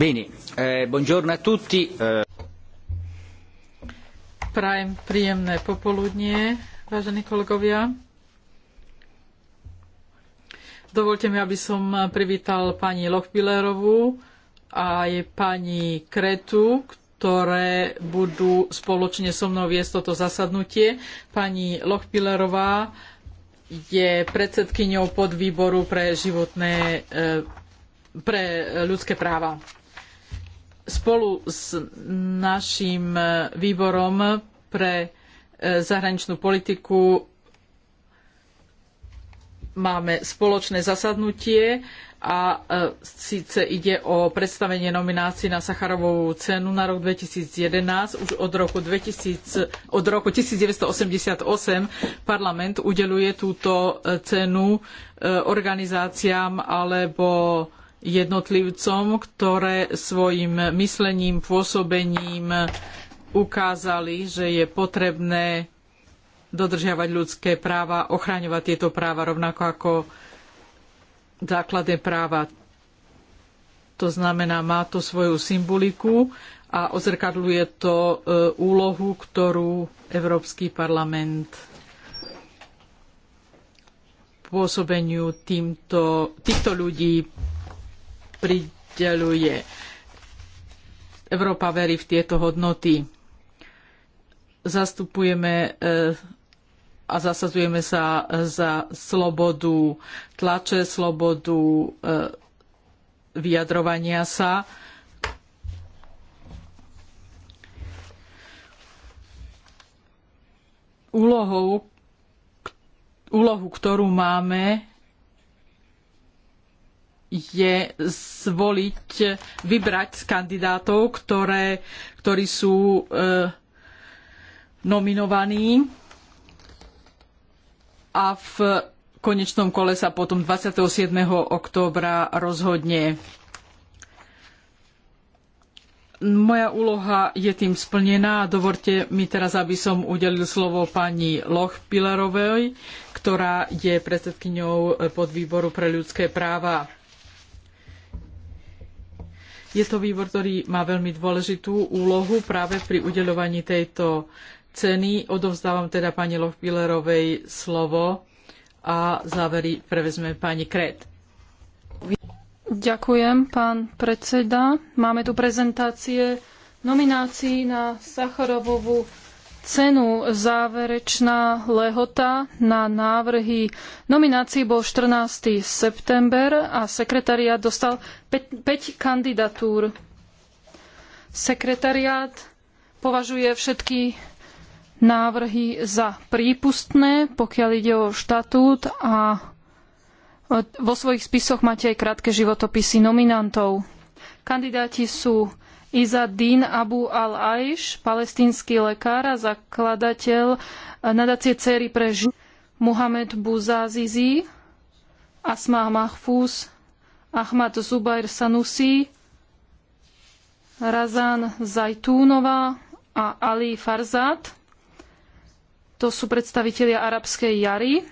Bene, eh, buongiorno a tutti. Eh... Prajem príjemné popoludnie, vážení kolegovia. Dovolte mi, aby som privítal pani Lochbillerovú a aj pani Kretu, ktoré budú spoločne so mnou viesť toto zasadnutie. Pani Lochbillerová je predsedkyňou podvýboru pre životné eh, pre ľudské práva spolu s naším e, výborom pre e, zahraničnú politiku máme spoločné zasadnutie a e, síce ide o predstavenie nominácií na Sacharovú cenu na rok 2011. Už od roku, 2000, od roku 1988 parlament udeluje túto cenu organizáciám alebo jednotlivcom, ktoré svojim myslením, pôsobením ukázali, že je potrebné dodržiavať ľudské práva, ochraňovať tieto práva rovnako ako základné práva. To znamená, má to svoju symboliku a ozrkadľuje to e, úlohu, ktorú Európsky parlament pôsobeniu týmto, týchto ľudí prideluje. Európa verí v tieto hodnoty. Zastupujeme eh, a zasazujeme sa eh, za slobodu tlače, slobodu eh, vyjadrovania sa. Úlohou, úlohu, ktorú máme, je zvoliť, vybrať z kandidátov, ktoré, ktorí sú e, nominovaní a v konečnom kole sa potom 27. októbra rozhodne. Moja úloha je tým splnená a dovolte mi teraz, aby som udelil slovo pani Lochpilerovej, ktorá je predsedkyňou podvýboru pre ľudské práva je to výbor, ktorý má veľmi dôležitú úlohu práve pri udeľovaní tejto ceny. Odovzdávam teda pani Lochbillerovej slovo a závery prevezme pani Kret. Ďakujem, pán predseda. Máme tu prezentácie nominácií na Sacharovovú cenu záverečná lehota na návrhy nominácií bol 14. september a sekretariát dostal 5, 5 kandidatúr. Sekretariát považuje všetky návrhy za prípustné, pokiaľ ide o štatút a vo svojich spisoch máte aj krátke životopisy nominantov. Kandidáti sú Izadín Abu al-Aish, palestínsky lekár a zakladateľ nadácie Cery pre ženy, Muhamed Buzazizi, Asma Mahfuz, Ahmad Zubair Sanusi, Razan Zajtúnová a Ali Farzad. To sú predstavitelia arabskej jary.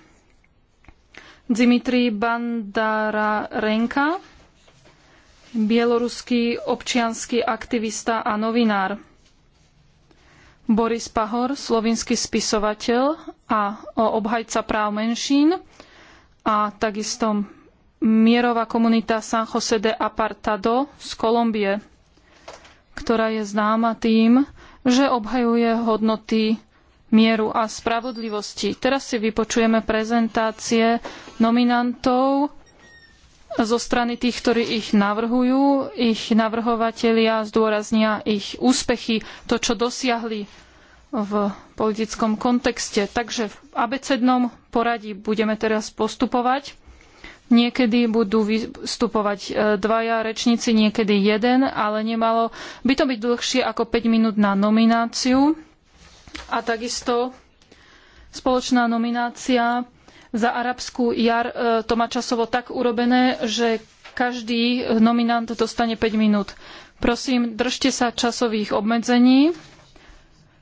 Dimitri Bandarenka, bieloruský občiansky aktivista a novinár. Boris Pahor, slovinský spisovateľ a obhajca práv menšín a takisto mierová komunita San Jose de Apartado z Kolumbie, ktorá je známa tým, že obhajuje hodnoty mieru a spravodlivosti. Teraz si vypočujeme prezentácie nominantov zo strany tých, ktorí ich navrhujú. Ich navrhovatelia zdôraznia ich úspechy, to, čo dosiahli v politickom kontexte. Takže v abecednom poradí budeme teraz postupovať. Niekedy budú vystupovať e, dvaja rečníci, niekedy jeden, ale nemalo by to byť dlhšie ako 5 minút na nomináciu. A takisto spoločná nominácia za arabskú jar e, to má časovo tak urobené, že každý nominant dostane 5 minút. Prosím, držte sa časových obmedzení.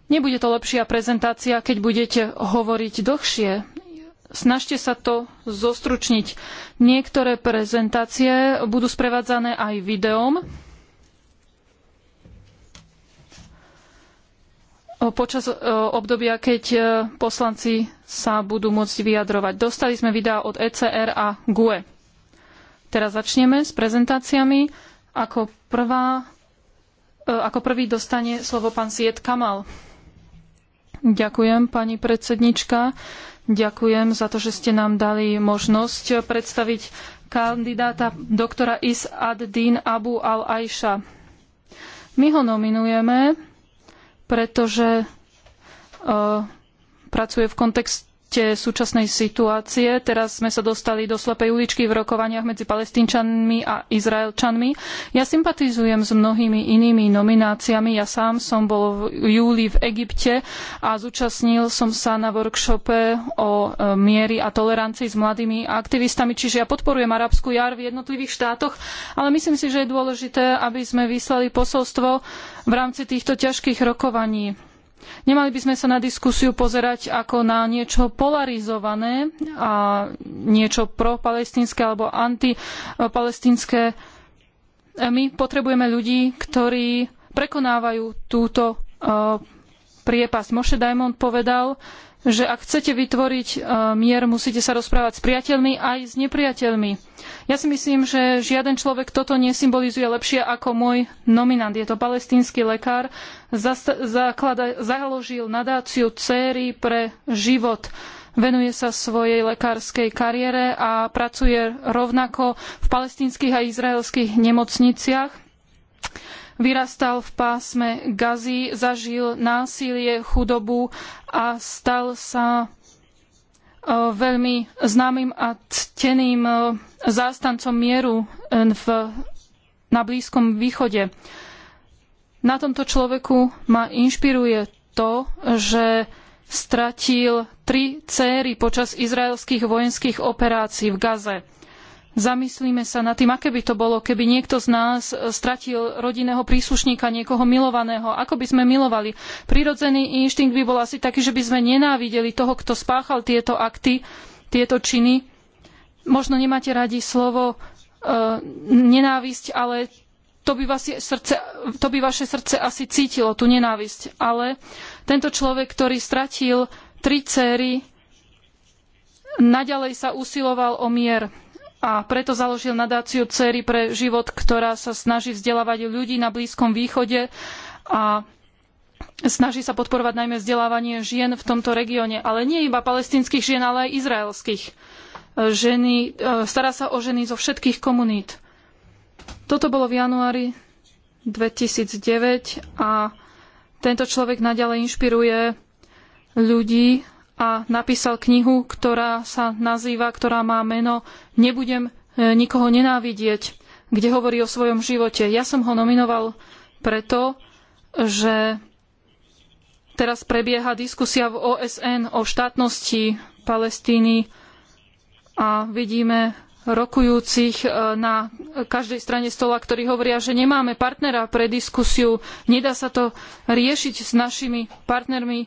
Nebude to lepšia prezentácia, keď budete hovoriť dlhšie. Snažte sa to zostručniť. Niektoré prezentácie budú sprevádzané aj videom. počas obdobia, keď e, poslanci sa budú môcť vyjadrovať. Dostali sme videá od ECR a GUE. Teraz začneme s prezentáciami. Ako, prvá, e, ako prvý dostane slovo pán Siet Kamal. Ďakujem, pani predsednička. Ďakujem za to, že ste nám dali možnosť predstaviť kandidáta doktora Is ad-Din Abu al-Aisha. My ho nominujeme pretože e, pracuje v kontexte súčasnej situácie. Teraz sme sa dostali do slepej uličky v rokovaniach medzi palestínčanmi a izraelčanmi. Ja sympatizujem s mnohými inými nomináciami. Ja sám som bol v júli v Egypte a zúčastnil som sa na workshope o e, miery a tolerancii s mladými aktivistami. Čiže ja podporujem arabskú jar v jednotlivých štátoch, ale myslím si, že je dôležité, aby sme vyslali posolstvo v rámci týchto ťažkých rokovaní. Nemali by sme sa na diskusiu pozerať ako na niečo polarizované a niečo propalestinské alebo antipalestinské. My potrebujeme ľudí, ktorí prekonávajú túto eh, priepasť. Moshe Diamond povedal, uh, že ak chcete vytvoriť e, mier, musíte sa rozprávať s priateľmi aj s nepriateľmi. Ja si myslím, že žiaden človek toto nesymbolizuje lepšie ako môj nominant. Je to palestínsky lekár, založil nadáciu céry pre život. Venuje sa svojej lekárskej kariére a pracuje rovnako v palestínskych a izraelských nemocniciach. Vyrastal v pásme Gazy, zažil násilie, chudobu a stal sa e, veľmi známym a cteným e, zástancom mieru e, v, na Blízkom východe. Na tomto človeku ma inšpiruje to, že stratil tri céry počas izraelských vojenských operácií v Gaze. Zamyslíme sa nad tým, aké by to bolo, keby niekto z nás e, stratil rodinného príslušníka, niekoho milovaného. Ako by sme milovali? Prirodzený inštinkt by bol asi taký, že by sme nenávideli toho, kto spáchal tieto akty, tieto činy. Možno nemáte radi slovo e, nenávisť, ale to by, srdce, to by, vaše srdce asi cítilo, tú nenávisť. Ale tento človek, ktorý stratil tri céry, naďalej sa usiloval o mier a preto založil nadáciu Cery pre život, ktorá sa snaží vzdelávať ľudí na Blízkom východe a snaží sa podporovať najmä vzdelávanie žien v tomto regióne, ale nie iba palestínskych žien, ale aj izraelských. Ženy, e, stará sa o ženy zo všetkých komunít. Toto bolo v januári 2009 a tento človek naďalej inšpiruje ľudí a napísal knihu, ktorá sa nazýva, ktorá má meno Nebudem e, nikoho nenávidieť, kde hovorí o svojom živote. Ja som ho nominoval preto, že teraz prebieha diskusia v OSN o štátnosti Palestíny a vidíme rokujúcich e, na každej strane stola, ktorí hovoria, že nemáme partnera pre diskusiu, nedá sa to riešiť s našimi partnermi,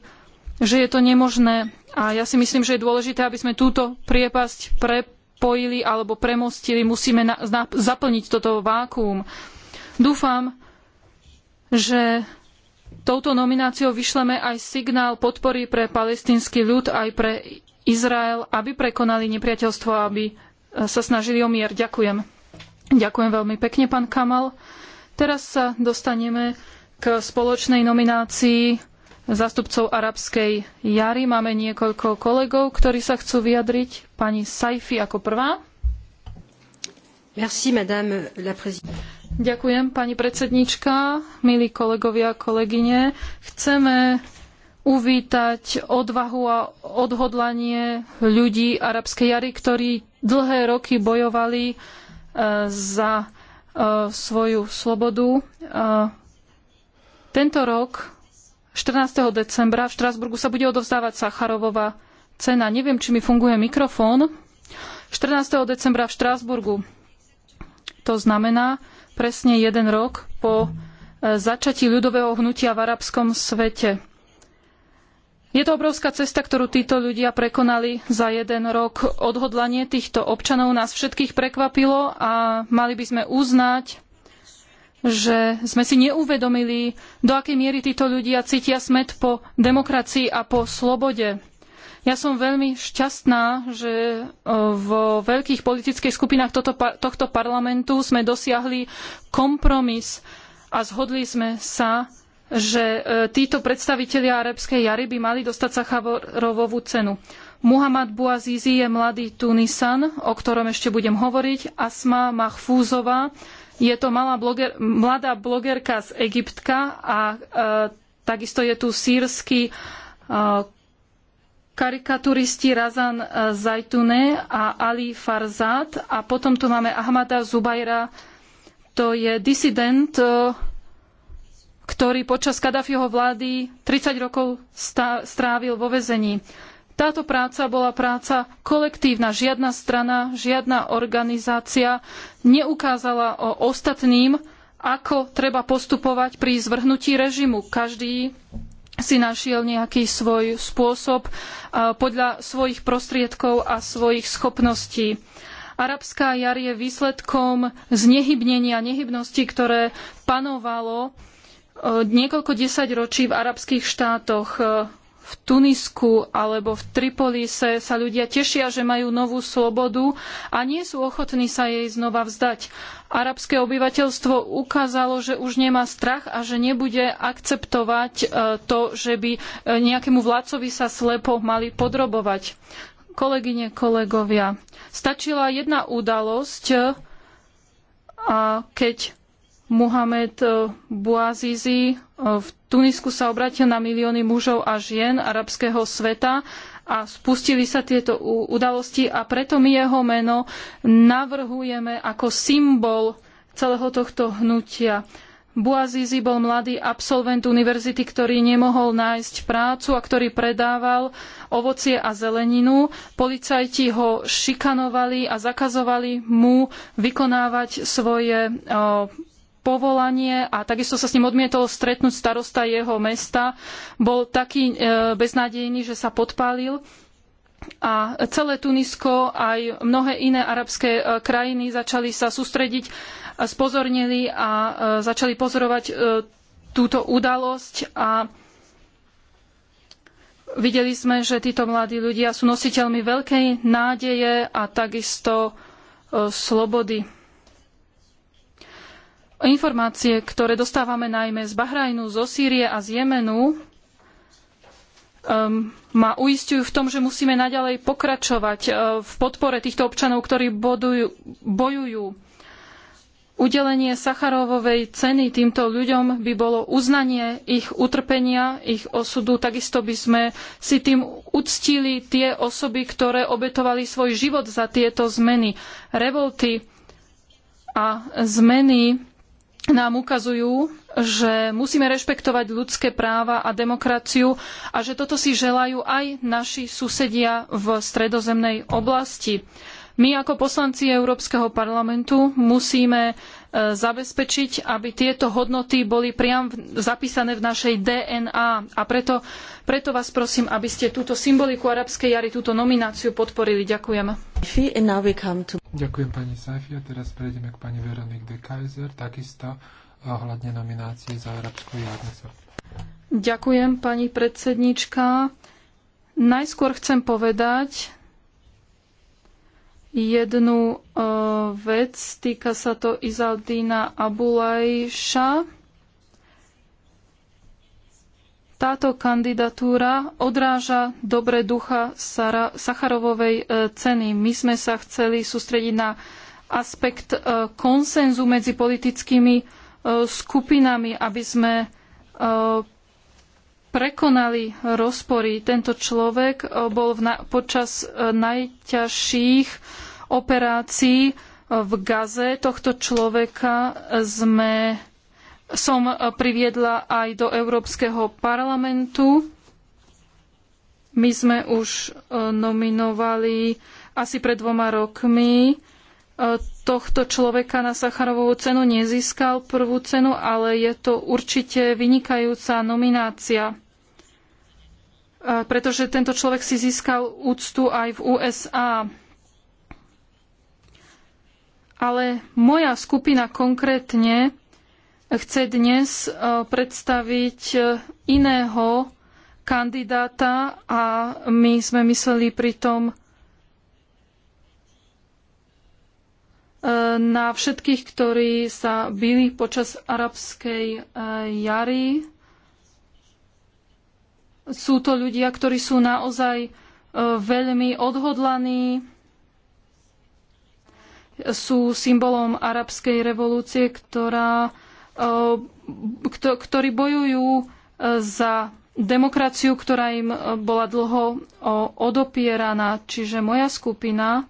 že je to nemožné a ja si myslím, že je dôležité, aby sme túto priepasť prepojili alebo premostili. Musíme na, na, zaplniť toto vákuum. Dúfam, že touto nomináciou vyšleme aj signál podpory pre palestínsky ľud, aj pre Izrael, aby prekonali nepriateľstvo, aby e, sa snažili o mier. Ďakujem. Ďakujem veľmi pekne, pán Kamal. Teraz sa dostaneme k spoločnej nominácii zastupcov arabskej jary. Máme niekoľko kolegov, ktorí sa chcú vyjadriť. Pani Saifi ako prvá. Merci, madame la présidente. Ďakujem, pani predsednička, milí kolegovia a kolegyne. Chceme uvítať odvahu a odhodlanie ľudí arabskej jary, ktorí dlhé roky bojovali e, za e, svoju slobodu. E, tento rok 14. decembra v Štrasburgu sa bude odovzdávať Sacharovová cena. Neviem, či mi funguje mikrofón. 14. decembra v Štrasburgu. To znamená presne jeden rok po e, začatí ľudového hnutia v arabskom svete. Je to obrovská cesta, ktorú títo ľudia prekonali za jeden rok. Odhodlanie týchto občanov nás všetkých prekvapilo a mali by sme uznať že sme si neuvedomili, do akej miery títo ľudia cítia smet po demokracii a po slobode. Ja som veľmi šťastná, že e, vo veľkých politických skupinách tohto parlamentu sme dosiahli kompromis a zhodli sme sa, že e, títo predstavitelia arabskej jary by mali dostať Sacharovovú cenu. Muhammad Bouazizi je mladý Tunisan, o ktorom ešte budem hovoriť. Asma Mahfúzová je to malá bloger, mladá blogerka z Egyptka a e, takisto je tu sírsky e, karikaturisti Razan e, Zajtune a Ali Farzad a potom tu máme Ahmada Zubajra, to je disident, e, ktorý počas Kadafiho vlády 30 rokov strávil vo väzení. Táto práca bola práca kolektívna. Žiadna strana, žiadna organizácia neukázala o ostatným, ako treba postupovať pri zvrhnutí režimu. Každý si našiel nejaký svoj spôsob podľa svojich prostriedkov a svojich schopností. Arabská jar je výsledkom znehybnenia, nehybnosti, ktoré panovalo e, niekoľko desaťročí v arabských štátoch e, v Tunisku alebo v Tripolise sa ľudia tešia, že majú novú slobodu a nie sú ochotní sa jej znova vzdať. Arabské obyvateľstvo ukázalo, že už nemá strach a že nebude akceptovať e, to, že by e, nejakému vládcovi sa slepo mali podrobovať. Kolegyne, kolegovia, stačila jedna udalosť, e, a keď Muhamed eh, Bouazizi eh, v Tunisku sa obratil na milióny mužov a žien arabského sveta a spustili sa tieto udalosti a preto my jeho meno navrhujeme ako symbol celého tohto hnutia. Bouazizi bol mladý absolvent univerzity, ktorý nemohol nájsť prácu a ktorý predával ovocie a zeleninu. Policajti ho šikanovali a zakazovali mu vykonávať svoje eh, povolanie a takisto sa s ním odmietol stretnúť starosta jeho mesta. Bol taký e, beznádejný, že sa podpálil. A celé Tunisko aj mnohé iné arabské e, krajiny začali sa sústrediť, e, spozornili a začali pozorovať túto udalosť a videli sme, že títo mladí ľudia sú nositeľmi veľkej nádeje a takisto slobody informácie, ktoré dostávame najmä z Bahrajnu, zo Sýrie a z Jemenu, um, ma uistujú v tom, že musíme naďalej pokračovať uh, v podpore týchto občanov, ktorí bodujú, bojujú. Udelenie Sacharovovej ceny týmto ľuďom by bolo uznanie ich utrpenia, ich osudu. Takisto by sme si tým uctili tie osoby, ktoré obetovali svoj život za tieto zmeny. Revolty a zmeny nám ukazujú, že musíme rešpektovať ľudské práva a demokraciu a že toto si želajú aj naši susedia v stredozemnej oblasti. My ako poslanci Európskeho parlamentu musíme E, zabezpečiť, aby tieto hodnoty boli priam zapísané v našej DNA. A preto, preto vás prosím, aby ste túto symboliku arabskej jary, túto nomináciu podporili. Ďakujem. Ďakujem pani Saifi a teraz prejdeme k pani Veronik de Kaiser, takisto ohľadne nominácie za arabskú jarnicu. Ďakujem pani predsednička. Najskôr chcem povedať, jednu e, vec. Týka sa to Izaldína Abulajša. Táto kandidatúra odráža dobre ducha Sacharovovej e, ceny. My sme sa chceli sústrediť na aspekt e, konsenzu medzi politickými skupinami, aby sme prekonali rozpory. Tento človek eh, bol na, počas eh, najťažších operácií eh, v Gaze. Tohto človeka sme, som priviedla aj do Európskeho parlamentu. My sme už nominovali asi pred dvoma rokmi tohto človeka na Sacharovú cenu nezískal prvú cenu, ale je to určite vynikajúca nominácia, e, pretože tento človek si získal úctu aj v USA. Ale moja skupina konkrétne chce dnes e, predstaviť iného kandidáta a my sme mysleli pritom na všetkých, ktorí sa byli počas arabskej e, jary. Sú to ľudia, ktorí sú naozaj e, veľmi odhodlaní, sú symbolom arabskej revolúcie, ktorá, e, ktorí bojujú za demokraciu, ktorá im bola dlho odopieraná. Čiže moja skupina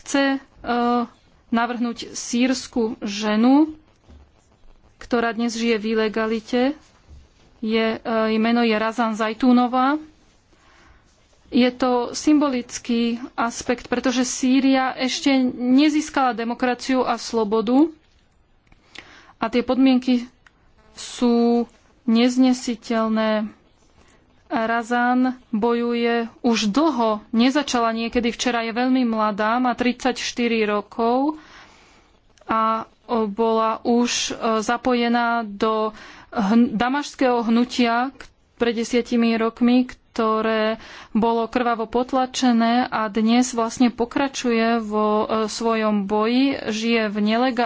chce e, navrhnúť sírsku ženu, ktorá dnes žije v ilegalite. Je, e, jej meno je Razan Zajtúnová. Je to symbolický aspekt, pretože Sýria ešte nezískala demokraciu a slobodu a tie podmienky sú neznesiteľné. Razan bojuje už dlho, nezačala niekedy včera, je veľmi mladá, má 34 rokov a bola už e, zapojená do hm, damašského hnutia pred desiatimi rokmi, ktoré bolo krvavo potlačené a dnes vlastne pokračuje vo e, svojom boji, žije v,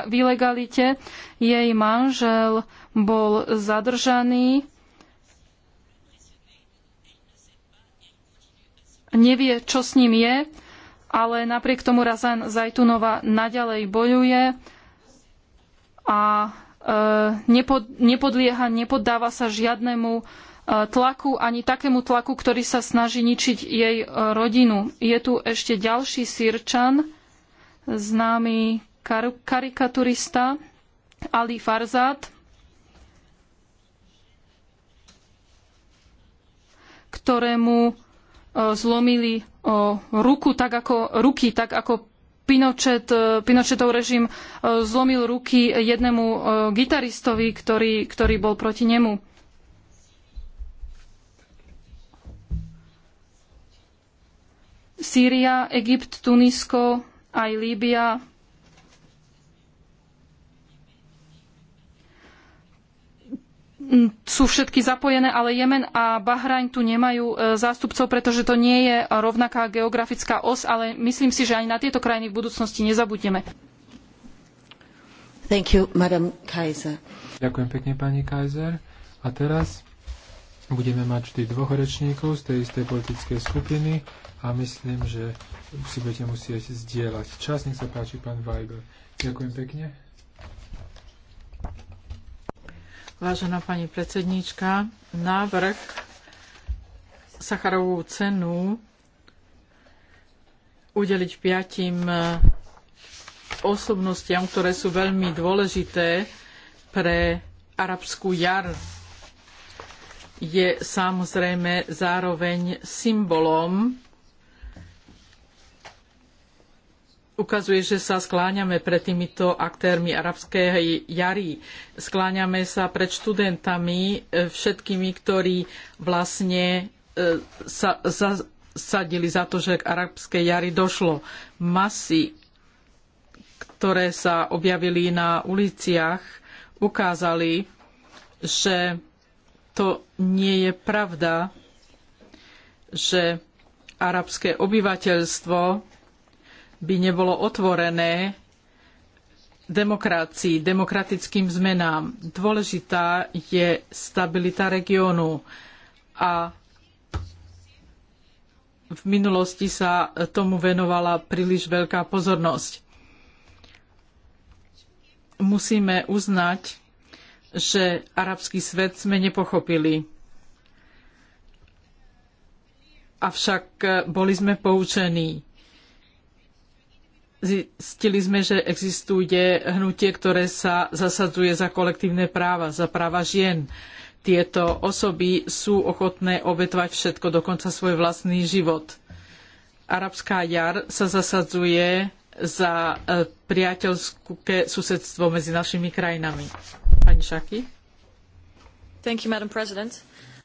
v ilegalite. Jej manžel bol zadržaný nevie, čo s ním je, ale napriek tomu Razan Zajtunova naďalej bojuje a e, nepodlieha, nepoddáva sa žiadnemu e, tlaku, ani takému tlaku, ktorý sa snaží ničiť jej e, rodinu. Je tu ešte ďalší Sirčan, známy kar karikaturista Ali Farzad, ktorému E, zlomili e, ruku, tak ako, ruky, tak ako Pinochet, e, Pinochetov režim zlomil ruky jednému gitaristovi, ktorý, ktorý bol proti nemu. Sýria, Egypt, Tunisko, aj Líbia sú všetky zapojené, ale Jemen a Bahrajn tu nemajú e, zástupcov, pretože to nie je rovnaká geografická os, ale myslím si, že ani na tieto krajiny v budúcnosti nezabudneme. You, Ďakujem pekne, pani Kaiser. A teraz budeme mať vždy dvoch rečníkov z tej istej politickej skupiny a myslím, že si budete musieť zdieľať čas. Nech sa páči, pán Weigl. Ďakujem pekne. Vážená pani predsedníčka, návrh Sacharovú cenu udeliť piatim e, osobnostiam, ktoré sú veľmi dôležité pre arabskú jar, je samozrejme zároveň symbolom ukazuje, že sa skláňame pred týmito aktérmi arabskej jary. Skláňame sa pred študentami, e, všetkými, ktorí vlastne e, sa zasadili za to, že k arabskej jari došlo. Masy, ktoré sa objavili na uliciach, ukázali, že to nie je pravda, že arabské obyvateľstvo by nebolo otvorené demokracii, demokratickým zmenám. Dôležitá je stabilita regiónu a v minulosti sa tomu venovala príliš veľká pozornosť. Musíme uznať, že arabský svet sme nepochopili. Avšak boli sme poučení Zistili sme, že existuje hnutie, ktoré sa zasadzuje za kolektívne práva, za práva žien. Tieto osoby sú ochotné obetovať všetko, dokonca svoj vlastný život. Arabská jar sa zasadzuje za e, priateľské susedstvo medzi našimi krajinami. Pani Šaky?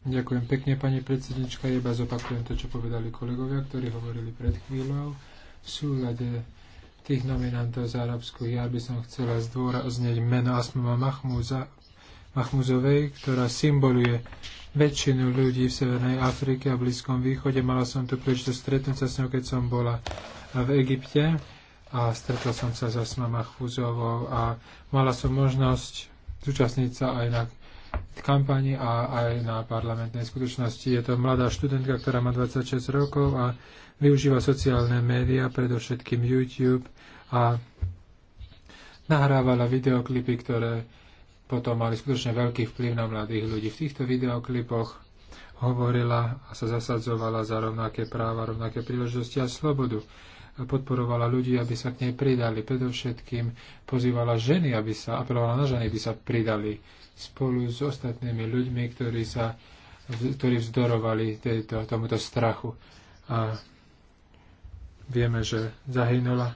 Ďakujem pekne, pani predsednička. Iba zopakujem to, čo povedali kolegovia, ktorí hovorili pred chvíľou. V súlade tých nominantov z arabskú. Ja by som chcela zdôrazniť meno Asmama Mahmúza, Mahmúzovej, ktorá symboluje väčšinu ľudí v Severnej Afrike a Blízkom východe. Mala som tu príležitosť stretnúť sa s ňou, keď som bola v Egypte a stretla som sa s Asmama Mahmúzovou a mala som možnosť zúčastniť sa aj na kampani a aj na parlamentnej skutočnosti. Je to mladá študentka, ktorá má 26 rokov a využíva sociálne médiá, predovšetkým YouTube, a nahrávala videoklipy, ktoré potom mali skutočne veľký vplyv na mladých ľudí. V týchto videoklipoch hovorila a sa zasadzovala za rovnaké práva, rovnaké príležitosti a slobodu. Podporovala ľudí, aby sa k nej pridali. Predovšetkým pozývala ženy, aby sa, apelovala na ženy, aby sa pridali spolu s ostatnými ľuďmi, ktorí sa ktorí vzdorovali tejto, tomuto strachu. A vieme, že zahynula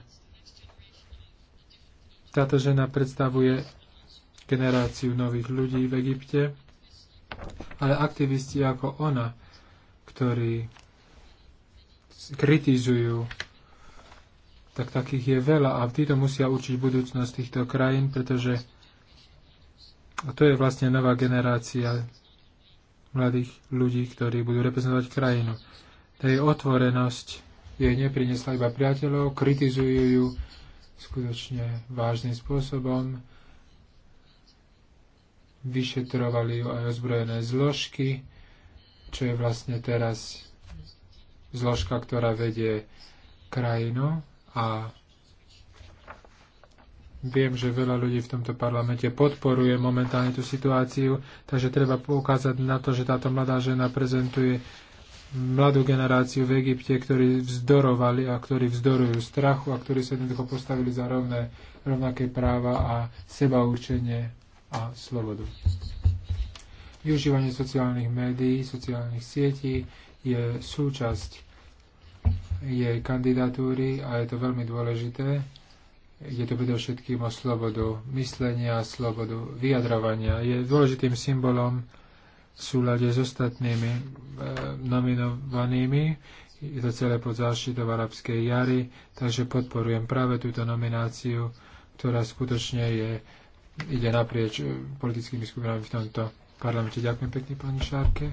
táto žena predstavuje generáciu nových ľudí v Egypte, ale aktivisti ako ona, ktorí kritizujú, tak takých je veľa a títo musia učiť budúcnosť týchto krajín, pretože to je vlastne nová generácia mladých ľudí, ktorí budú reprezentovať krajinu. Tej otvorenosť jej neprinesla iba priateľov, kritizujú ju, skutočne vážnym spôsobom. Vyšetrovali ju aj ozbrojené zložky, čo je vlastne teraz zložka, ktorá vedie krajinu a Viem, že veľa ľudí v tomto parlamente podporuje momentálne tú situáciu, takže treba poukázať na to, že táto mladá žena prezentuje mladú generáciu v Egypte, ktorí vzdorovali a ktorí vzdorujú strachu a ktorí sa jednoducho postavili za rovné, rovnaké práva a seba určenie a slobodu. Využívanie sociálnych médií, sociálnych sietí je súčasť jej kandidatúry a je to veľmi dôležité. Je to predovšetkým o slobodu myslenia, slobodu vyjadrovania. Je dôležitým symbolom v súlade s ostatnými e, nominovanými. Je to celé pod záštitou arabskej jary, takže podporujem práve túto nomináciu, ktorá skutočne je, ide naprieč e, politickými skupinami v tomto parlamente. Ďakujem pekne, pani Šárke.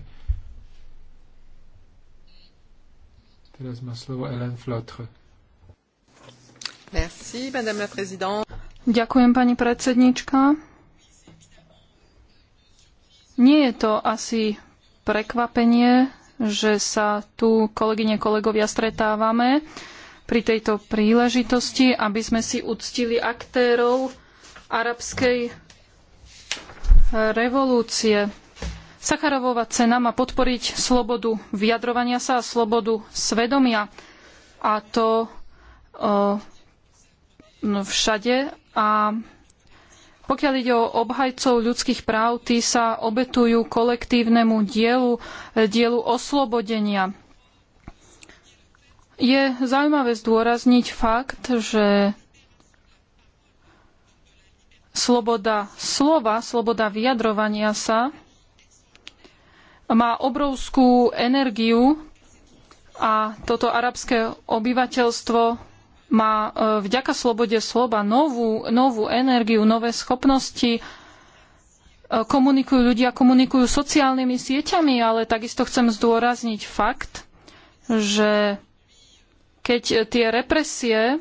Teraz má slovo Ellen Flotre. Merci, madame la présidente. Ďakujem, pani predsednička. Nie je to asi prekvapenie, že sa tu kolegyne, kolegovia stretávame pri tejto príležitosti, aby sme si uctili aktérov arabskej revolúcie. Sacharovová cena má podporiť slobodu vyjadrovania sa a slobodu svedomia. A to o, no, všade. A pokiaľ ide o obhajcov ľudských práv, tí sa obetujú kolektívnemu dielu, eh, dielu oslobodenia. Je zaujímavé zdôrazniť fakt, že sloboda slova, sloboda vyjadrovania sa má obrovskú energiu a toto arabské obyvateľstvo má e, vďaka slobode slova novú, novú energiu, nové schopnosti, e, komunikujú ľudia, komunikujú sociálnymi sieťami, ale takisto chcem zdôrazniť fakt, že keď tie represie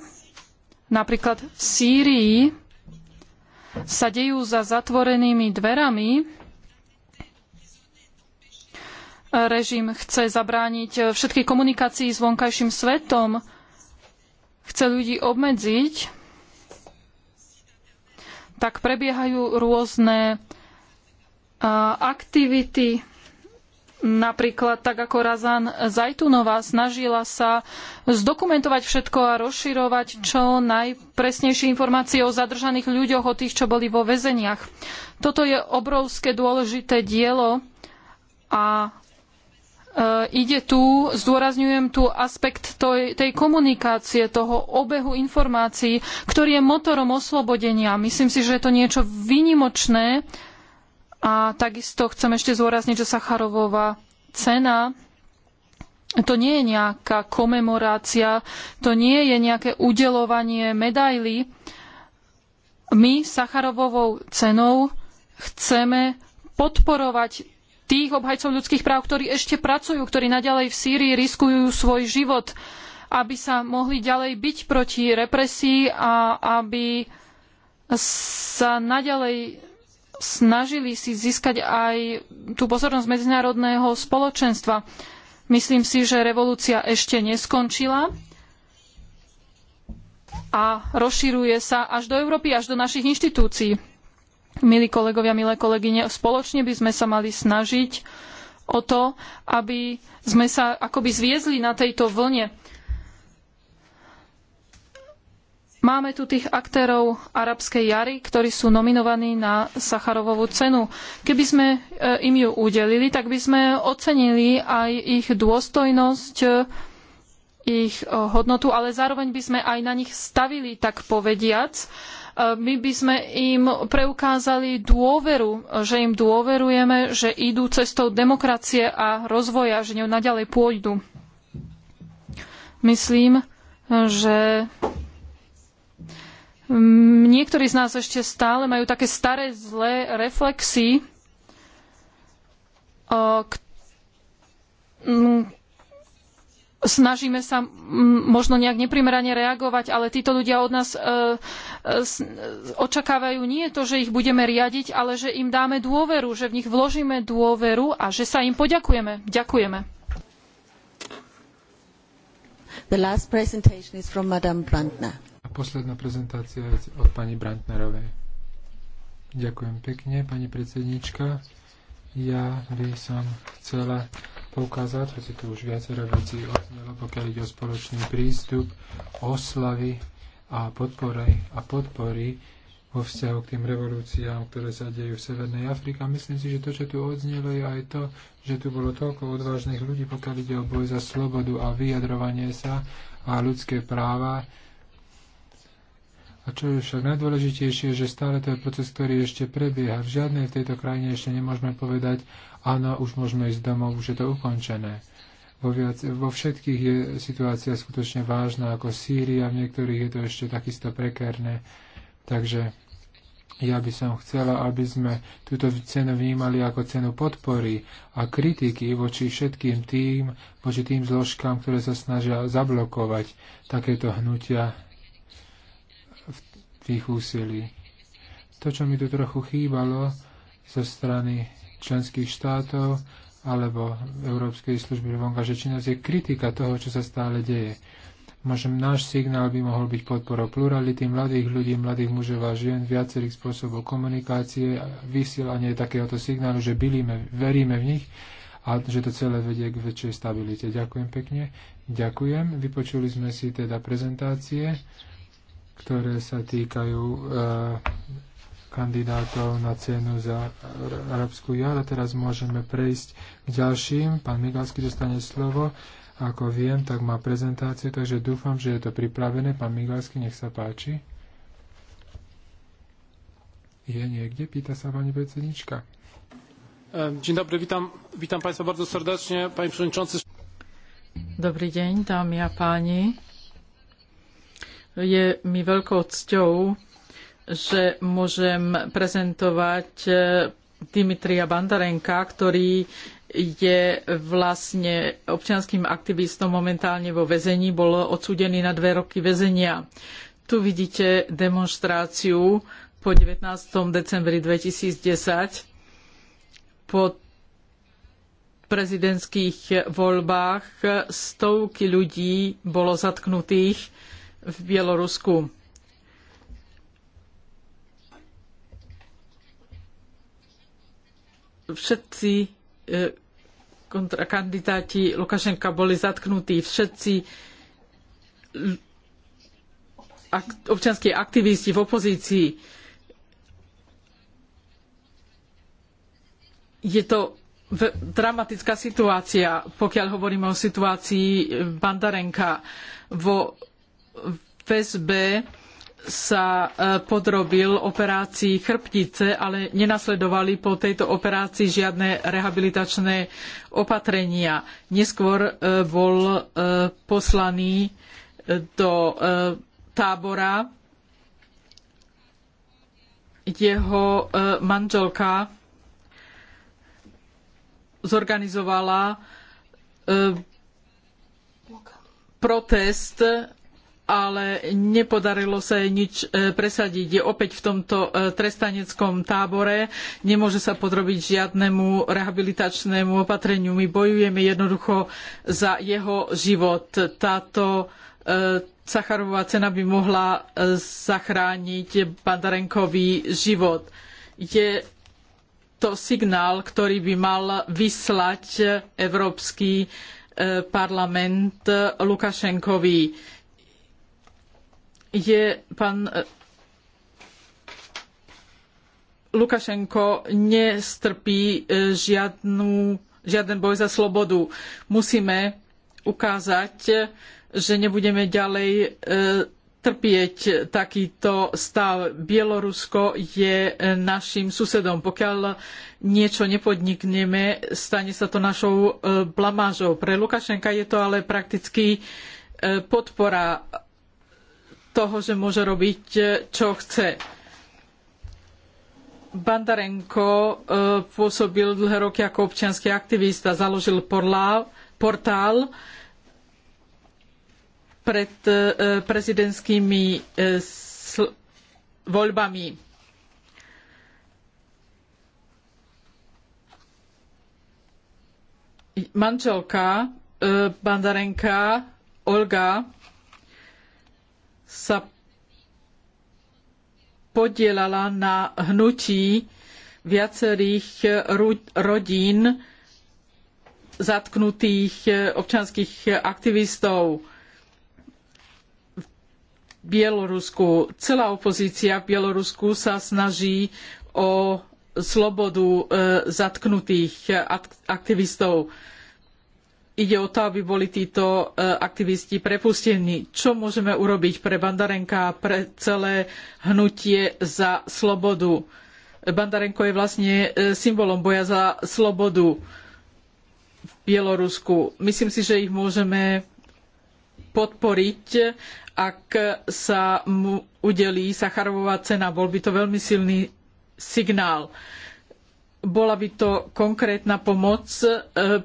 napríklad v Sýrii sa dejú za zatvorenými dverami, režim chce zabrániť všetkej komunikácii s vonkajším svetom, chce ľudí obmedziť, tak prebiehajú rôzne aktivity, Napríklad tak ako Razan Zajtunová snažila sa zdokumentovať všetko a rozširovať čo najpresnejšie informácie o zadržaných ľuďoch, o tých, čo boli vo väzeniach. Toto je obrovské dôležité dielo a Eh, ide tu, zdôrazňujem tu aspekt tej komunikácie, toho obehu informácií, ktorý je motorom oslobodenia. Myslím si, že je to niečo výnimočné a takisto chcem ešte zdôrazniť, že Sacharovová cena to nie je nejaká komemorácia, to nie je nejaké udelovanie medaily. My Sacharovovou cenou chceme podporovať tých obhajcov ľudských práv, ktorí ešte pracujú, ktorí naďalej v Sýrii riskujú svoj život, aby sa mohli ďalej byť proti represii a aby sa naďalej snažili si získať aj tú pozornosť medzinárodného spoločenstva. Myslím si, že revolúcia ešte neskončila a rozširuje sa až do Európy, až do našich inštitúcií. Milí kolegovia, milé kolegyne, spoločne by sme sa mali snažiť o to, aby sme sa akoby zviezli na tejto vlne. Máme tu tých aktérov arabskej jary, ktorí sú nominovaní na Sacharovovú cenu. Keby sme e, im ju udelili, tak by sme ocenili aj ich dôstojnosť, e, ich e, hodnotu, ale zároveň by sme aj na nich stavili, tak povediac. E, my by sme im preukázali dôveru, že im dôverujeme, že idú cestou demokracie a rozvoja, že ňou naďalej pôjdu. Myslím, že niektorí z nás ešte stále majú také staré zlé reflexy, e, snažíme sa možno nejak neprimerane reagovať, ale títo ľudia od nás e, e, očakávajú nie to, že ich budeme riadiť, ale že im dáme dôveru, že v nich vložíme dôveru a že sa im poďakujeme. Ďakujeme. A posledná prezentácia je od pani Brandnerovej. Ďakujem pekne, pani predsednička. Ja by som chcela poukázať, hoci tu už viacero vecí odznelo, pokiaľ ide o spoločný prístup, oslavy a podpory, a podpory vo vzťahu k tým revolúciám, ktoré sa dejú v Severnej Afrike. myslím si, že to, čo tu odznelo, je aj to, že tu bolo toľko odvážnych ľudí, pokiaľ ide o boj za slobodu a vyjadrovanie sa a ľudské práva. A čo je však najdôležitejšie, že stále to je proces, ktorý ešte prebieha. V žiadnej v tejto krajine ešte nemôžeme povedať, áno, už môžeme ísť domov, už je to ukončené. Vo, viac, vo všetkých je situácia skutočne vážna, ako Sýria, v niektorých je to ešte takisto prekerné. Takže ja by som chcela, aby sme túto cenu vnímali ako cenu podpory a kritiky voči všetkým tým, voči tým zložkám, ktoré sa snažia zablokovať takéto hnutia v tých úsilí. To, čo mi tu trochu chýbalo zo strany členských štátov alebo Európskej služby že činnosť je kritika toho, čo sa stále deje. Možno náš signál by mohol byť podporou plurality mladých ľudí, mladých mužov a žien, viacerých spôsobov komunikácie, vysielanie takéhoto signálu, že bylíme, veríme v nich a že to celé vedie k väčšej stabilite. Ďakujem pekne. Ďakujem. Vypočuli sme si teda prezentácie, ktoré sa týkajú uh, kandidátov na cenu za arabskú jar. A teraz môžeme prejsť k ďalším. Pán Migalský dostane slovo. Ako viem, tak má prezentáciu, takže dúfam, že je to pripravené. Pán Migalský, nech sa páči. Je niekde? Pýta sa pani predsednička. Ehm, dzień dobry, witam, witam Państwa bardzo serdecznie. Panie Przewodniczący. Dobry dzień, dámy a páni. Je mi veľkou cťou že môžem prezentovať e, Dimitrija Bandarenka, ktorý je vlastne občianským aktivistom momentálne vo väzení, bol odsúdený na dve roky väzenia. Tu vidíte demonštráciu po 19. decembri 2010 po prezidentských voľbách stovky ľudí bolo zatknutých v Bielorusku všetci e, kandidáti Lukašenka boli zatknutí, všetci občanskí aktivisti v opozícii. Je to dramatická situácia, pokiaľ hovoríme o situácii Bandarenka vo väzbe sa e, podrobil operácii chrbtice, ale nenasledovali po tejto operácii žiadne rehabilitačné opatrenia. Neskôr e, bol e, poslaný do tábora. Jeho manželka zorganizovala protest ale nepodarilo sa jej nič e, presadiť. Je opäť v tomto e, trestaneckom tábore, nemôže sa podrobiť žiadnemu rehabilitačnému opatreniu. My bojujeme jednoducho za jeho život. Táto e, Sacharová cena by mohla zachrániť Bandarenkový život. Je to signál, ktorý by mal vyslať Európsky parlament Lukašenkovi je pán e, Lukašenko nestrpí e, žiadnu, žiaden boj za slobodu. Musíme ukázať, že nebudeme ďalej e, trpieť takýto stav. Bielorusko je našim susedom. Pokiaľ niečo nepodnikneme, stane sa to našou blamážou. Pre Lukašenka je to ale prakticky podpora toho, že môže robiť, e, čo chce. Bandarenko e, pôsobil dlhé roky ako občiansky aktivista, založil portál pred e, prezidentskými voľbami. Manželka Bandarenka Olga sa podielala na hnutí viacerých rodín zatknutých e, občanských aktivistov v Bielorusku. Celá opozícia v Bielorusku sa snaží o slobodu e, zatknutých aktivistov ide o to, aby boli títo e, aktivisti prepustení. Čo môžeme urobiť pre Bandarenka a pre celé hnutie za slobodu? Bandarenko je vlastne e, symbolom boja za slobodu v Bielorusku. Myslím si, že ich môžeme podporiť, ak sa mu udelí Sacharovová cena. Bol by to veľmi silný signál bola by to konkrétna pomoc e,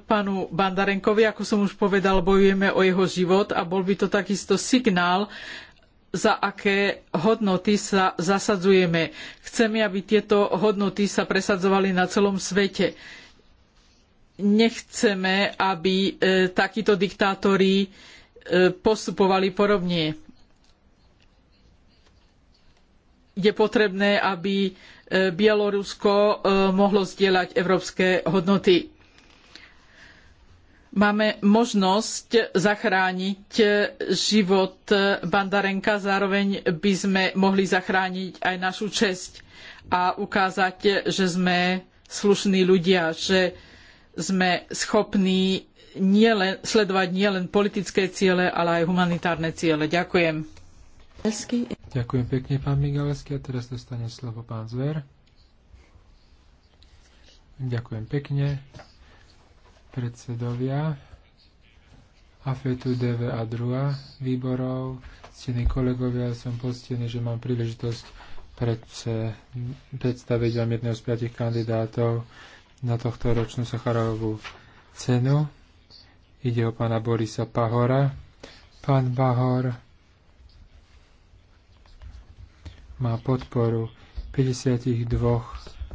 panu Bandarenkovi, ako som už povedal, bojujeme o jeho život a bol by to takisto signál, za aké hodnoty sa zasadzujeme. Chceme, aby tieto hodnoty sa presadzovali na celom svete. Nechceme, aby e, takíto diktátori e, postupovali podobne. Je potrebné, aby E, Bielorusko e, mohlo zdieľať európske hodnoty. Máme možnosť zachrániť život Bandarenka, zároveň by sme mohli zachrániť aj našu česť a ukázať, že sme slušní ľudia, že sme schopní nielen, sledovať nielen politické ciele, ale aj humanitárne ciele. Ďakujem. Ďakujem pekne, pán Migalsky. A teraz dostane slovo pán Zver. Ďakujem pekne. Predsedovia AFETu, DV a druhá výborov. Ctení kolegovia, som postený, že mám príležitosť predse, predstaviť vám jedného z piatich kandidátov na tohto ročnú Sacharovú cenu. Ide o pána Borisa Pahora. Pán Bahor má podporu 52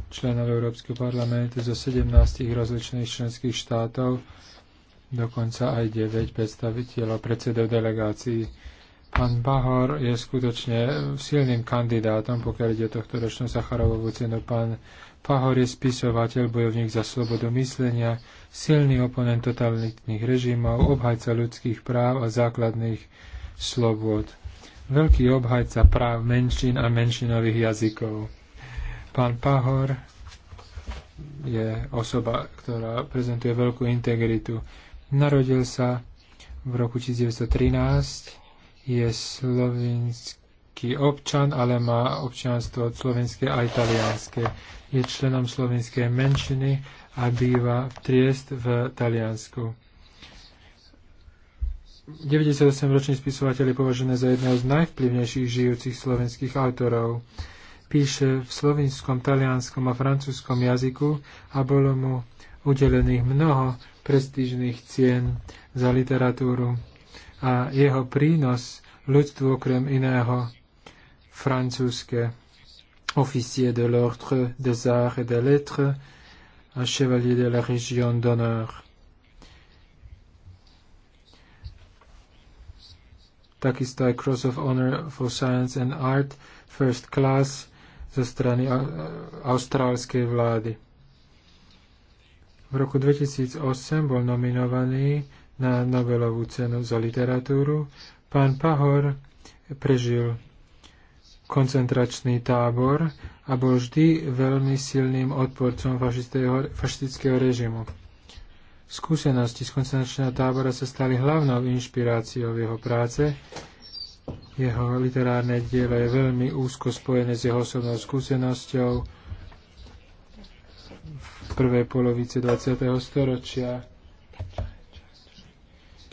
členov Európskeho parlamentu zo 17 rozličných členských štátov, dokonca aj 9 predstaviteľov predsedov delegácií. Pán Bahor je skutočne silným kandidátom, pokiaľ ide o tohto ročnú Sacharovovú cenu. Pán Bahor je spisovateľ, bojovník za slobodu myslenia, silný oponent totalitných režimov, obhajca ľudských práv a základných slobod veľký obhajca práv menšín a menšinových jazykov. Pán Pahor je osoba, ktorá prezentuje veľkú integritu. Narodil sa v roku 1913, je slovinský občan, ale má občianstvo slovenské a italianské. Je členom slovenskej menšiny a býva v Triest v Taliansku. 98-ročný spisovateľ je považený za jedného z najvplyvnejších žijúcich slovenských autorov. Píše v slovinskom, talianskom a francúzskom jazyku a bolo mu udelených mnoho prestížnych cien za literatúru a jeho prínos ľudstvu okrem iného francúzske officier de l'ordre des arts et des lettres a chevalier de la région d'honneur. takisto aj Cross of Honor for Science and Art First Class zo strany austrálskej vlády. V roku 2008 bol nominovaný na Nobelovú cenu za literatúru. Pán Pahor prežil koncentračný tábor a bol vždy veľmi silným odporcom fašistického režimu. Skúsenosti z koncentračného tábora sa stali hlavnou inšpiráciou jeho práce. Jeho literárne dielo je veľmi úzko spojené s jeho osobnou skúsenosťou v prvej polovici 20. storočia.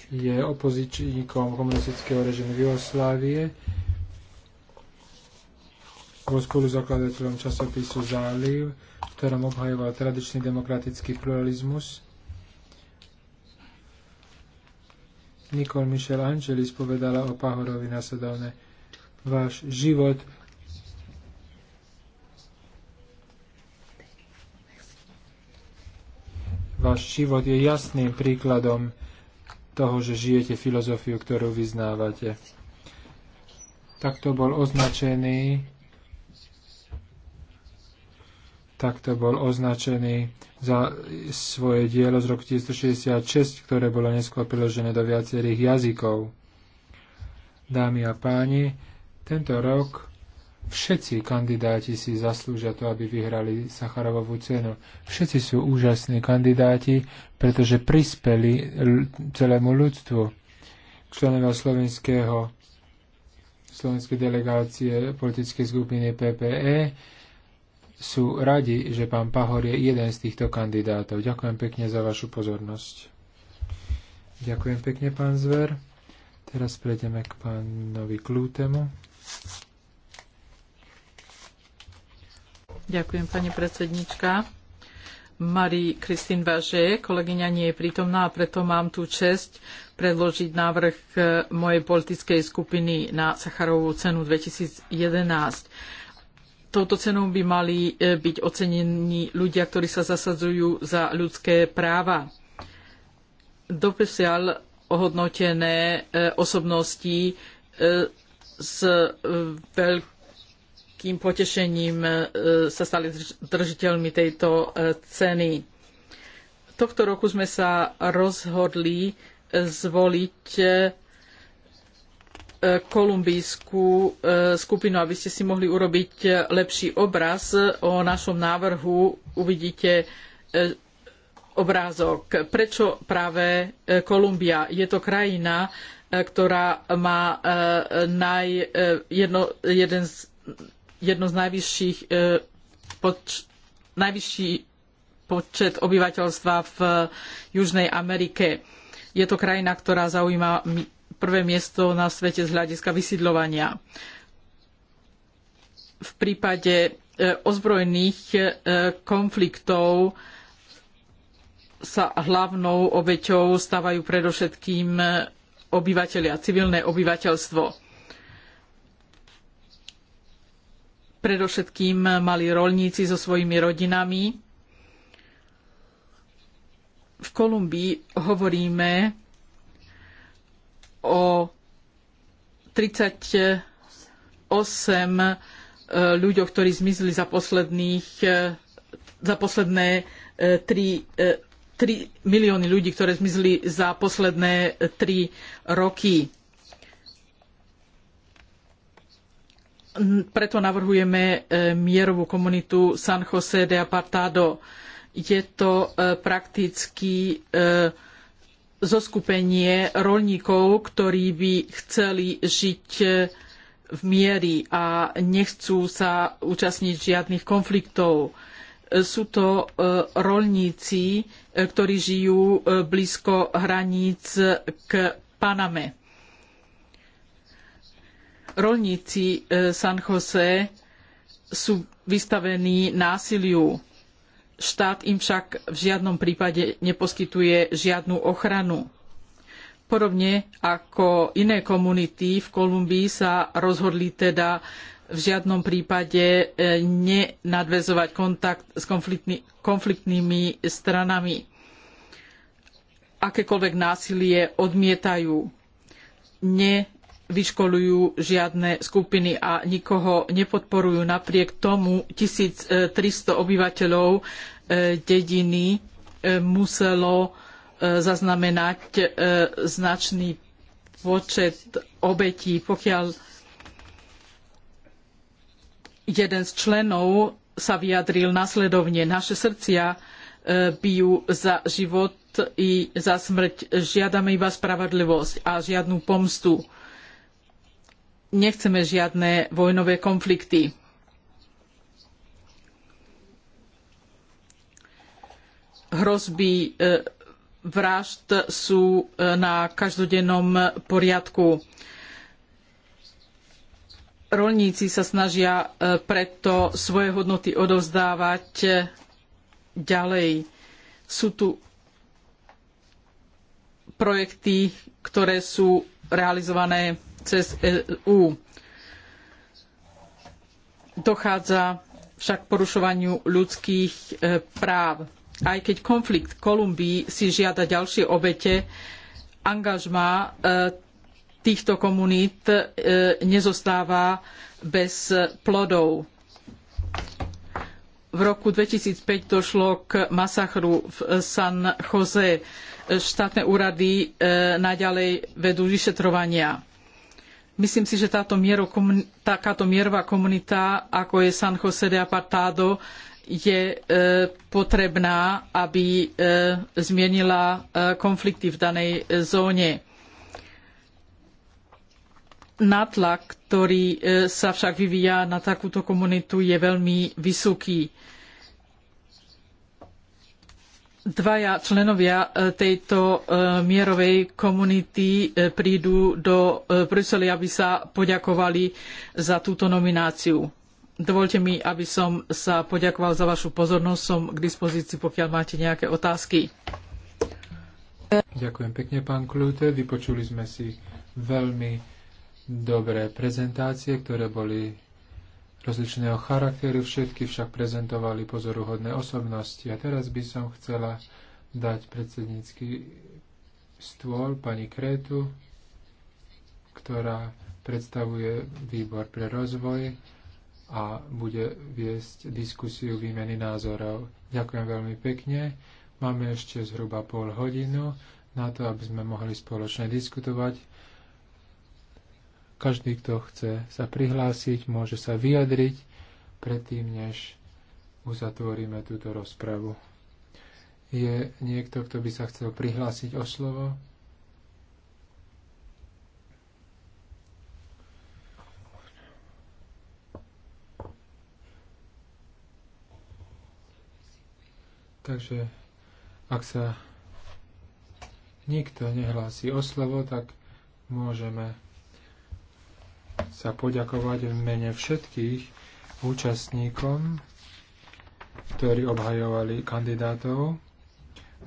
Je opozičníkom komunistického režimu Jugoslávie. Bol spoluzakladateľom časopisu Záliv, v ktorom obhajoval tradičný demokratický pluralizmus Nikol Michel Angelis povedala o Pahorovi nasledovne. Váš život Váš život je jasným príkladom toho, že žijete filozofiu, ktorú vyznávate. Takto bol označený takto bol označený za svoje dielo z roku 1966, ktoré bolo neskôr priložené do viacerých jazykov. Dámy a páni, tento rok všetci kandidáti si zaslúžia to, aby vyhrali Sacharovovú cenu. Všetci sú úžasní kandidáti, pretože prispeli celému ľudstvu. Členovia slovenského slovenskej delegácie politickej skupiny PPE sú radi, že pán Pahor je jeden z týchto kandidátov. Ďakujem pekne za vašu pozornosť. Ďakujem pekne, pán Zver. Teraz prejdeme k pánovi Klútemu. Ďakujem, pani predsednička. Marie Kristín Važe, kolegyňa nie je prítomná a preto mám tú čest predložiť návrh mojej politickej skupiny na Sacharovú cenu 2011 touto cenou by mali e, byť ocenení ľudia, ktorí sa zasadzujú za ľudské práva. Doposiaľ ohodnotené e, osobnosti e, s veľkým potešením sa stali držiteľmi tejto ceny. Tohto roku sme sa rozhodli zvoliť kolumbijskú e, skupinu, aby ste si mohli urobiť lepší obraz o našom návrhu. Uvidíte e, obrázok. Prečo práve e, Kolumbia? Je to krajina, ktorá má naj, jedno, jeden z, jedno z najvyšších poč, najvyšší počet obyvateľstva v Južnej Amerike. Je to krajina, ktorá zaujíma prvé miesto na svete z hľadiska vysídľovania. V prípade e, ozbrojených e, konfliktov sa hlavnou obeťou stávajú predovšetkým e, obyvatelia, civilné obyvateľstvo. predovšetkým mali rolníci so svojimi rodinami. V Kolumbii hovoríme o 38 e, ľuďoch, ktorí zmizli za posledných e, za posledné 3, e, 3 milióny ľudí, ktoré zmizli za posledné 3 roky. Preto navrhujeme mierovú komunitu San José de Apartado. Je to prakticky zoskupenie rolníkov, ktorí by chceli žiť e, v miery a nechcú sa účastniť žiadnych konfliktov. E, sú to e, rolníci, ktorí žijú blízko hraníc k Paname. Rolníci San Jose sú vystavení násiliu Štát im však v žiadnom prípade neposkytuje žiadnu ochranu. Podobne ako iné komunity v Kolumbii sa rozhodli teda v žiadnom prípade e, nenadväzovať kontakt s konfliktný, konfliktnými stranami. Akékoľvek násilie odmietajú. Ne nevyškolujú žiadne skupiny a nikoho nepodporujú. Napriek tomu 1300 obyvateľov e, dediny e, muselo e, zaznamenať značný počet obetí. Pokiaľ jeden z členov sa vyjadril nasledovne, naše srdcia bijú za život i za smrť. Žiadame iba spravodlivosť a žiadnu pomstu nechceme žiadne vojnové konflikty. Hrozby e, vražd sú e, na každodennom poriadku. Rolníci sa snažia e, preto svoje hodnoty odovzdávať ďalej. Sú tu projekty, ktoré sú realizované cez EÚ. Dochádza však k porušovaniu ľudských e, práv. Aj keď konflikt Kolumbii si žiada ďalšie obete, angažma e, týchto komunít e, nezostáva bez plodov. V roku 2005 došlo k masachru v San Jose. Štátne úrady naďalej vedú vyšetrovania. Myslím si, že táto miero, takáto mierová komunita, ako je San José de Apartado, je e, potrebná, aby e, zmienila e, konflikty v danej e, zóne. Nátlak, ktorý e, sa však vyvíja na takúto komunitu, je veľmi vysoký. E, dvaja členovia e, tejto e, mierovej komunity e, prídu do Bruseli, aby sa poďakovali za túto nomináciu. Dovolte mi, aby som sa poďakoval za vašu pozornosť. Som k dispozícii, pokiaľ máte nejaké otázky. Ďakujem pekne, pán Klute. Vypočuli sme si veľmi dobré prezentácie, ktoré boli rozličného charakteru, všetky však prezentovali pozoruhodné osobnosti. A teraz by som chcela dať predsednícky stôl pani Krétu, ktorá predstavuje výbor pre rozvoj a bude viesť diskusiu výmeny názorov. Ďakujem veľmi pekne. Máme ešte zhruba pol hodinu na to, aby sme mohli spoločne diskutovať každý, kto chce sa prihlásiť, môže sa vyjadriť predtým, než uzatvoríme túto rozpravu. Je niekto, kto by sa chcel prihlásiť o slovo? Takže ak sa nikto nehlási o slovo, tak môžeme sa poďakovať v mene všetkých účastníkom, ktorí obhajovali kandidátov.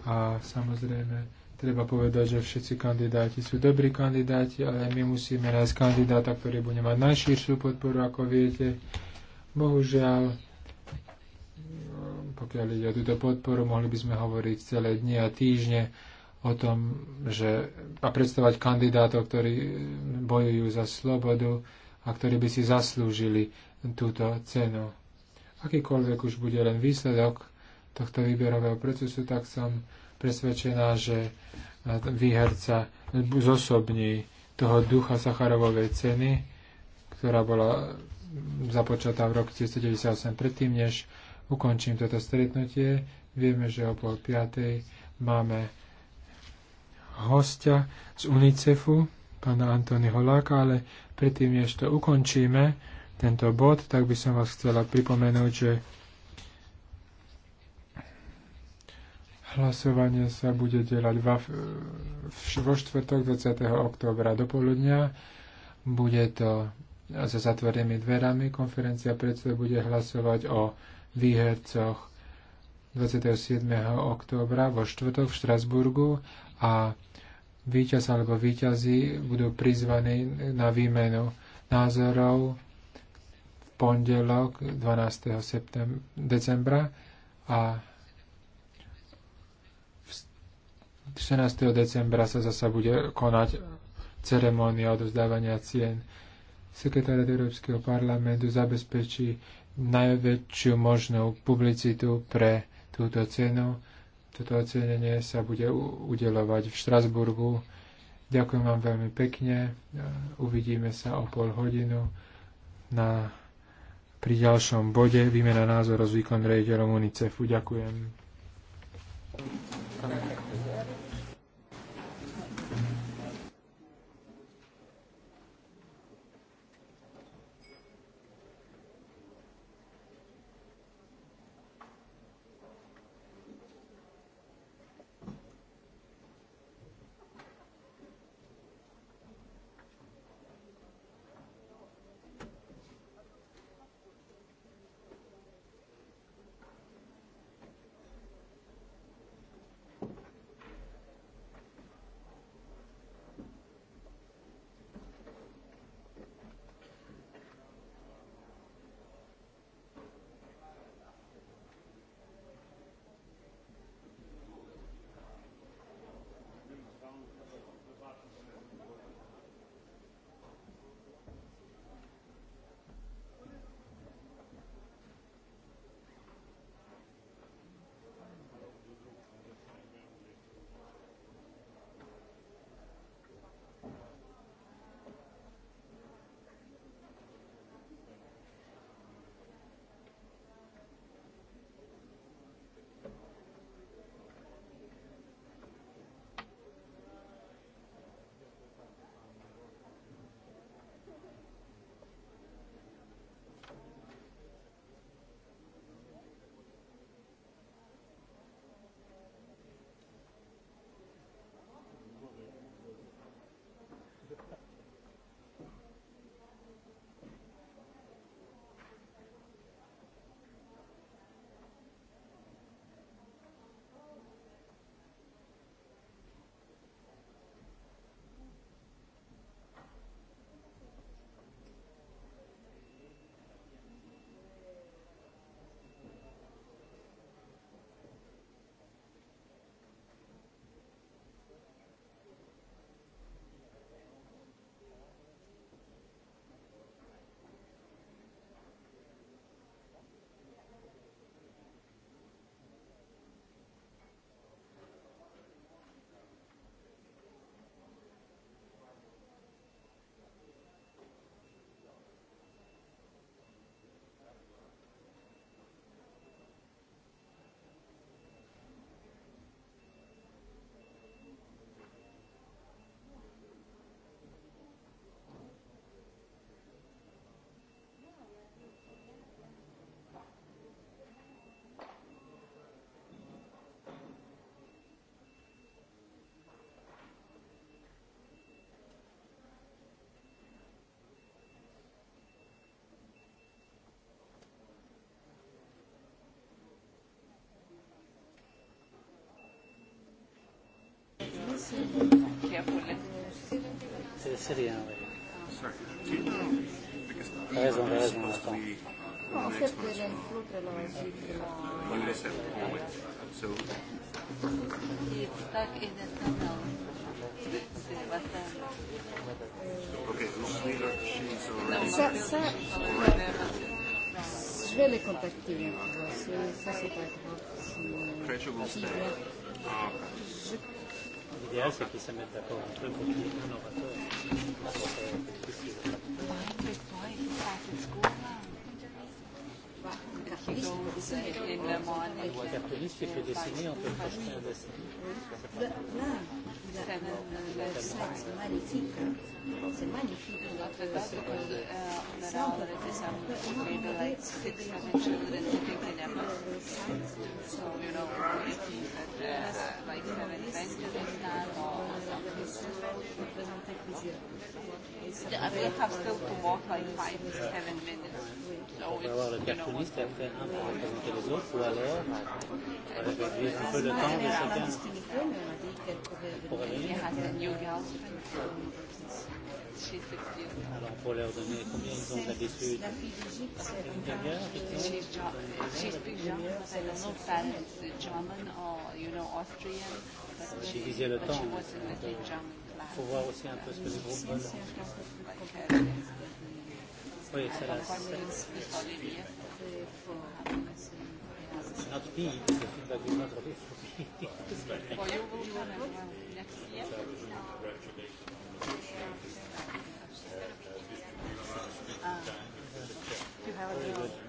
A samozrejme, treba povedať, že všetci kandidáti sú dobrí kandidáti, ale my musíme nájsť kandidáta, ktorý bude mať najširšiu podporu, ako viete. Bohužiaľ, pokiaľ ide o túto podporu, mohli by sme hovoriť celé dni a týždne o tom, že a predstavovať kandidátov, ktorí bojujú za slobodu a ktorí by si zaslúžili túto cenu. Akýkoľvek už bude len výsledok tohto výberového procesu, tak som presvedčená, že výherca zosobní toho ducha Sacharovovej ceny, ktorá bola započatá v roku 1998. Predtým, než ukončím toto stretnutie, vieme, že o pol piatej máme hostia z UNICEFu, pána Antony Holáka, ale predtým, než to ukončíme, tento bod, tak by som vás chcela pripomenúť, že hlasovanie sa bude delať vo štvrtok 20. októbra do poludnia. Bude to za zatvorenými dverami. Konferencia predsa bude hlasovať o výhercoch 27. októbra vo štvrtok v Štrasburgu a víťaz alebo víťazi budú prizvaní na výmenu názorov v pondelok 12. Septem- decembra a 14. decembra sa zasa bude konať ceremónia odovzdávania cien. Sekretariat Európskeho parlamentu zabezpečí najväčšiu možnú publicitu pre túto cenu toto ocenenie sa bude udelovať v Štrasburgu. Ďakujem vám veľmi pekne. Uvidíme sa o pol hodinu na, pri ďalšom bode výmena názorov s výkonným rejiteľom UNICEFu. Ďakujem. Syrian. T'as raison, t'as raison, attends. Non, c'est plus oui. So. He's stuck in Okay, look, Miller, she's already. Ah. Je vais les contacter. Ça, c'est pas grave. Je l'idéal, c'est qu'ils se mettent d'accord entre eux pour qu'il y ait un orateur. Le cartooniste, il fait dessiner, on peut projeter un dessin vous avez le, le site C'est magnifique. So, you know, if you had, uh, like, have an event in town or something. I will have still Pour Valérie. Alors pour leur donner combien ils ont d'habitude Une demi-heure J'ai visé le temps. Il faut voir aussi un peu ce que les groupes veulent. Oui, c'est la Not be, because if I do not, it will be. Ah. Uh, you have a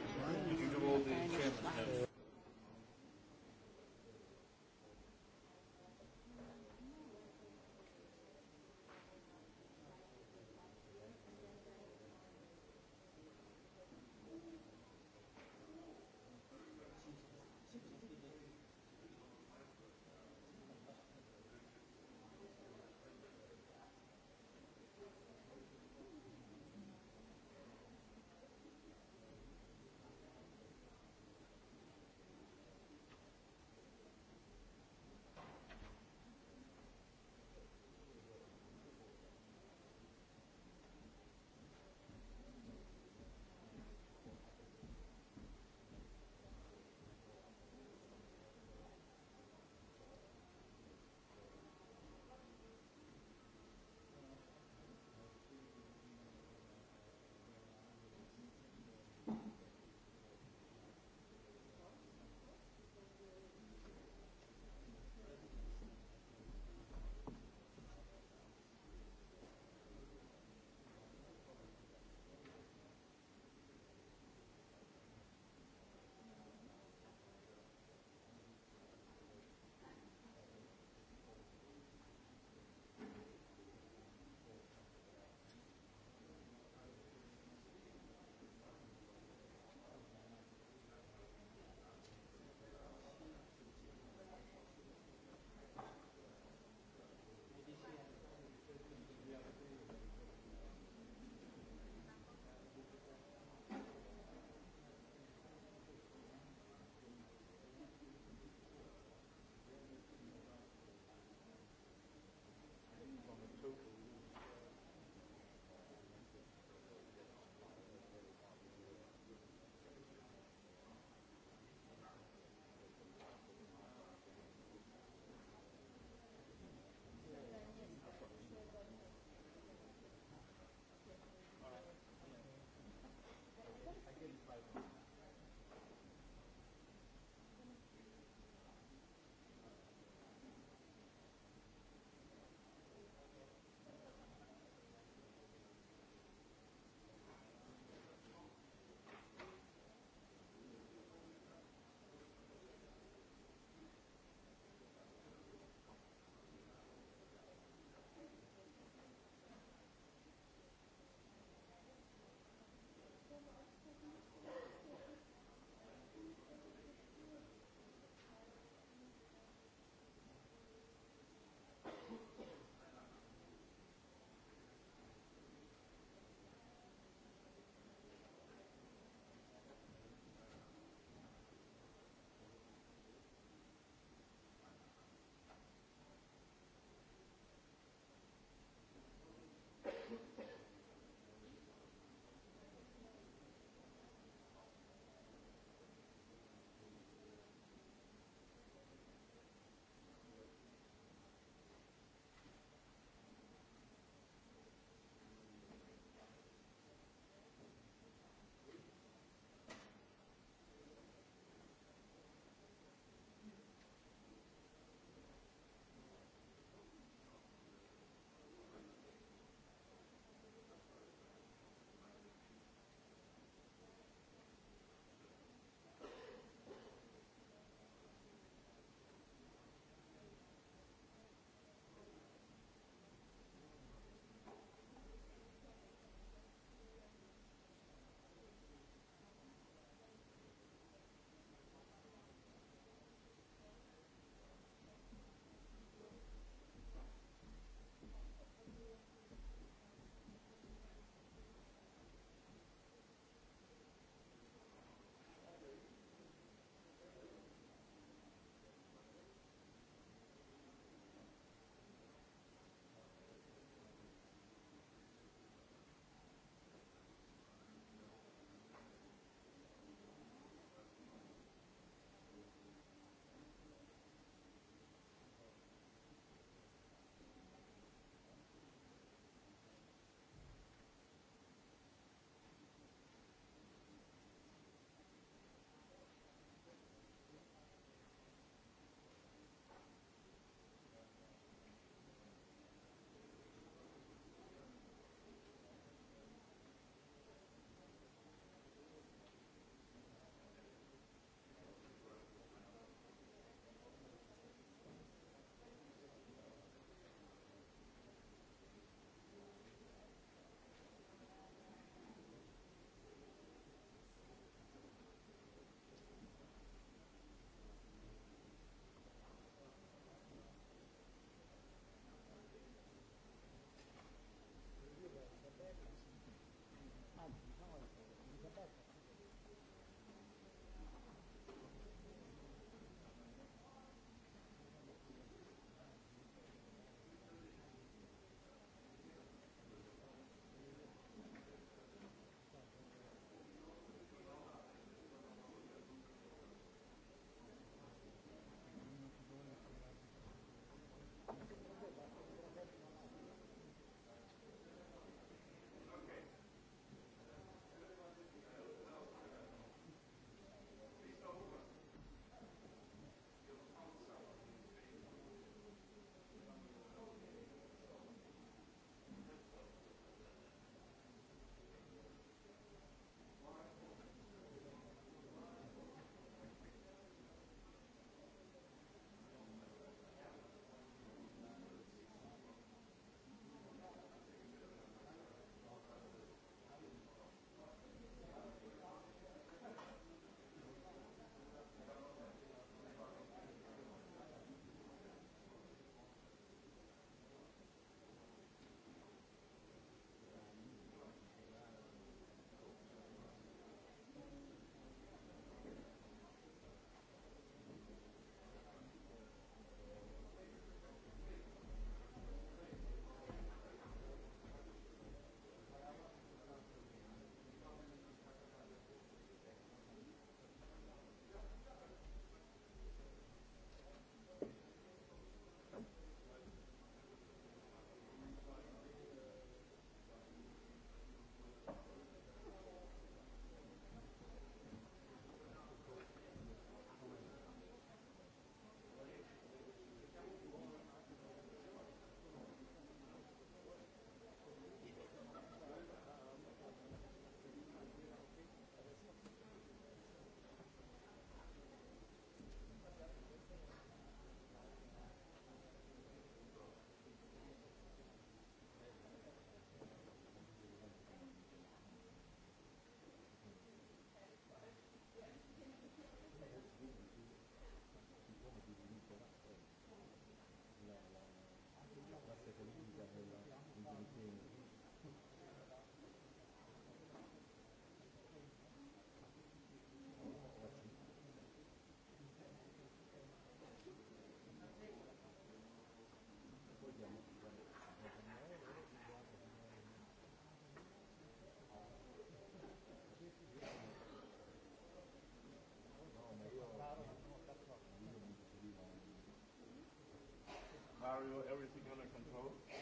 you everything under control? Yeah,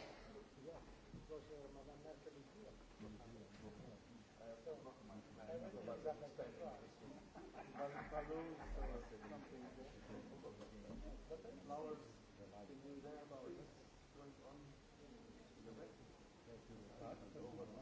Thank you.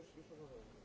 יש, יש לך רעיון.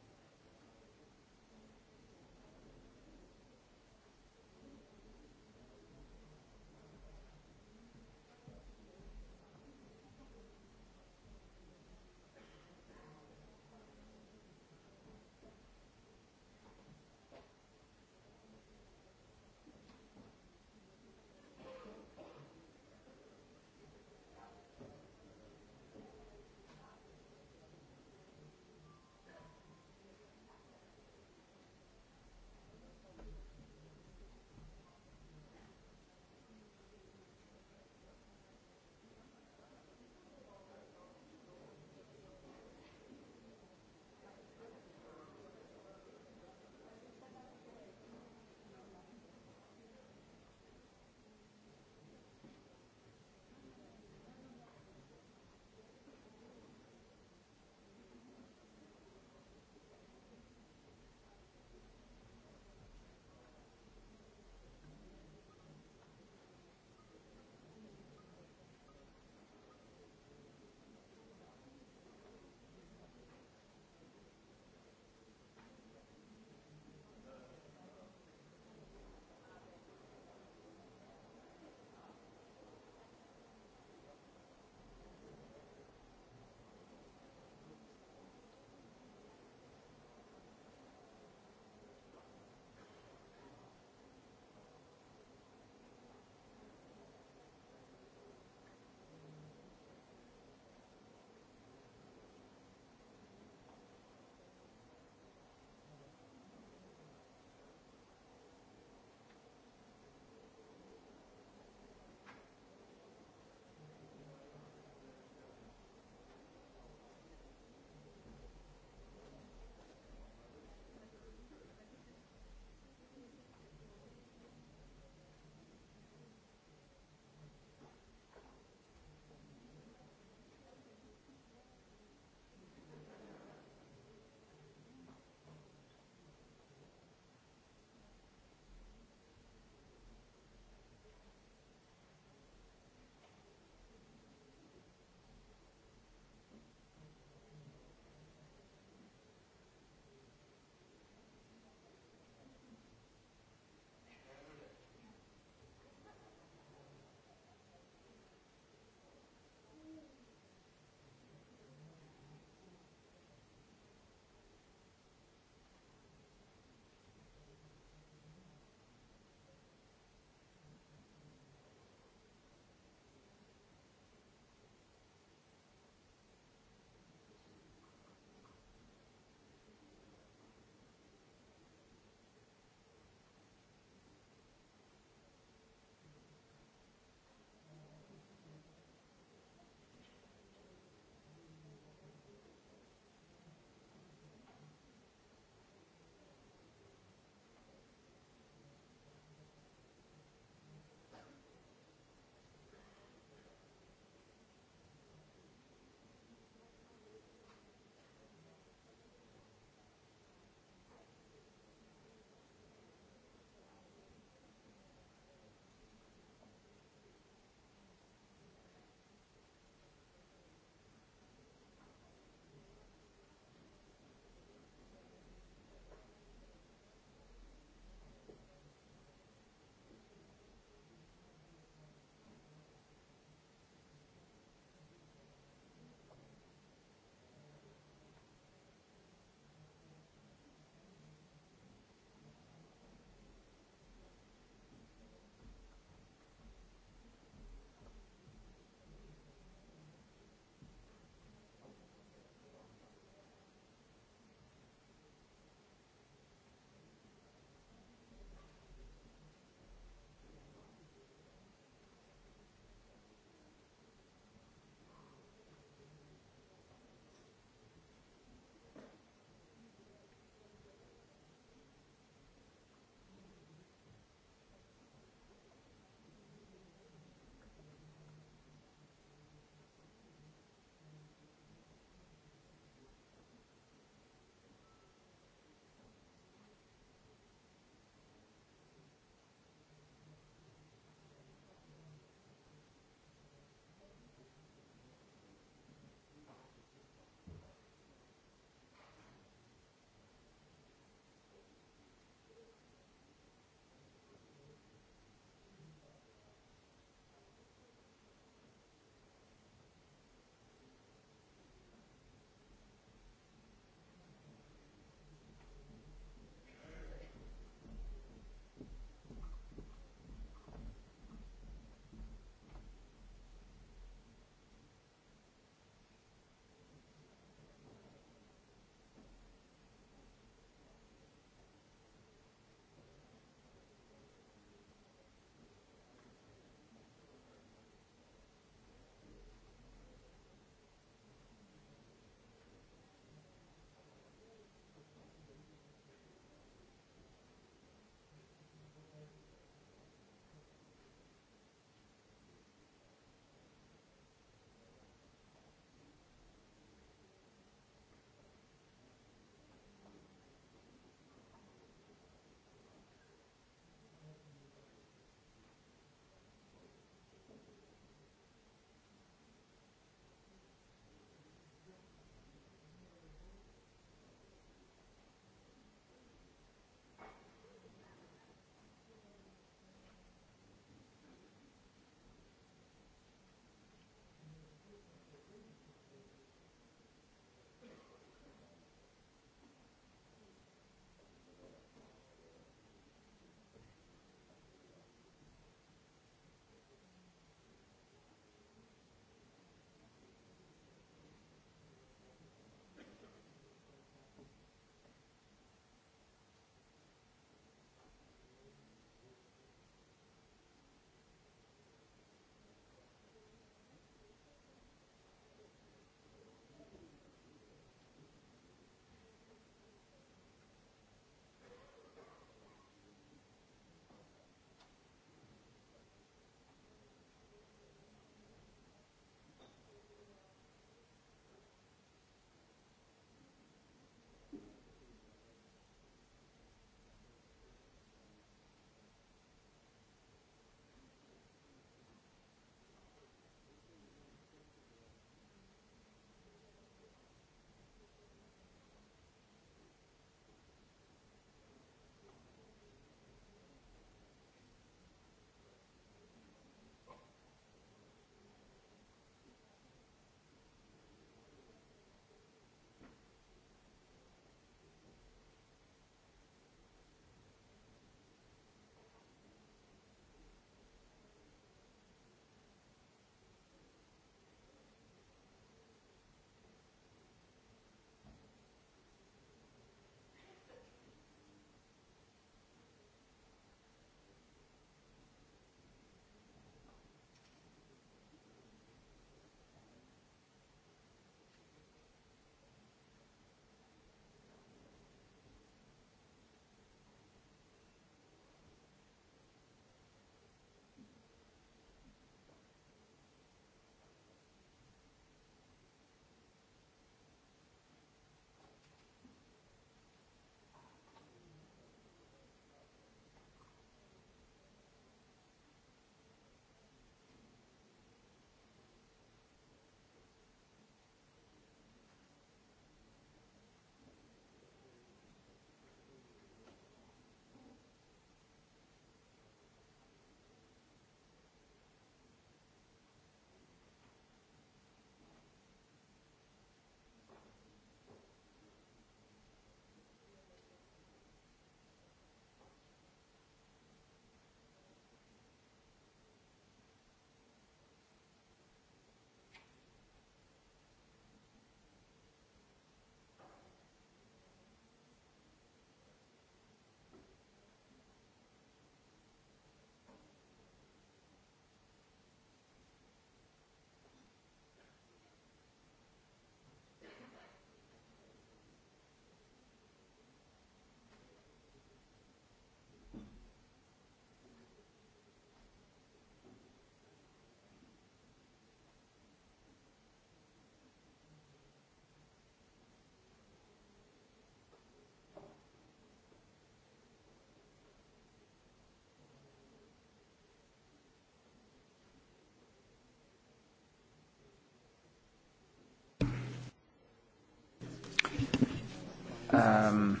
Um,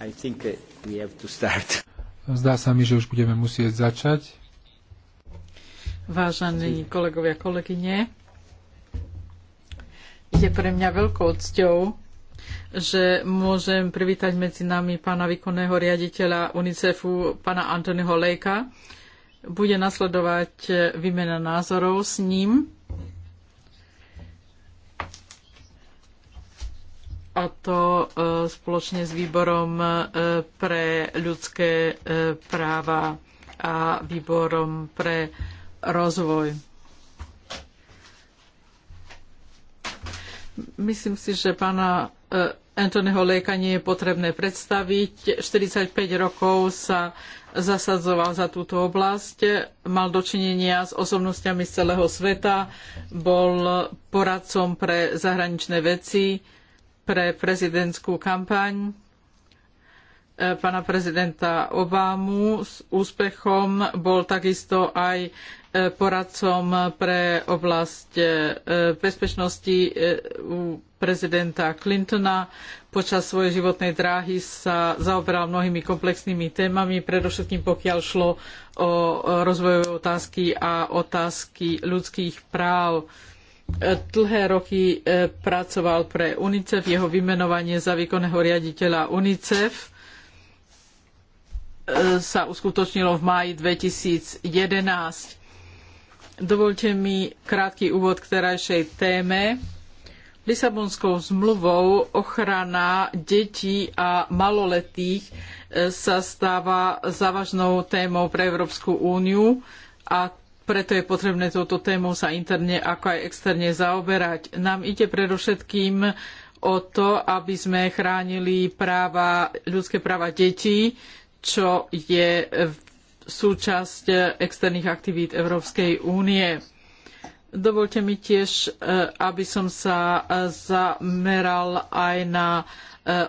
I think we have to start. Zdá sa mi, že už budeme musieť začať. Vážení kolegovia, kolegyne, je pre mňa veľkou cťou, že môžem privítať medzi nami pána výkonného riaditeľa UNICEFu, pána Antonyho Lejka. Bude nasledovať výmena názorov s ním a to e, spoločne s výborom e, pre ľudské e, práva a výborom pre rozvoj. Myslím si, že pána Anthonyho Léka nie je potrebné predstaviť. 45 rokov sa zasadzoval za túto oblasť, mal dočinenia s osobnostiami z celého sveta, bol poradcom pre zahraničné veci, pre prezidentskú kampaň e, pána prezidenta Obamu s úspechom. Bol takisto aj e, poradcom pre oblasť e, bezpečnosti u prezidenta Clintona. Počas svojej životnej dráhy sa zaoberal mnohými komplexnými témami, predovšetkým pokiaľ šlo o rozvojové otázky a otázky ľudských práv. E, dlhé roky e, pracoval pre UNICEF, jeho vymenovanie za výkonného riaditeľa UNICEF e, sa uskutočnilo v máji 2011. Dovolte mi krátky úvod k terajšej téme. Lisabonskou zmluvou ochrana detí a maloletých sa stáva závažnou témou pre Európsku úniu a preto je potrebné touto témou sa interne ako aj externe zaoberať. Nám ide predovšetkým o to, aby sme chránili práva, ľudské práva detí, čo je súčasť externých aktivít Európskej únie. Dovolte mi tiež, eh, aby som sa zameral aj na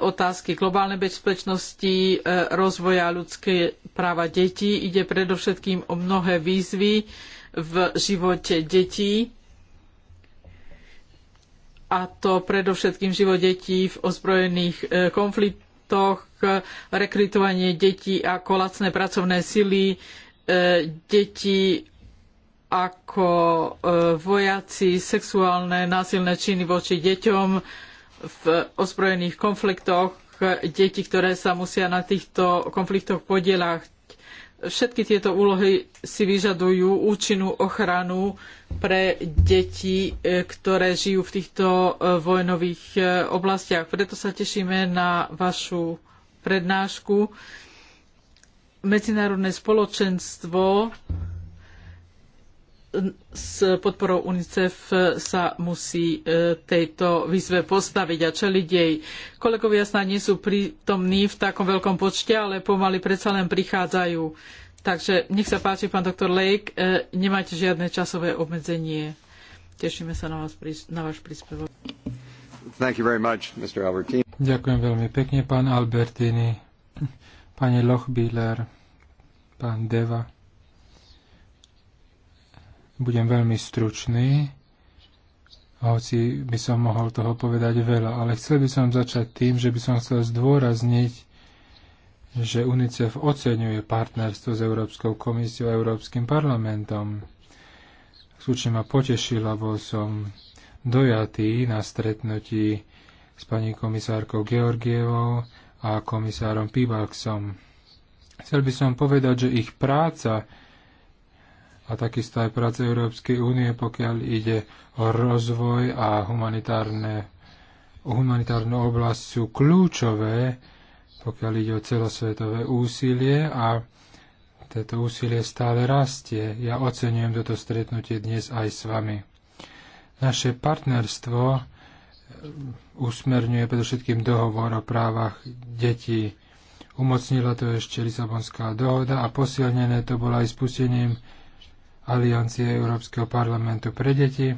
otázky globálnej bezpečnosti, e, rozvoja ľudské práva detí. Ide predovšetkým o mnohé výzvy v živote detí a to predovšetkým život detí v ozbrojených e, konfliktoch, rekrutovanie detí ako lacné pracovné sily, e, deti ako vojaci, sexuálne násilné činy voči deťom, v ozbrojených konfliktoch, deti, ktoré sa musia na týchto konfliktoch podielať. Všetky tieto úlohy si vyžadujú účinnú ochranu pre deti, e, ktoré žijú v týchto e, vojnových e, oblastiach. Preto sa tešíme na vašu prednášku. Medzinárodné spoločenstvo s podporou UNICEF sa musí e, tejto výzve postaviť a čeliť jej. Kolegovia sa nie sú prítomní v takom veľkom počte, ale pomaly predsa len prichádzajú. Takže nech sa páči, pán doktor Lake, e, nemáte žiadne časové obmedzenie. Tešíme sa na, vás, na váš príspevok. Much, Ďakujem veľmi pekne, pán Albertini, pani Lochbiller, pán Deva. Budem veľmi stručný, hoci by som mohol toho povedať veľa, ale chcel by som začať tým, že by som chcel zdôrazniť, že UNICEF oceňuje partnerstvo s Európskou komisiou a Európskym parlamentom. Súčne ma potešila, bol som dojatý na stretnutí s pani komisárkou Georgievou a komisárom Pibalksom. Chcel by som povedať, že ich práca a takisto aj práce Európskej únie, pokiaľ ide o rozvoj a humanitárne, humanitárnu oblasť sú kľúčové, pokiaľ ide o celosvetové úsilie a toto úsilie stále rastie. Ja ocenujem toto stretnutie dnes aj s vami. Naše partnerstvo e, usmerňuje predovšetkým dohovor o právach detí. Umocnila to ešte Lisabonská dohoda a posilnené to bolo aj spustením Aliancie Európskeho parlamentu pre deti,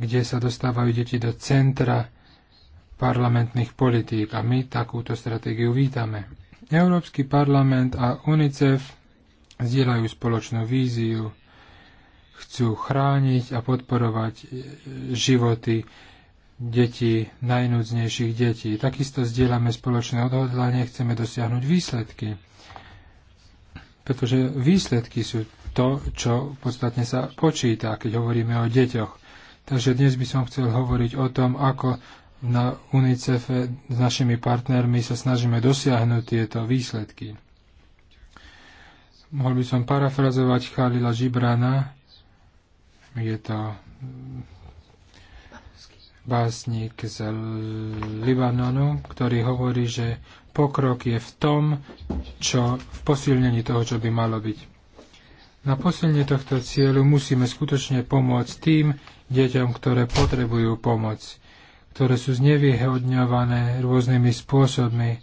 kde sa dostávajú deti do centra parlamentných politík a my takúto stratégiu vítame. Európsky parlament a UNICEF zdieľajú spoločnú víziu, chcú chrániť a podporovať životy detí, najnúdznejších detí. Takisto zdieľame spoločné odhodlanie, chceme dosiahnuť výsledky. Pretože výsledky sú to, čo podstatne sa počíta, keď hovoríme o deťoch. Takže dnes by som chcel hovoriť o tom, ako na UNICEFe s našimi partnermi sa snažíme dosiahnuť tieto výsledky. Mohol by som parafrazovať Khalila Žibrana, je to básnik z Libanonu, ktorý hovorí, že pokrok je v tom, čo v posilnení toho, čo by malo byť. Na posilnenie tohto cieľu musíme skutočne pomôcť tým deťom, ktoré potrebujú pomoc, ktoré sú znevýhodňované rôznymi spôsobmi,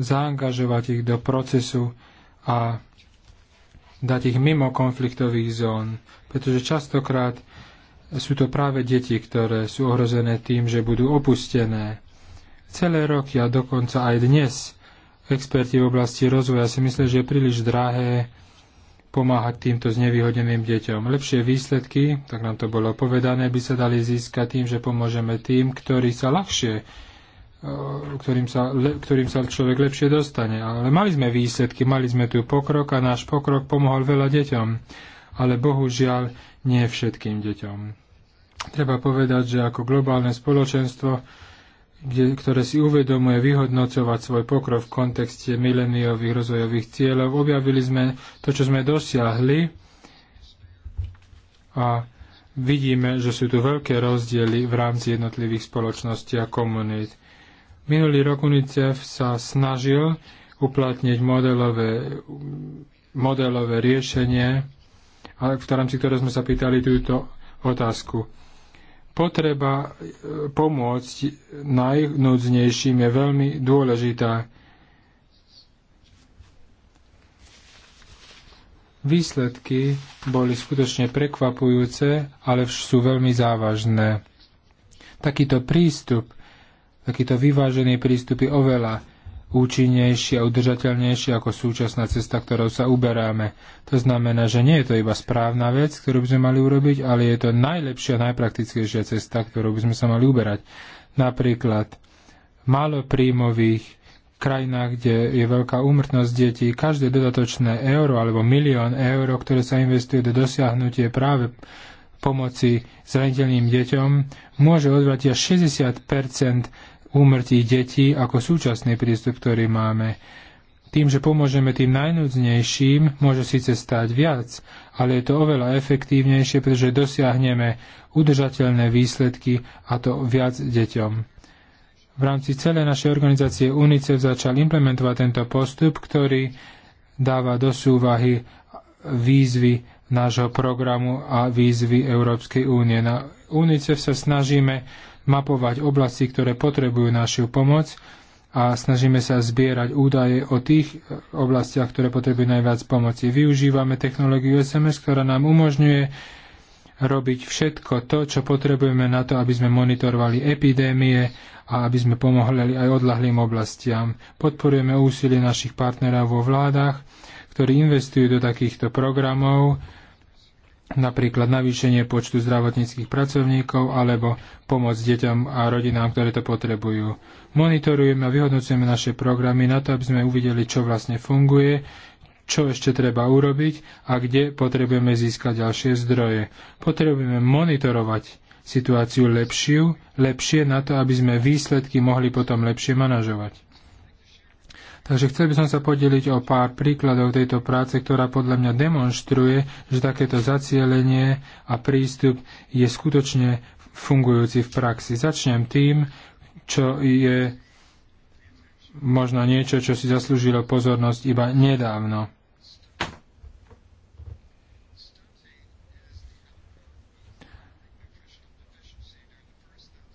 zaangažovať ich do procesu a dať ich mimo konfliktových zón, pretože častokrát sú to práve deti, ktoré sú ohrozené tým, že budú opustené. Celé roky a dokonca aj dnes experti v oblasti rozvoja si myslia, že je príliš drahé pomáhať týmto znevýhodeným deťom. Lepšie výsledky, tak nám to bolo povedané, by sa dali získať tým, že pomôžeme tým, ktorí sa ľahšie eh, ktorým sa, ktorým sa človek lepšie dostane. Ale mali sme výsledky, mali sme tu pokrok a náš pokrok pomohol veľa deťom. Ale bohužiaľ nie všetkým deťom. Treba povedať, že ako globálne spoločenstvo kde, ktoré si uvedomuje vyhodnocovať svoj pokrok v kontexte mileniových rozvojových cieľov. Objavili sme to, čo sme dosiahli a vidíme, že sú tu veľké rozdiely v rámci jednotlivých spoločností a komunít. Minulý rok UNICEF sa snažil uplatniť modelové, modelové riešenie, v rámci ktorého sme sa pýtali túto otázku Potreba e, pomôcť najnúdznejším je veľmi dôležitá. Výsledky boli skutočne prekvapujúce, ale sú veľmi závažné. Takýto prístup, takýto vyvážený prístup je oveľa účinnejšie a udržateľnejšie ako súčasná cesta, ktorou sa uberáme. To znamená, že nie je to iba správna vec, ktorú by sme mali urobiť, ale je to najlepšia, najpraktickejšia cesta, ktorou by sme sa mali uberať. Napríklad v malopríjmových krajinách, kde je veľká úmrtnosť detí, každé dodatočné euro alebo milión euro, ktoré sa investuje do dosiahnutie práve pomoci zraniteľným deťom môže odvratiť až 60 úmrtí detí ako súčasný prístup, ktorý máme. Tým, že pomôžeme tým najnudnejším, môže síce stať viac, ale je to oveľa efektívnejšie, pretože dosiahneme udržateľné výsledky a to viac deťom. V rámci celej našej organizácie UNICEF začal implementovať tento postup, ktorý dáva do súvahy výzvy nášho programu a výzvy Európskej únie. Na UNICEF sa snažíme mapovať oblasti, ktoré potrebujú našu pomoc a snažíme sa zbierať údaje o tých e, oblastiach, ktoré potrebujú najviac pomoci. Využívame technológiu SMS, ktorá nám umožňuje robiť všetko to, čo potrebujeme na to, aby sme monitorovali epidémie a aby sme pomohli aj odlahlým oblastiam. Podporujeme úsilie našich partnerov vo vládach, ktorí investujú do takýchto programov napríklad navýšenie počtu zdravotníckých pracovníkov alebo pomoc deťom a rodinám, ktoré to potrebujú. Monitorujeme a vyhodnocujeme naše programy na to, aby sme uvideli, čo vlastne funguje, čo ešte treba urobiť a kde potrebujeme získať ďalšie zdroje. Potrebujeme monitorovať situáciu lepšiu, lepšie na to, aby sme výsledky mohli potom lepšie manažovať. Takže chcel by som sa podeliť o pár príkladov tejto práce, ktorá podľa mňa demonstruje, že takéto zacielenie a prístup je skutočne fungujúci v praxi. Začnem tým, čo je možno niečo, čo si zaslúžilo pozornosť iba nedávno.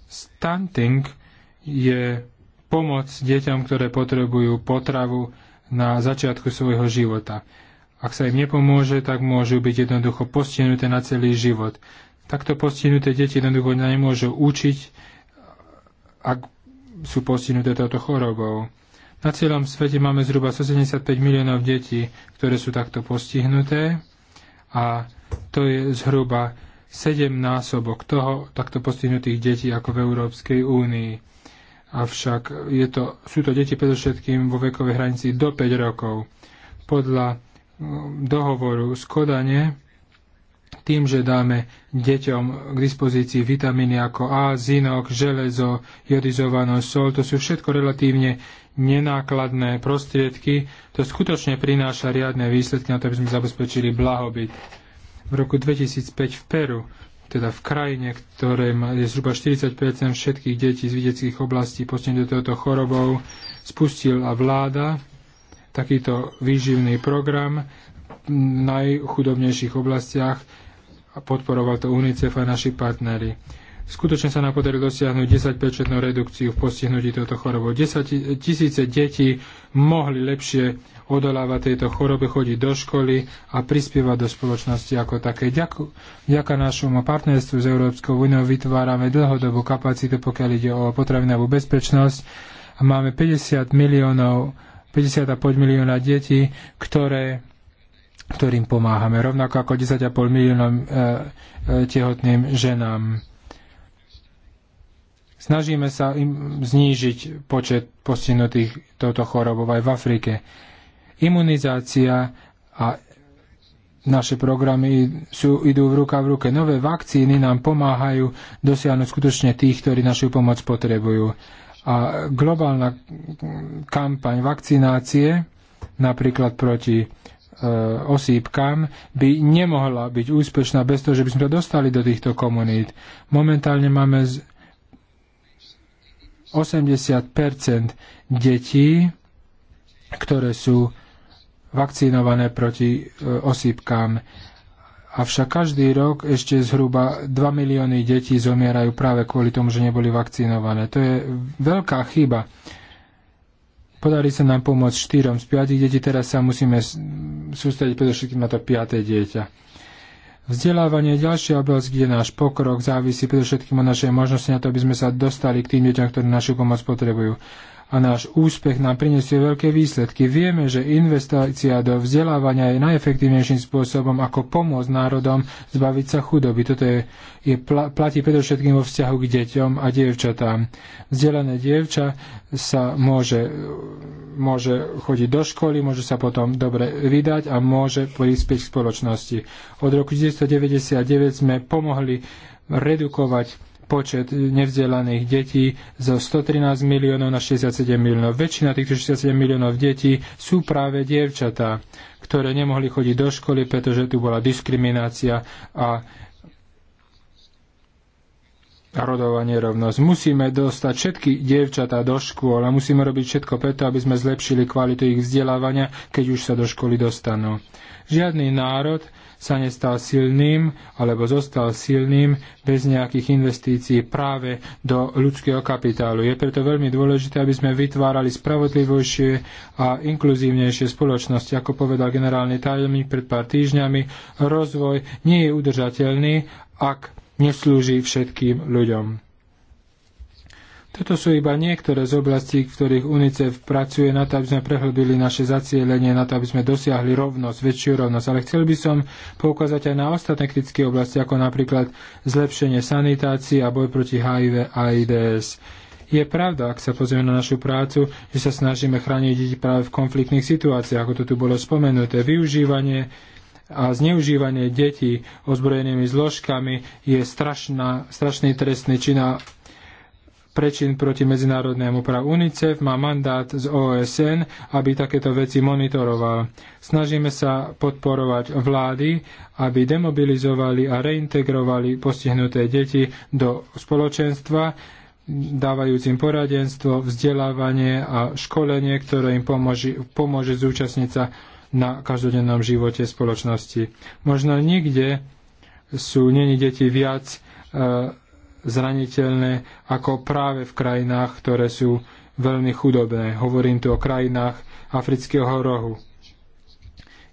Stunting je pomoc deťom, ktoré potrebujú potravu na začiatku svojho života. Ak sa im nepomôže, tak môžu byť jednoducho postihnuté na celý život. Takto postihnuté deti jednoducho nemôžu učiť, ak sú postihnuté touto chorobou. Na celom svete máme zhruba 175 miliónov detí, ktoré sú takto postihnuté a to je zhruba 7 násobok toho takto postihnutých detí ako v Európskej únii avšak je to, sú to deti predovšetkým vo vekovej hranici do 5 rokov. Podľa mm, dohovoru z Kodane, tým, že dáme deťom k dispozícii vitamíny ako A, zinok, železo, jodizovanú sol, to sú všetko relatívne nenákladné prostriedky, to skutočne prináša riadne výsledky na to, aby sme zabezpečili blahobyt. V roku 2005 v Peru teda v krajine, ktoré je zhruba 40 všetkých detí z vidieckých oblastí do tohoto chorobou, spustila vláda takýto výživný program v najchudobnejších oblastiach a podporoval to UNICEF a naši partnery. Skutočne sa nám podarilo dosiahnuť 10 pečetnú redukciu v postihnutí tohto chorobou. 10 tisíce detí mohli lepšie odolávať tejto choroby, chodiť do školy a prispievať do spoločnosti ako také. Ďaká ďaka našomu partnerstvu s Európskou úniou vytvárame dlhodobú kapacitu, pokiaľ ide o potravinovú bezpečnosť. Máme 50 miliónov 50,5 milióna detí, ktoré ktorým pomáhame, rovnako ako 10,5 miliónom e, e, tehotným ženám. Snažíme sa im znížiť počet postihnutých touto chorobou aj v Afrike. Imunizácia a naše programy sú, idú v ruka v ruke. Nové vakcíny nám pomáhajú dosiahnuť skutočne tých, ktorí našu pomoc potrebujú. A globálna kampaň vakcinácie, napríklad proti e, osýpkam, by nemohla byť úspešná bez toho, že by sme to dostali do týchto komunít. Momentálne máme 80 detí, ktoré sú vakcinované proti e, osýpkám. Avšak každý rok ešte zhruba 2 milióny detí zomierajú práve kvôli tomu, že neboli vakcinované. To je veľká chyba. Podarí sa nám pomôcť štyrom z piatich detí, teraz sa musíme sústrediť predovšetkým na to piaté dieťa. Vzdelávanie je ďalšia oblasť, kde náš pokrok závisí predovšetkým od našej možnosti na to, aby sme sa dostali k tým deťom, ktorí našu pomoc potrebujú a náš úspech nám prinesie veľké výsledky. Vieme, že investícia do vzdelávania je najefektívnejším spôsobom, ako pomôcť národom zbaviť sa chudoby. Toto je, je platí predovšetkým vo vzťahu k deťom a dievčatám. Vzdelané dievča sa môže, môže chodiť do školy, môže sa potom dobre vydať a môže prispieť k spoločnosti. Od roku 1999 sme pomohli redukovať počet nevzdelaných detí zo 113 miliónov na 67 miliónov. Väčšina týchto 67 miliónov detí sú práve dievčatá, ktoré nemohli chodiť do školy, pretože tu bola diskriminácia a a rodová nerovnosť. Musíme dostať všetky dievčatá do škôl a musíme robiť všetko preto, aby sme zlepšili kvalitu ich vzdelávania, keď už sa do školy dostanú. Žiadny národ sa nestal silným alebo zostal silným bez nejakých investícií práve do ľudského kapitálu. Je preto veľmi dôležité, aby sme vytvárali spravodlivejšie a inkluzívnejšie spoločnosti. Ako povedal generálny tajomník pred pár týždňami, rozvoj nie je udržateľný, ak neslúži všetkým ľuďom. Toto sú iba niektoré z oblastí, v ktorých UNICEF pracuje na to, aby sme prehlbili naše zacielenie, na to, aby sme dosiahli rovnosť, väčšiu rovnosť. Ale chcel by som poukázať aj na ostatné kritické oblasti, ako napríklad zlepšenie sanitácie a boj proti HIV a AIDS. Je pravda, ak sa pozrieme na našu prácu, že sa snažíme chrániť deti práve v konfliktných situáciách, ako to tu bolo spomenuté. Využívanie a zneužívanie detí ozbrojenými zložkami je strašná, strašný trestný čin a prečin proti medzinárodnému právu. UNICEF má mandát z OSN, aby takéto veci monitoroval. Snažíme sa podporovať vlády, aby demobilizovali a reintegrovali postihnuté deti do spoločenstva, dávajúc im poradenstvo, vzdelávanie a školenie, ktoré im pomôže, pomôže zúčastniť sa na každodennom živote spoločnosti. Možno nikde sú není deti viac eh, zraniteľné ako práve v krajinách, ktoré sú veľmi chudobné. Hovorím tu o krajinách Afrického rohu.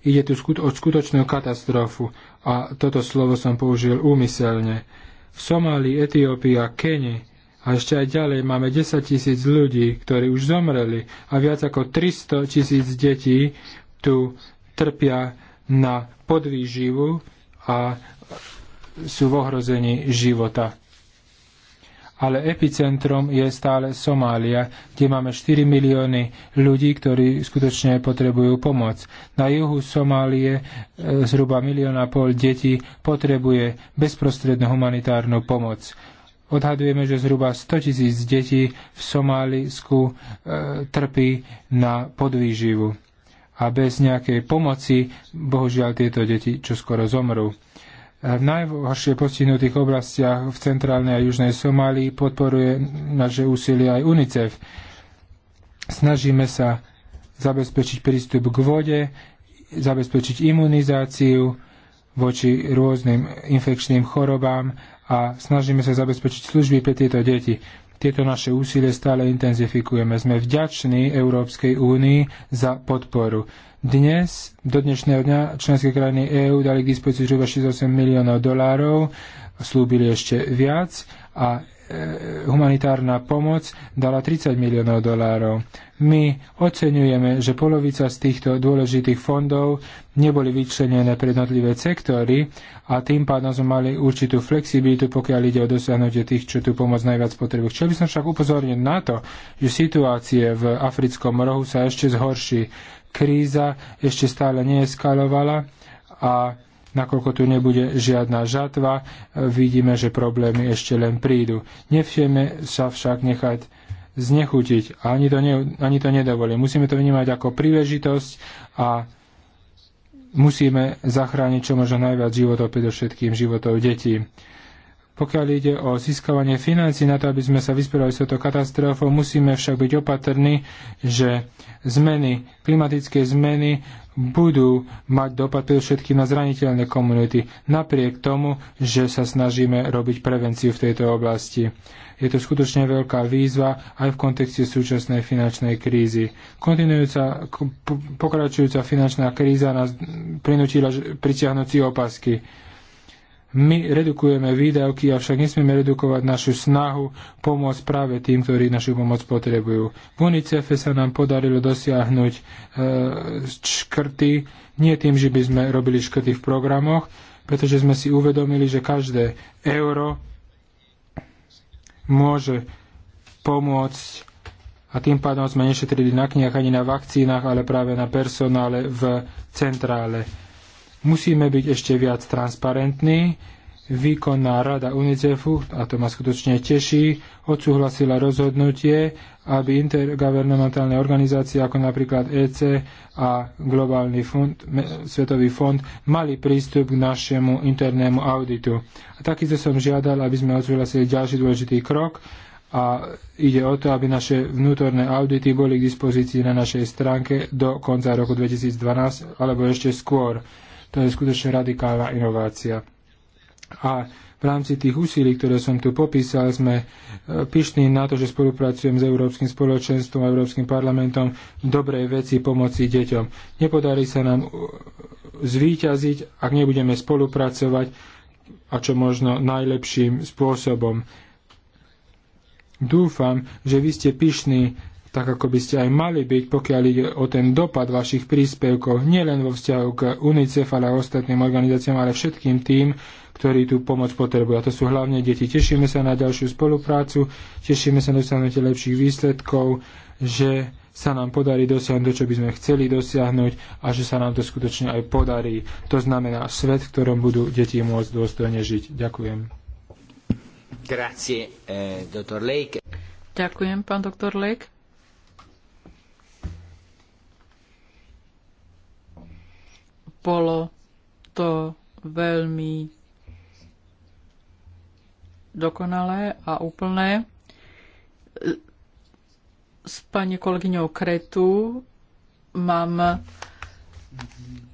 Ide tu o skutočnú katastrofu a toto slovo som použil úmyselne. V Somálii, Etiópii a Kenii a ešte aj ďalej máme 10 tisíc ľudí, ktorí už zomreli a viac ako 300 tisíc detí tu trpia na podvýživu a sú v ohrození života ale epicentrom je stále Somália, kde máme 4 milióny ľudí, ktorí skutočne potrebujú pomoc. Na juhu Somálie e, zhruba milióna pol detí potrebuje bezprostrednú humanitárnu pomoc. Odhadujeme, že zhruba 100 tisíc detí v Somálisku e, trpí na podvýživu. A bez nejakej pomoci, bohužiaľ, tieto deti čoskoro zomrú v najhoršie postihnutých oblastiach v centrálnej a južnej Somálii podporuje naše úsilie aj UNICEF. Snažíme sa zabezpečiť prístup k vode, zabezpečiť imunizáciu voči rôznym infekčným chorobám a snažíme sa zabezpečiť služby pre tieto deti. Tieto naše úsilie stále intenzifikujeme. Sme vďační Európskej únii za podporu. Dnes, do dnešného dňa, členské krajiny EÚ dali k dispozícii zhruba 68 miliónov dolárov, slúbili ešte viac a humanitárna pomoc dala 30 miliónov dolárov. My oceňujeme, že polovica z týchto dôležitých fondov neboli vyčlenené pre jednotlivé sektory a tým pádom sme mali určitú flexibilitu, pokiaľ ide o dosiahnutie tých, čo tú pomoc najviac potrebujú. Chcel by som však upozorniť na to, že situácie v africkom rohu sa ešte zhorší. Kríza ešte stále neeskalovala a nakoľko tu nebude žiadna žatva, e, vidíme, že problémy ešte len prídu. Nevšieme sa však nechať znechutiť a ani to, ne, ani to nedovolí. Musíme to vnímať ako príležitosť a musíme zachrániť čo možno najviac životov, predovšetkým životov detí. Pokiaľ ide o získavanie financí na to, aby sme sa vysporiadali s touto katastrofou, musíme však byť opatrní, že zmeny, klimatické zmeny budú mať dopad všetky na zraniteľné komunity, napriek tomu, že sa snažíme robiť prevenciu v tejto oblasti. Je to skutočne veľká výzva aj v kontexte súčasnej finančnej krízy. Kontinujúca, pokračujúca finančná kríza nás prinútila pritiahnuť si opasky my redukujeme výdavky, avšak nesmieme redukovať našu snahu pomôcť práve tým, ktorí našu pomoc potrebujú. V UNICEFe sa nám podarilo dosiahnuť e, škrty, nie tým, že by sme robili škrty v programoch, pretože sme si uvedomili, že každé euro môže pomôcť a tým pádom sme nešetrili na knihách ani na vakcínach, ale práve na personále v centrále. Musíme byť ešte viac transparentní. Výkonná rada UNICEFu, a to ma skutočne teší, odsúhlasila rozhodnutie, aby intergovernmentálne organizácie ako napríklad EC a Globálny fond, Svetový fond mali prístup k našemu internému auditu. A takisto som žiadal, aby sme odsúhlasili ďalší dôležitý krok, a ide o to, aby naše vnútorné audity boli k dispozícii na našej stránke do konca roku 2012 alebo ešte skôr. To je skutočne radikálna inovácia. A v rámci tých úsilí, ktoré som tu popísal, sme e, pyšní na to, že spolupracujem s Európskym spoločenstvom a Európskym parlamentom v dobrej veci pomoci deťom. Nepodarí sa nám e, zvíťaziť, ak nebudeme spolupracovať a čo možno najlepším spôsobom. Dúfam, že vy ste pyšní tak ako by ste aj mali byť, pokiaľ ide o ten dopad vašich príspevkov, nielen vo vzťahu k UNICEF, ale aj ostatným organizáciám, ale všetkým tým, ktorí tú pomoc potrebujú. A to sú hlavne deti. Tešíme sa na ďalšiu spoluprácu, tešíme sa na dosiahnutie lepších výsledkov, že sa nám podarí dosiahnuť to, čo by sme chceli dosiahnuť a že sa nám to skutočne aj podarí. To znamená svet, v ktorom budú deti môcť dôstojne žiť. Ďakujem. Grazie, eh, Lake. Ďakujem, pán doktor Lake. Bolo to veľmi dokonalé a úplné. S pani kolegyňou Kretu mám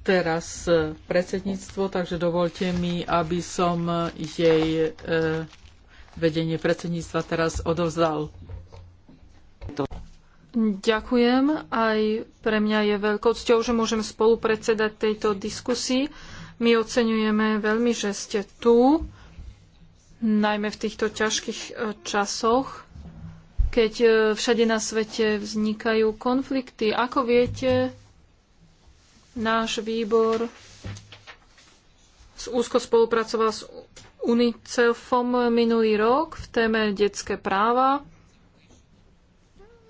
teraz predsedníctvo, takže dovolte mi, aby som jej eh, vedenie predsedníctva teraz odovzdal. Ďakujem. Aj pre mňa je veľkou cťou, že môžem spolupredsedať tejto diskusii. My oceňujeme veľmi, že ste tu, najmä v týchto ťažkých e, časoch, keď e, všade na svete vznikajú konflikty. Ako viete, náš výbor úzko spolupracoval s UNICEFom minulý rok v téme detské práva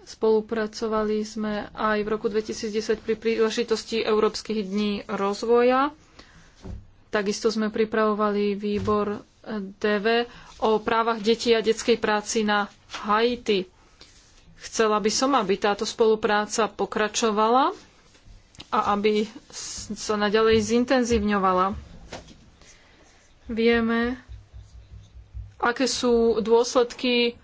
Spolupracovali sme aj v roku 2010 pri príležitosti Európskych dní rozvoja. Takisto sme pripravovali výbor DV o právach detí a detskej práci na Haiti. Chcela by som, aby táto spolupráca pokračovala a aby sa naďalej zintenzívňovala. Vieme, aké sú dôsledky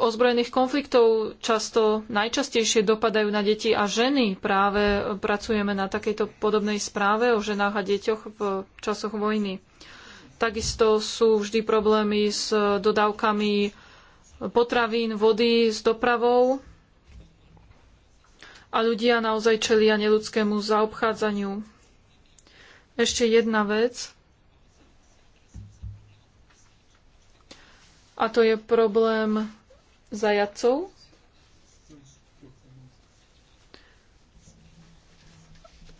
ozbrojených konfliktov často najčastejšie dopadajú na deti a ženy. Práve pracujeme na takejto podobnej správe o ženách a deťoch v časoch vojny. Takisto sú vždy problémy s dodávkami potravín, vody, s dopravou a ľudia naozaj čelia neludskému zaobchádzaniu. Ešte jedna vec. A to je problém zajacov.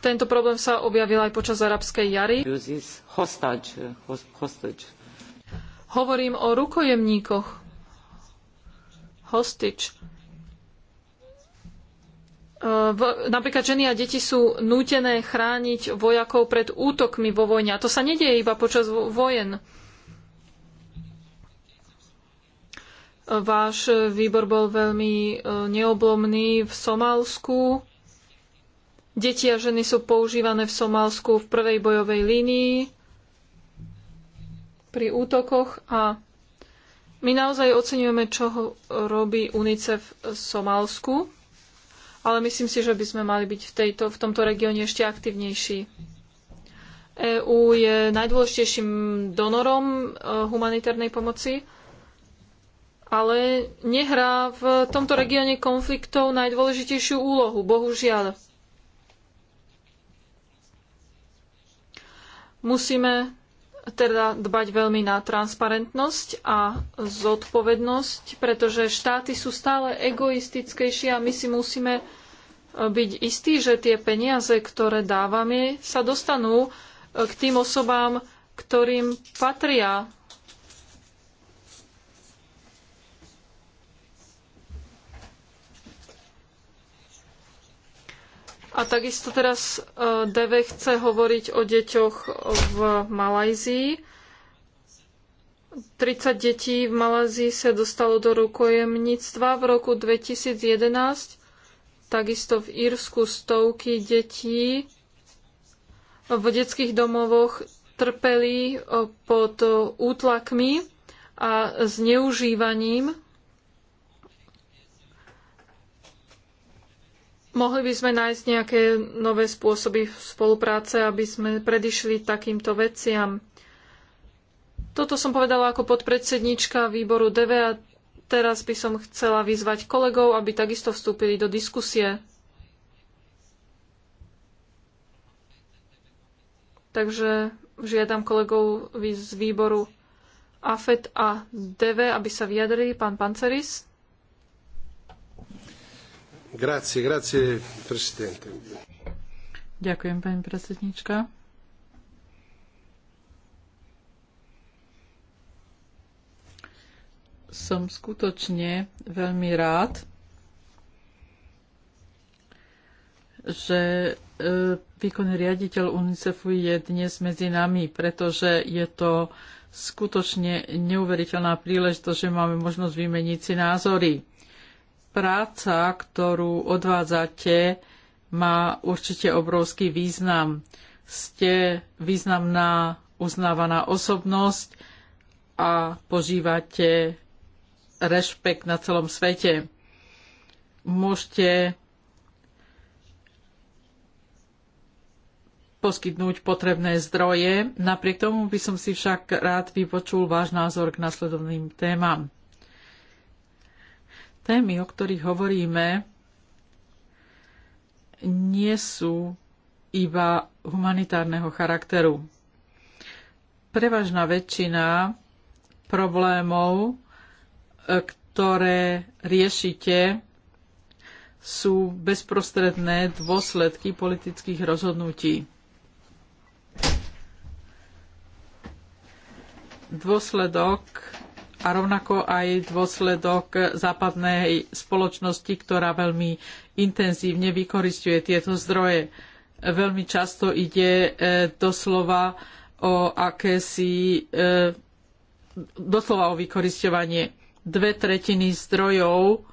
Tento problém sa objavil aj počas arabskej jary. Eh, Hovorím o rukojemníkoch. Hostage. Eh, v, napríklad ženy a deti sú nútené chrániť vojakov pred útokmi vo vojne. A to sa nedieje iba počas vojen. Váš výbor bol veľmi e, neoblomný v Somálsku. Deti a ženy sú používané v Somálsku v prvej bojovej línii pri útokoch a my naozaj oceňujeme, čo robí UNICEF v Somálsku, ale myslím si, že by sme mali byť v, tejto, v tomto regióne ešte aktívnejší. EÚ je najdôležitejším donorom e, humanitárnej pomoci ale nehrá v tomto regióne konfliktov najdôležitejšiu úlohu, bohužiaľ. Musíme teda dbať veľmi na transparentnosť a zodpovednosť, pretože štáty sú stále egoistickejšie a my si musíme e, byť istí, že tie peniaze, ktoré dávame, sa dostanú e, k tým osobám, ktorým patria A takisto teraz e, DV chce hovoriť o deťoch v Malajzii. 30 detí v Malajzii sa dostalo do rukojemníctva v roku 2011. Takisto v Írsku stovky detí v detských domovoch trpeli e, pod e, útlakmi a zneužívaním Mohli by sme nájsť nejaké nové spôsoby spolupráce, aby sme predišli takýmto veciam. Toto som povedala ako podpredsednička výboru DV a teraz by som chcela vyzvať kolegov, aby takisto vstúpili do diskusie. Takže žiadam kolegov z výboru AFET a e DV, aby sa vyjadrili. Pán Panceris. Grazie, grazie, presidente. Ďakujem, pani predsednička. Som skutočne veľmi rád, že e, výkonný riaditeľ UNICEFu je dnes medzi nami, pretože je to skutočne neuveriteľná príležitosť, že máme možnosť vymeniť si názory práca, ktorú odvádzate, má určite obrovský význam. Ste významná, uznávaná osobnosť a požívate rešpekt na celom svete. Môžete poskytnúť potrebné zdroje. Napriek tomu by som si však rád vypočul váš názor k nasledovným témam témy, o ktorých hovoríme, nie sú iba humanitárneho charakteru. Prevažná väčšina problémov, e, ktoré riešite, sú bezprostredné dôsledky politických rozhodnutí. Dôsledok a rovnako aj dôsledok západnej spoločnosti, ktorá veľmi intenzívne vykoristuje tieto zdroje. Veľmi často ide e, doslova o akési e, doslova o vykorisťovanie. Dve tretiny zdrojov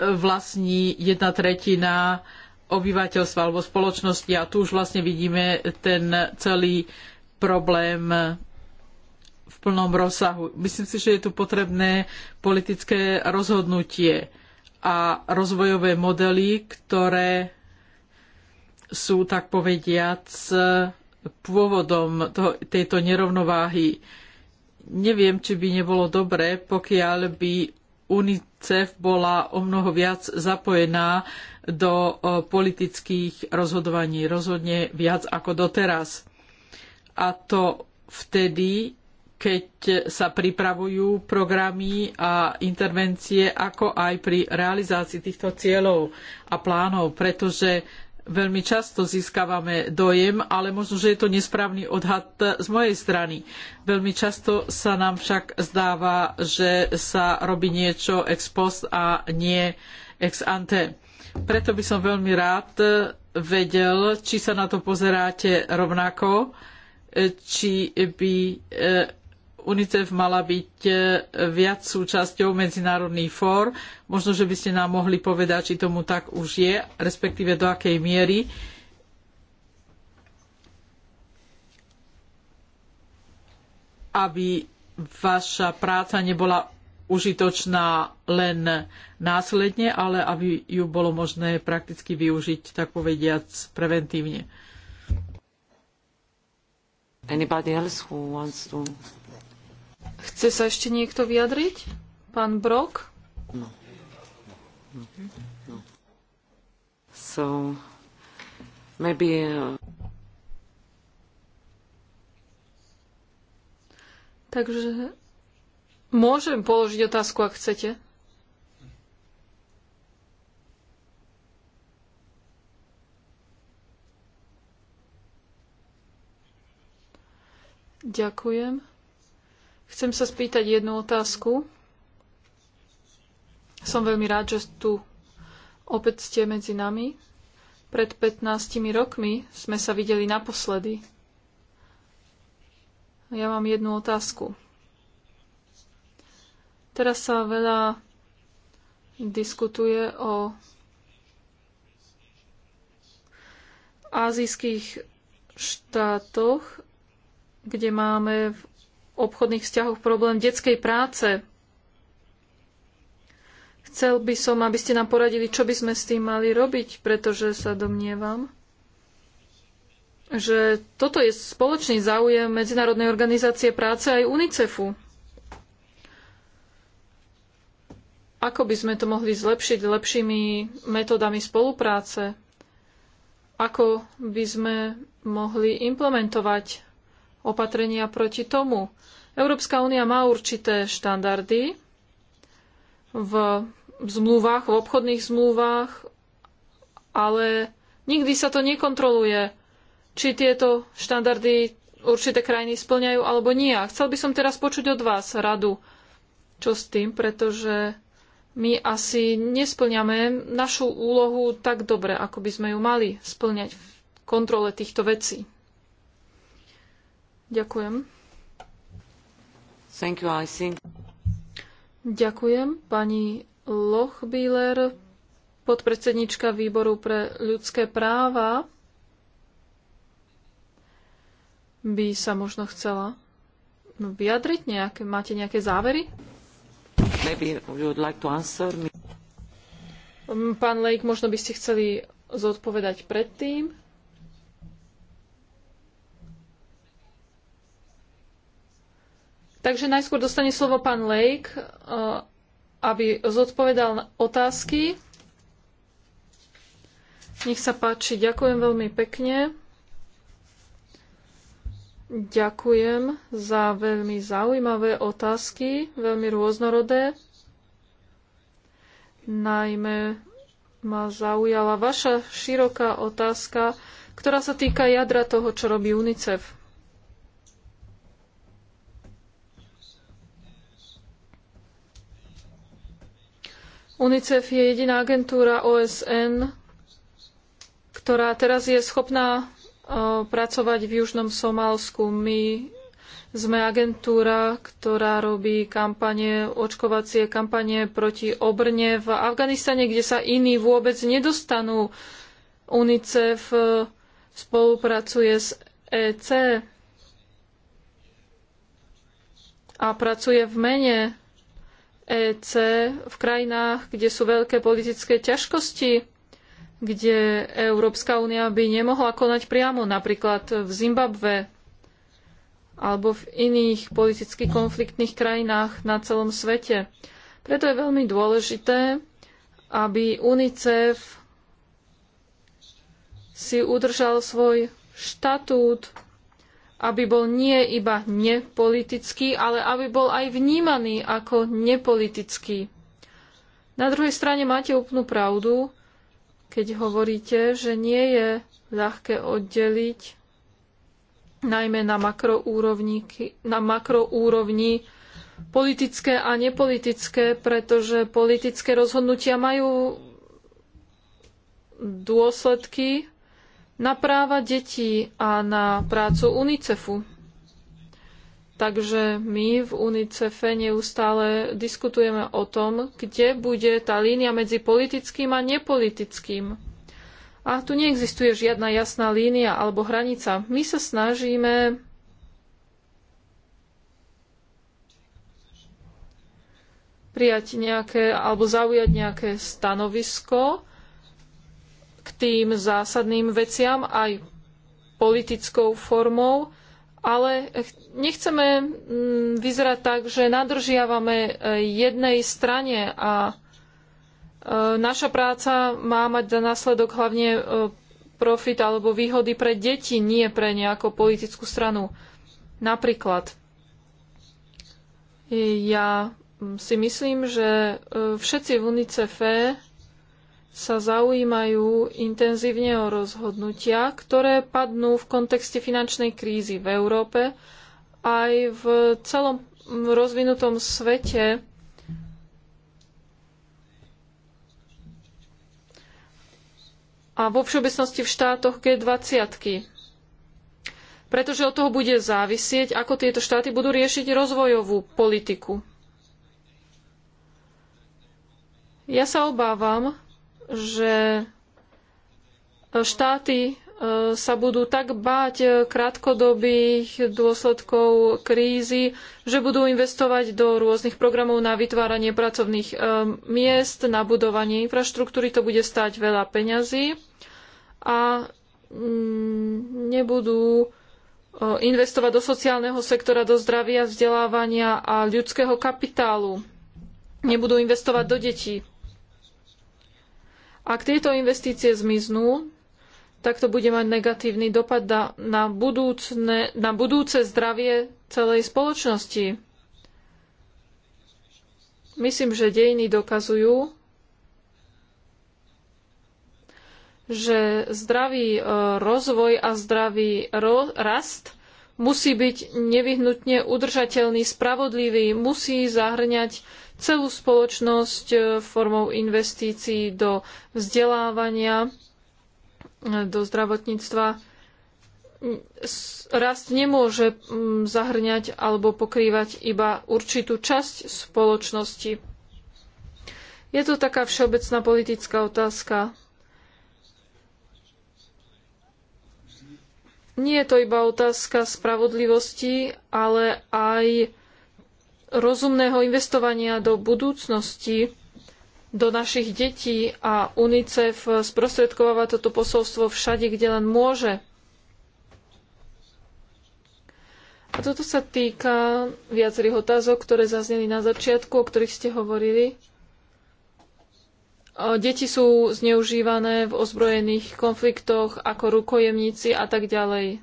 vlastní jedna tretina obyvateľstva alebo spoločnosti a tu už vlastne vidíme ten celý problém v plnom rozsahu. Myslím si, že je tu potrebné politické rozhodnutie a rozvojové modely, ktoré sú, tak povediac, pôvodom toho, tejto nerovnováhy. Neviem, či by nebolo dobré, pokiaľ by UNICEF bola o mnoho viac zapojená do politických rozhodovaní, rozhodne viac ako doteraz. A to vtedy, keď sa pripravujú programy a intervencie, ako aj pri realizácii týchto cieľov a plánov, pretože veľmi často získavame dojem, ale možno, že je to nesprávny odhad z mojej strany. Veľmi často sa nám však zdáva, že sa robí niečo ex post a nie ex ante. Preto by som veľmi rád vedel, či sa na to pozeráte rovnako, či by e, UNICEF mala byť e, viac súčasťou medzinárodných fór. Možno, že by ste nám mohli povedať, či tomu tak už je, respektíve do akej miery. aby vaša práca nebola užitočná len následne, ale aby ju bolo možné prakticky využiť, tak povediac, preventívne. Anybody else who wants to Chce sa ešte niekto vyjadriť? Pán Brok? No. no. no. So, maybe... Uh... Takže môžem položiť otázku, ak chcete. Ďakujem. Chcem sa spýtať jednu otázku. Som veľmi rád, že tu opäť ste medzi nami. Pred 15 rokmi sme sa videli naposledy. Ja mám jednu otázku. Teraz sa veľa diskutuje o azijských štátoch, kde máme v obchodných vzťahoch problém detskej práce. Chcel by som, aby ste nám poradili, čo by sme s tým mali robiť, pretože sa domnievam, že toto je spoločný záujem Medzinárodnej organizácie práce aj UNICEFu. Ako by sme to mohli zlepšiť lepšími metodami spolupráce? Ako by sme mohli implementovať opatrenia proti tomu. Európska únia má určité štandardy v zmluvách, v obchodných zmluvách, ale nikdy sa to nekontroluje, či tieto štandardy určité krajiny splňajú alebo nie. A chcel by som teraz počuť od vás radu, čo s tým, pretože my asi nesplňame našu úlohu tak dobre, ako by sme ju mali splňať v kontrole týchto vecí. Ďakujem. Thank you, I Ďakujem. Pani Lochbíler, podpredsednička výboru pre ľudské práva, by sa možno chcela vyjadriť. Nejaké, máte nejaké závery? Maybe you would like to answer me. Pán Lejk, možno by ste chceli zodpovedať predtým. Takže najskôr dostane slovo pán Lake, aby zodpovedal otázky. Nech sa páči, ďakujem veľmi pekne. Ďakujem za veľmi zaujímavé otázky, veľmi rôznorodé. Najmä ma zaujala vaša široká otázka, ktorá sa týka jadra toho, čo robí UNICEF. UNICEF je jediná agentúra OSN, ktorá teraz je schopná pracovať v Južnom Somálsku. My sme agentúra, ktorá robí kampane, očkovacie kampane proti obrne v Afganistane, kde sa iní vôbec nedostanú. UNICEF e, spolupracuje s EC a pracuje v mene EC v krajinách, kde sú veľké politické ťažkosti, kde Európska únia by nemohla konať priamo, napríklad v Zimbabve alebo v iných politicky konfliktných krajinách na celom svete. Preto je veľmi dôležité, aby UNICEF si udržal svoj štatút aby bol nie iba nepolitický, ale aby bol aj vnímaný ako nepolitický. Na druhej strane máte úplnú pravdu, keď hovoríte, že nie je ľahké oddeliť najmä na makroúrovni, na makroúrovni politické a nepolitické, pretože politické rozhodnutia majú dôsledky na práva detí a na prácu UNICEFu. Takže my v UNICEFe neustále diskutujeme o tom, kde bude tá línia medzi politickým a nepolitickým. A tu neexistuje žiadna jasná línia alebo hranica. My sa snažíme prijať nejaké alebo zaujať nejaké stanovisko, k tým zásadným veciam aj politickou formou, ale nechceme mm, vyzerať tak, že nadržiavame e, jednej strane a e, naša práca má mať za následok hlavne e, profit alebo výhody pre deti, nie pre nejakú politickú stranu. Napríklad, ja mm, si myslím, že všetci v UNICEF sa zaujímajú intenzívne o rozhodnutia, ktoré padnú v kontexte finančnej krízy v Európe aj v celom rozvinutom svete. a vo všeobecnosti v štátoch G20. Pretože od toho bude závisieť, ako tieto štáty budú riešiť rozvojovú politiku. Ja sa obávam, že štáty e, sa budú tak báť krátkodobých dôsledkov krízy, že budú investovať do rôznych programov na vytváranie pracovných e, miest, na budovanie infraštruktúry. To bude stáť veľa peňazí a mm, nebudú e, investovať do sociálneho sektora, do zdravia, vzdelávania a ľudského kapitálu. Nebudú investovať do detí. Ak tieto investície zmiznú, tak to bude mať negatívny dopad na, budúcne, na budúce zdravie celej spoločnosti. Myslím, že dejiny dokazujú, že zdravý e, rozvoj a zdravý rast musí byť nevyhnutne udržateľný, spravodlivý, musí zahŕňať celú spoločnosť e, formou investícií do vzdelávania, e, do zdravotníctva. Rast nemôže mm, zahrňať alebo pokrývať iba určitú časť spoločnosti. Je to taká všeobecná politická otázka. Nie je to iba otázka spravodlivosti, ale aj rozumného investovania do budúcnosti, do našich detí a UNICEF sprostredkováva toto posolstvo všade, kde len môže. A toto sa týka viacerých otázok, ktoré zazneli na začiatku, o ktorých ste hovorili. Deti sú zneužívané v ozbrojených konfliktoch ako rukojemníci a tak ďalej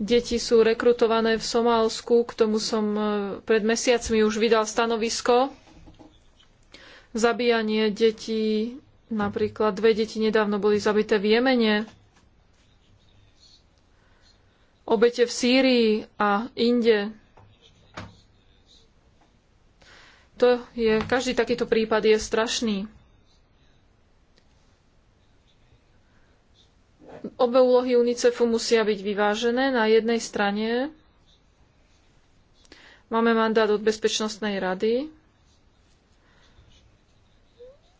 deti sú rekrutované v Somálsku, k tomu som e, pred mesiacmi už vydal stanovisko. Zabíjanie detí, napríklad dve deti nedávno boli zabité v Jemene, obete v Sýrii a inde. To je, každý takýto prípad je strašný. Obe úlohy UNICEFu musia byť vyvážené. Na jednej strane máme mandát od Bezpečnostnej rady.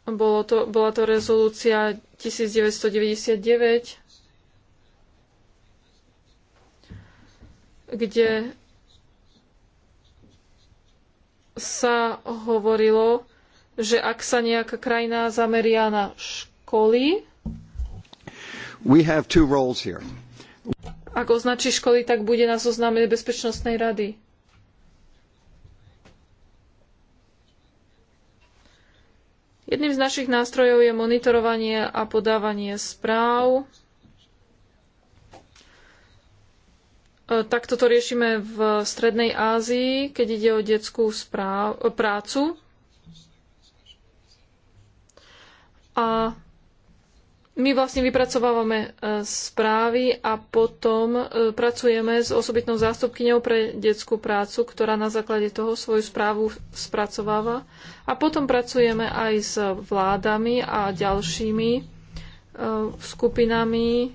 Bolo to, bola to rezolúcia 1999, kde sa hovorilo, že ak sa nejaká krajina zameria na školy, We have two roles here. Ak označí školy, tak bude na zozname Bezpečnostnej rady. Jedným z našich nástrojov je monitorovanie a podávanie správ. E, takto to riešime v Strednej Ázii, keď ide o detskú správ, prácu. A my vlastne vypracovávame e, správy a potom e, pracujeme s osobitnou zástupkyňou pre detskú prácu, ktorá na základe toho svoju správu spracováva. A potom pracujeme aj s vládami a ďalšími e, skupinami,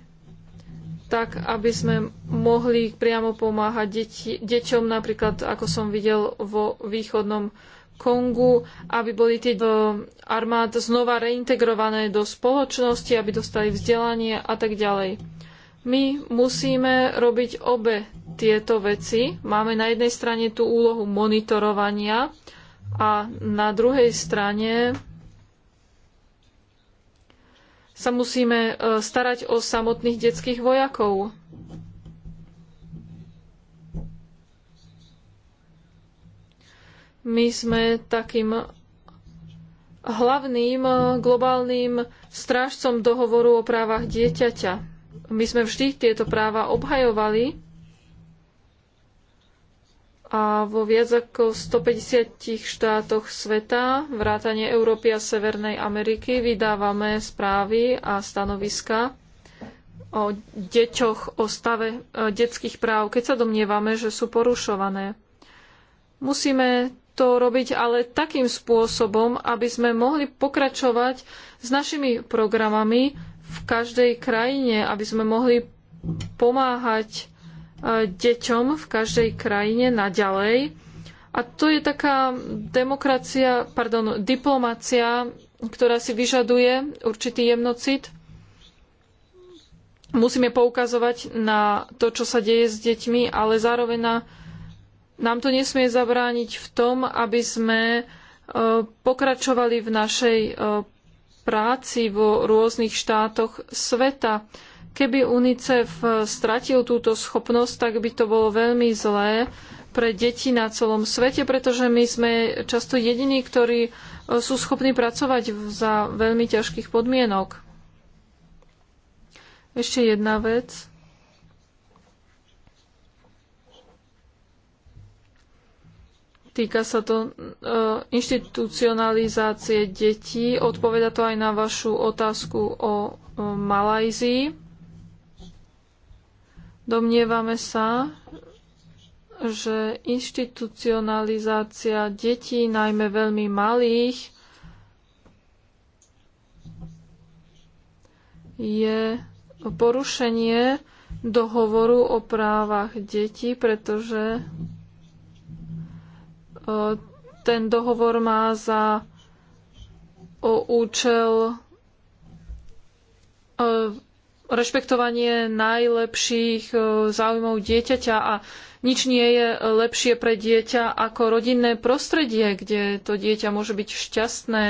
tak aby sme mohli priamo pomáhať deti, deťom, napríklad ako som videl vo východnom Kongu, aby boli tie e, armád znova reintegrované do spoločnosti, aby dostali vzdelanie a tak ďalej. My musíme robiť obe tieto veci. Máme na jednej strane tú úlohu monitorovania a na druhej strane sa musíme e, starať o samotných detských vojakov. My sme takým hlavným globálnym strážcom dohovoru o právach dieťaťa. My sme vždy tieto práva obhajovali a vo viac ako 150 štátoch sveta, vrátane Európy a Severnej Ameriky, vydávame správy a stanoviska o deťoch, o stave e, detských práv, keď sa domnievame, že sú porušované. Musíme to robiť, ale takým spôsobom, aby sme mohli pokračovať s našimi programami v každej krajine, aby sme mohli pomáhať e, deťom v každej krajine naďalej. A to je taká demokracia, pardon, diplomacia, ktorá si vyžaduje určitý jemnocit. Musíme poukazovať na to, čo sa deje s deťmi, ale zároveň na nám to nesmie zabrániť v tom, aby sme e, pokračovali v našej e, práci vo rôznych štátoch sveta. Keby UNICEF e, stratil túto schopnosť, tak by to bolo veľmi zlé pre deti na celom svete, pretože my sme často jediní, ktorí sú schopní pracovať za veľmi ťažkých podmienok. Ešte jedna vec. Týka sa to e, inštitucionalizácie detí. Odpoveda to aj na vašu otázku o e, Malajzii. Domnievame sa, že inštitucionalizácia detí, najmä veľmi malých, je porušenie dohovoru o právach detí, pretože ten dohovor má za účel rešpektovanie najlepších záujmov dieťaťa a nič nie je lepšie pre dieťa ako rodinné prostredie, kde to dieťa môže byť šťastné.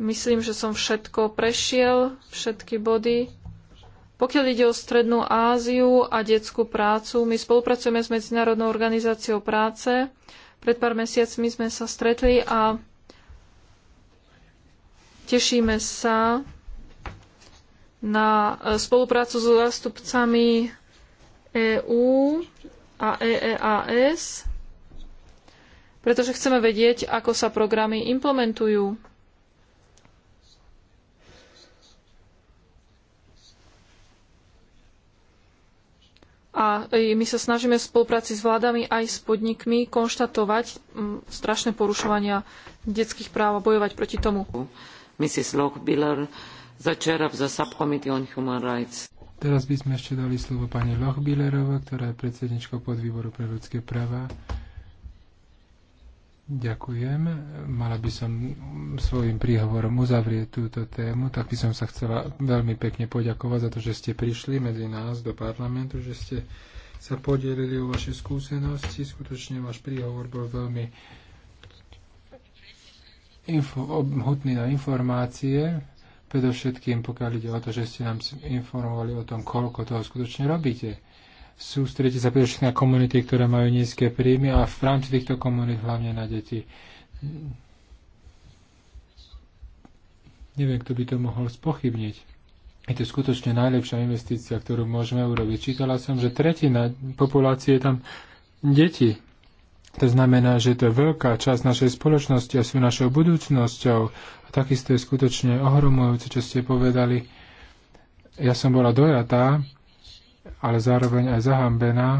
Myslím, že som všetko prešiel, všetky body. Pokiaľ ide o Strednú Áziu a detskú prácu, my spolupracujeme s Medzinárodnou organizáciou práce. Pred pár mesiacmi sme sa stretli a tešíme sa na e, spoluprácu so zástupcami EÚ a EEAS, pretože chceme vedieť, ako sa programy implementujú. A my sa snažíme v spolupráci s vládami aj s podnikmi konštatovať mm, strašné porušovania detských práv a bojovať proti tomu. Mrs. Lochbiller, the chair subcommittee on human rights. Teraz by sme ešte dali slovo pani Lochbillerová, ktorá je predsedničkou podvýboru pre ľudské práva Ďakujem. Mala by som svojim príhovorom uzavrieť túto tému, tak by som sa chcela veľmi pekne poďakovať za to, že ste prišli medzi nás do parlamentu, že ste sa podielili o vaše skúsenosti. Skutočne váš príhovor bol veľmi info, obhutný na informácie, predovšetkým pokiaľ ide o to, že ste nám informovali o tom, koľko toho skutočne robíte sústredí sa predovšetkým na komunity, ktoré majú nízke príjmy a v rámci týchto komunít hlavne na deti. Neviem, kto by to mohol spochybniť. Je to skutočne najlepšia investícia, ktorú môžeme urobiť. Čítala som, že tretina populácie je tam deti. To znamená, že to je veľká časť našej spoločnosti a sú našou budúcnosťou. A takisto je skutočne ohromujúce, čo ste povedali. Ja som bola dojatá, ale zároveň aj zahambená,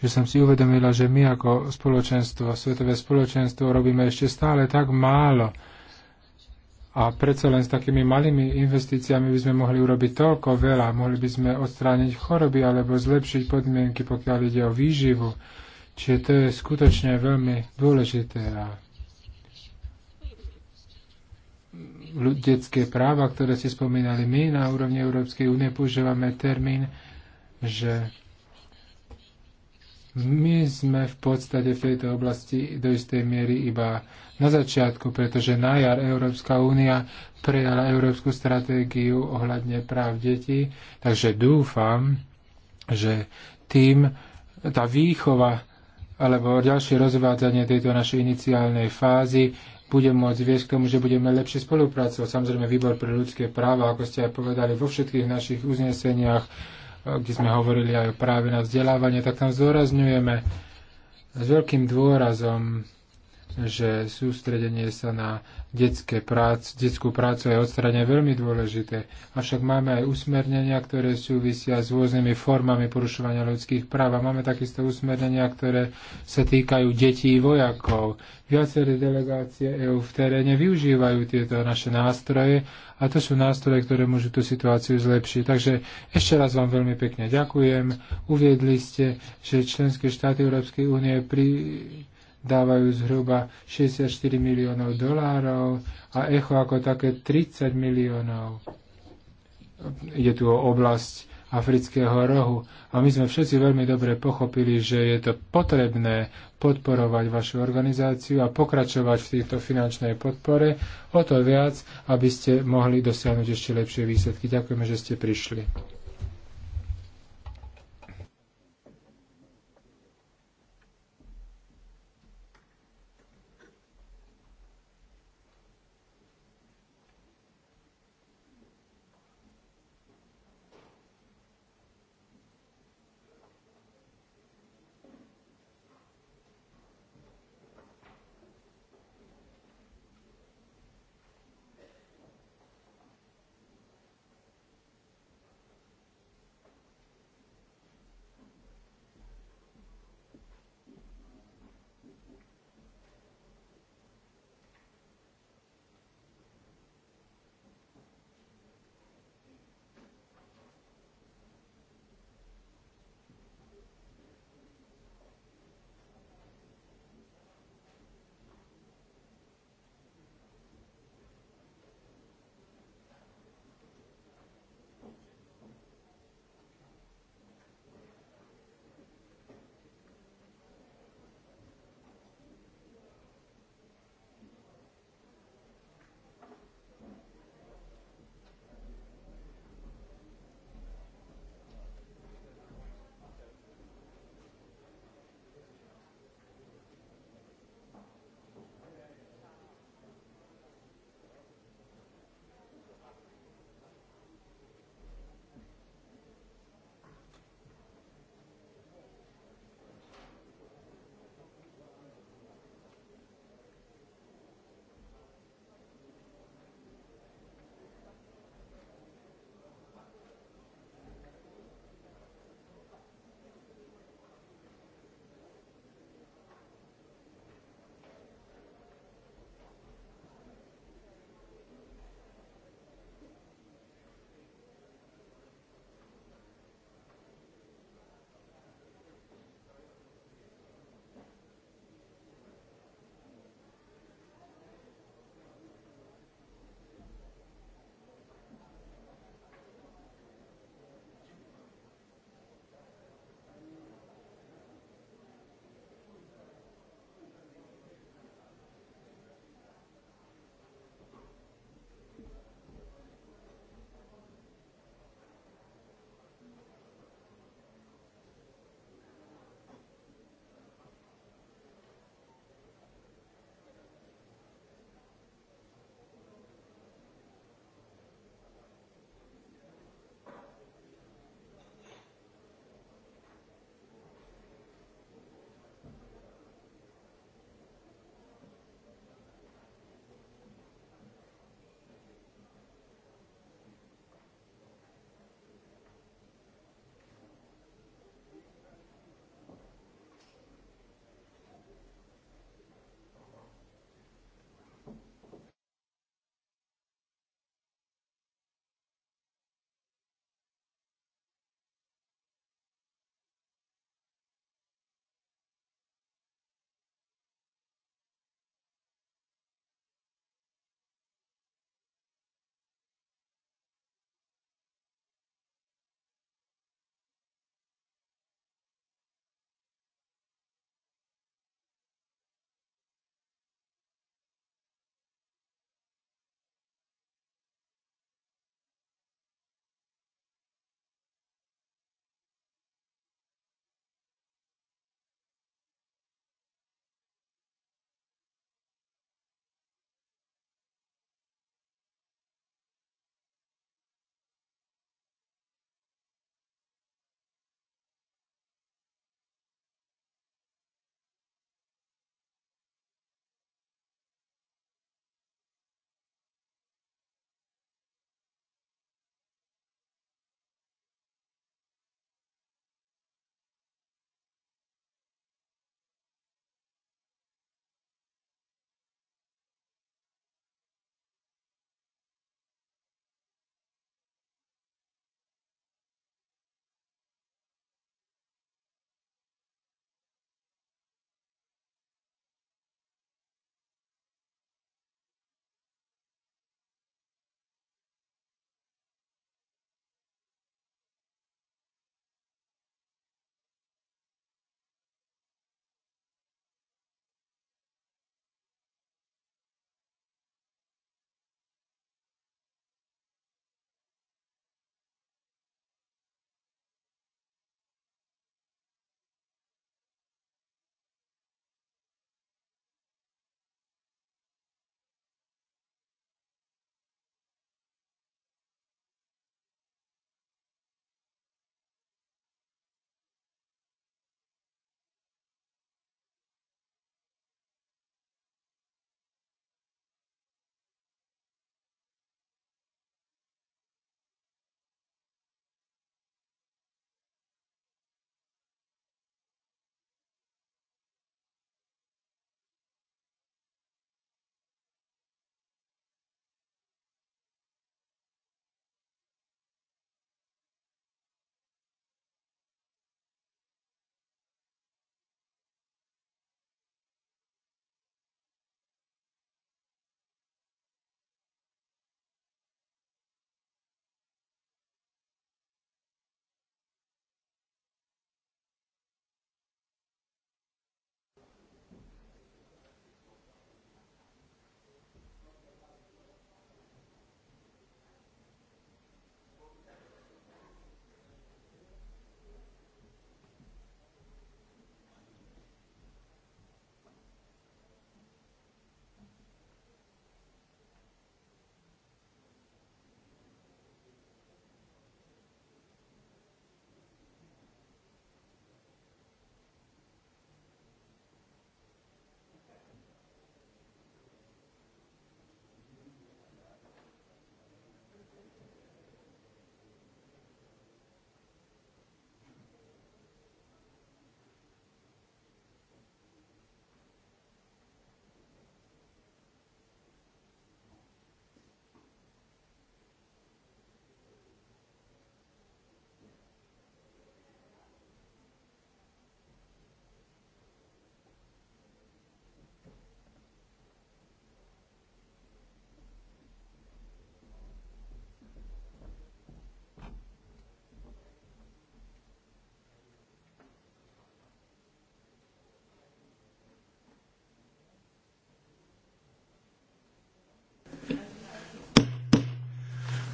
že som si uvedomila, že my ako spoločenstvo, svetové spoločenstvo robíme ešte stále tak málo. A predsa len s takými malými investíciami by sme mohli urobiť toľko veľa. Mohli by sme odstrániť choroby alebo zlepšiť podmienky, pokiaľ ide o výživu. Čiže to je skutočne veľmi dôležité. A detské práva, ktoré ste spomínali my na úrovni Európskej únie, používame termín že my sme v podstate v tejto oblasti do istej miery iba na začiatku, pretože na jar Európska únia prijala európsku stratégiu ohľadne práv detí, takže dúfam, že tým tá výchova alebo ďalšie rozvádzanie tejto našej iniciálnej fázy bude môcť viesť k tomu, že budeme lepšie spolupracovať. Samozrejme, výbor pre ľudské práva, ako ste aj povedali, vo všetkých našich uzneseniach kde sme hovorili aj o práve na vzdelávanie, tak tam zdôrazňujeme s veľkým dôrazom, že sústredenie sa na detské prác, detskú prácu aj odstranenie veľmi dôležité. Avšak máme aj usmernenia, ktoré súvisia s rôznymi formami porušovania ľudských práv. A máme takisto usmernenia, ktoré sa týkajú detí vojakov. Viaceré delegácie EÚ v teréne využívajú tieto naše nástroje a to sú nástroje, ktoré môžu tú situáciu zlepšiť. Takže ešte raz vám veľmi pekne ďakujem. Uviedli ste, že členské štáty Európskej únie pri dávajú zhruba 64 miliónov dolárov a ECHO ako také 30 miliónov. Ide tu o oblasť afrického rohu. A my sme všetci veľmi dobre pochopili, že je to potrebné podporovať vašu organizáciu a pokračovať v tejto finančnej podpore o to viac, aby ste mohli dosiahnuť ešte lepšie výsledky. Ďakujeme, že ste prišli.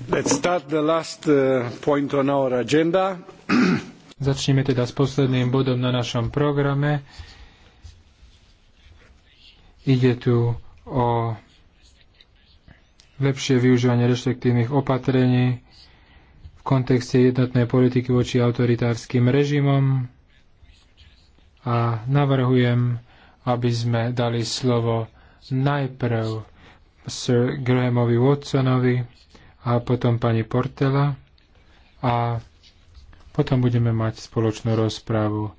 Uh, Začneme teda s posledným bodom na našom programe. Ide tu o lepšie využívanie reštriktívnych opatrení v kontexte jednotnej politiky voči autoritárskym režimom a navrhujem, aby sme dali slovo najprv Sir Grahamovi Watsonovi, a potom pani Portela a potom budeme mať spoločnú rozprávu.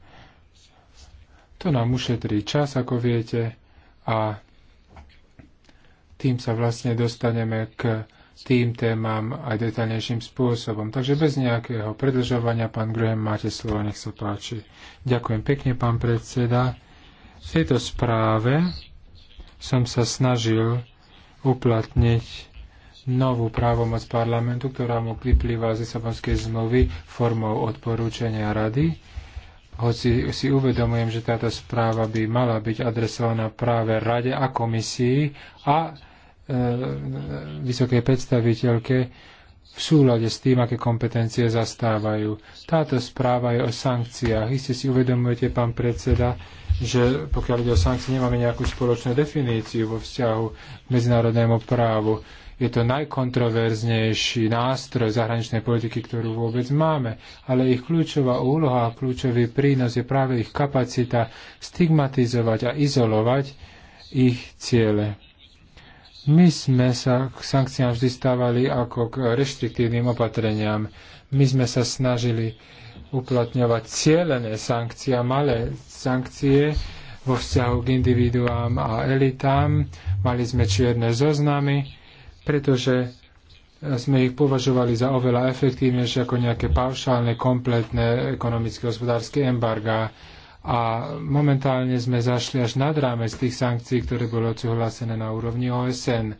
To nám ušetrí čas, ako viete, a tým sa vlastne dostaneme k tým témam aj detaľnejším spôsobom. Takže bez nejakého predlžovania, pán Graham, máte slovo, nech sa páči. Ďakujem pekne, pán predseda. V tejto správe som sa snažil uplatniť novú právomoc parlamentu, ktorá mu vyplýva z Lisabonskej zmluvy formou odporúčania rady. Hoci si uvedomujem, že táto správa by mala byť adresovaná práve rade a komisii a e, vysokej predstaviteľke v súlade s tým, aké kompetencie zastávajú. Táto správa je o sankciách. Iste si uvedomujete, pán predseda, že pokiaľ ide o sankcie, nemáme nejakú spoločnú definíciu vo vzťahu k medzinárodnému právu je to najkontroverznejší nástroj zahraničnej politiky, ktorú vôbec máme, ale ich kľúčová úloha a kľúčový prínos je práve ich kapacita stigmatizovať a izolovať ich ciele. My sme sa k sankciám vždy stávali ako k reštriktívnym opatreniam. My sme sa snažili uplatňovať cieľené sankcie, malé sankcie vo vzťahu k individuám a elitám. Mali sme čierne zoznamy pretože sme ich považovali za oveľa efektívnejšie ako nejaké paušálne, kompletné ekonomické, hospodárske embarga. A momentálne sme zašli až nad rámec tých sankcií, ktoré boli odsúhlasené na úrovni OSN.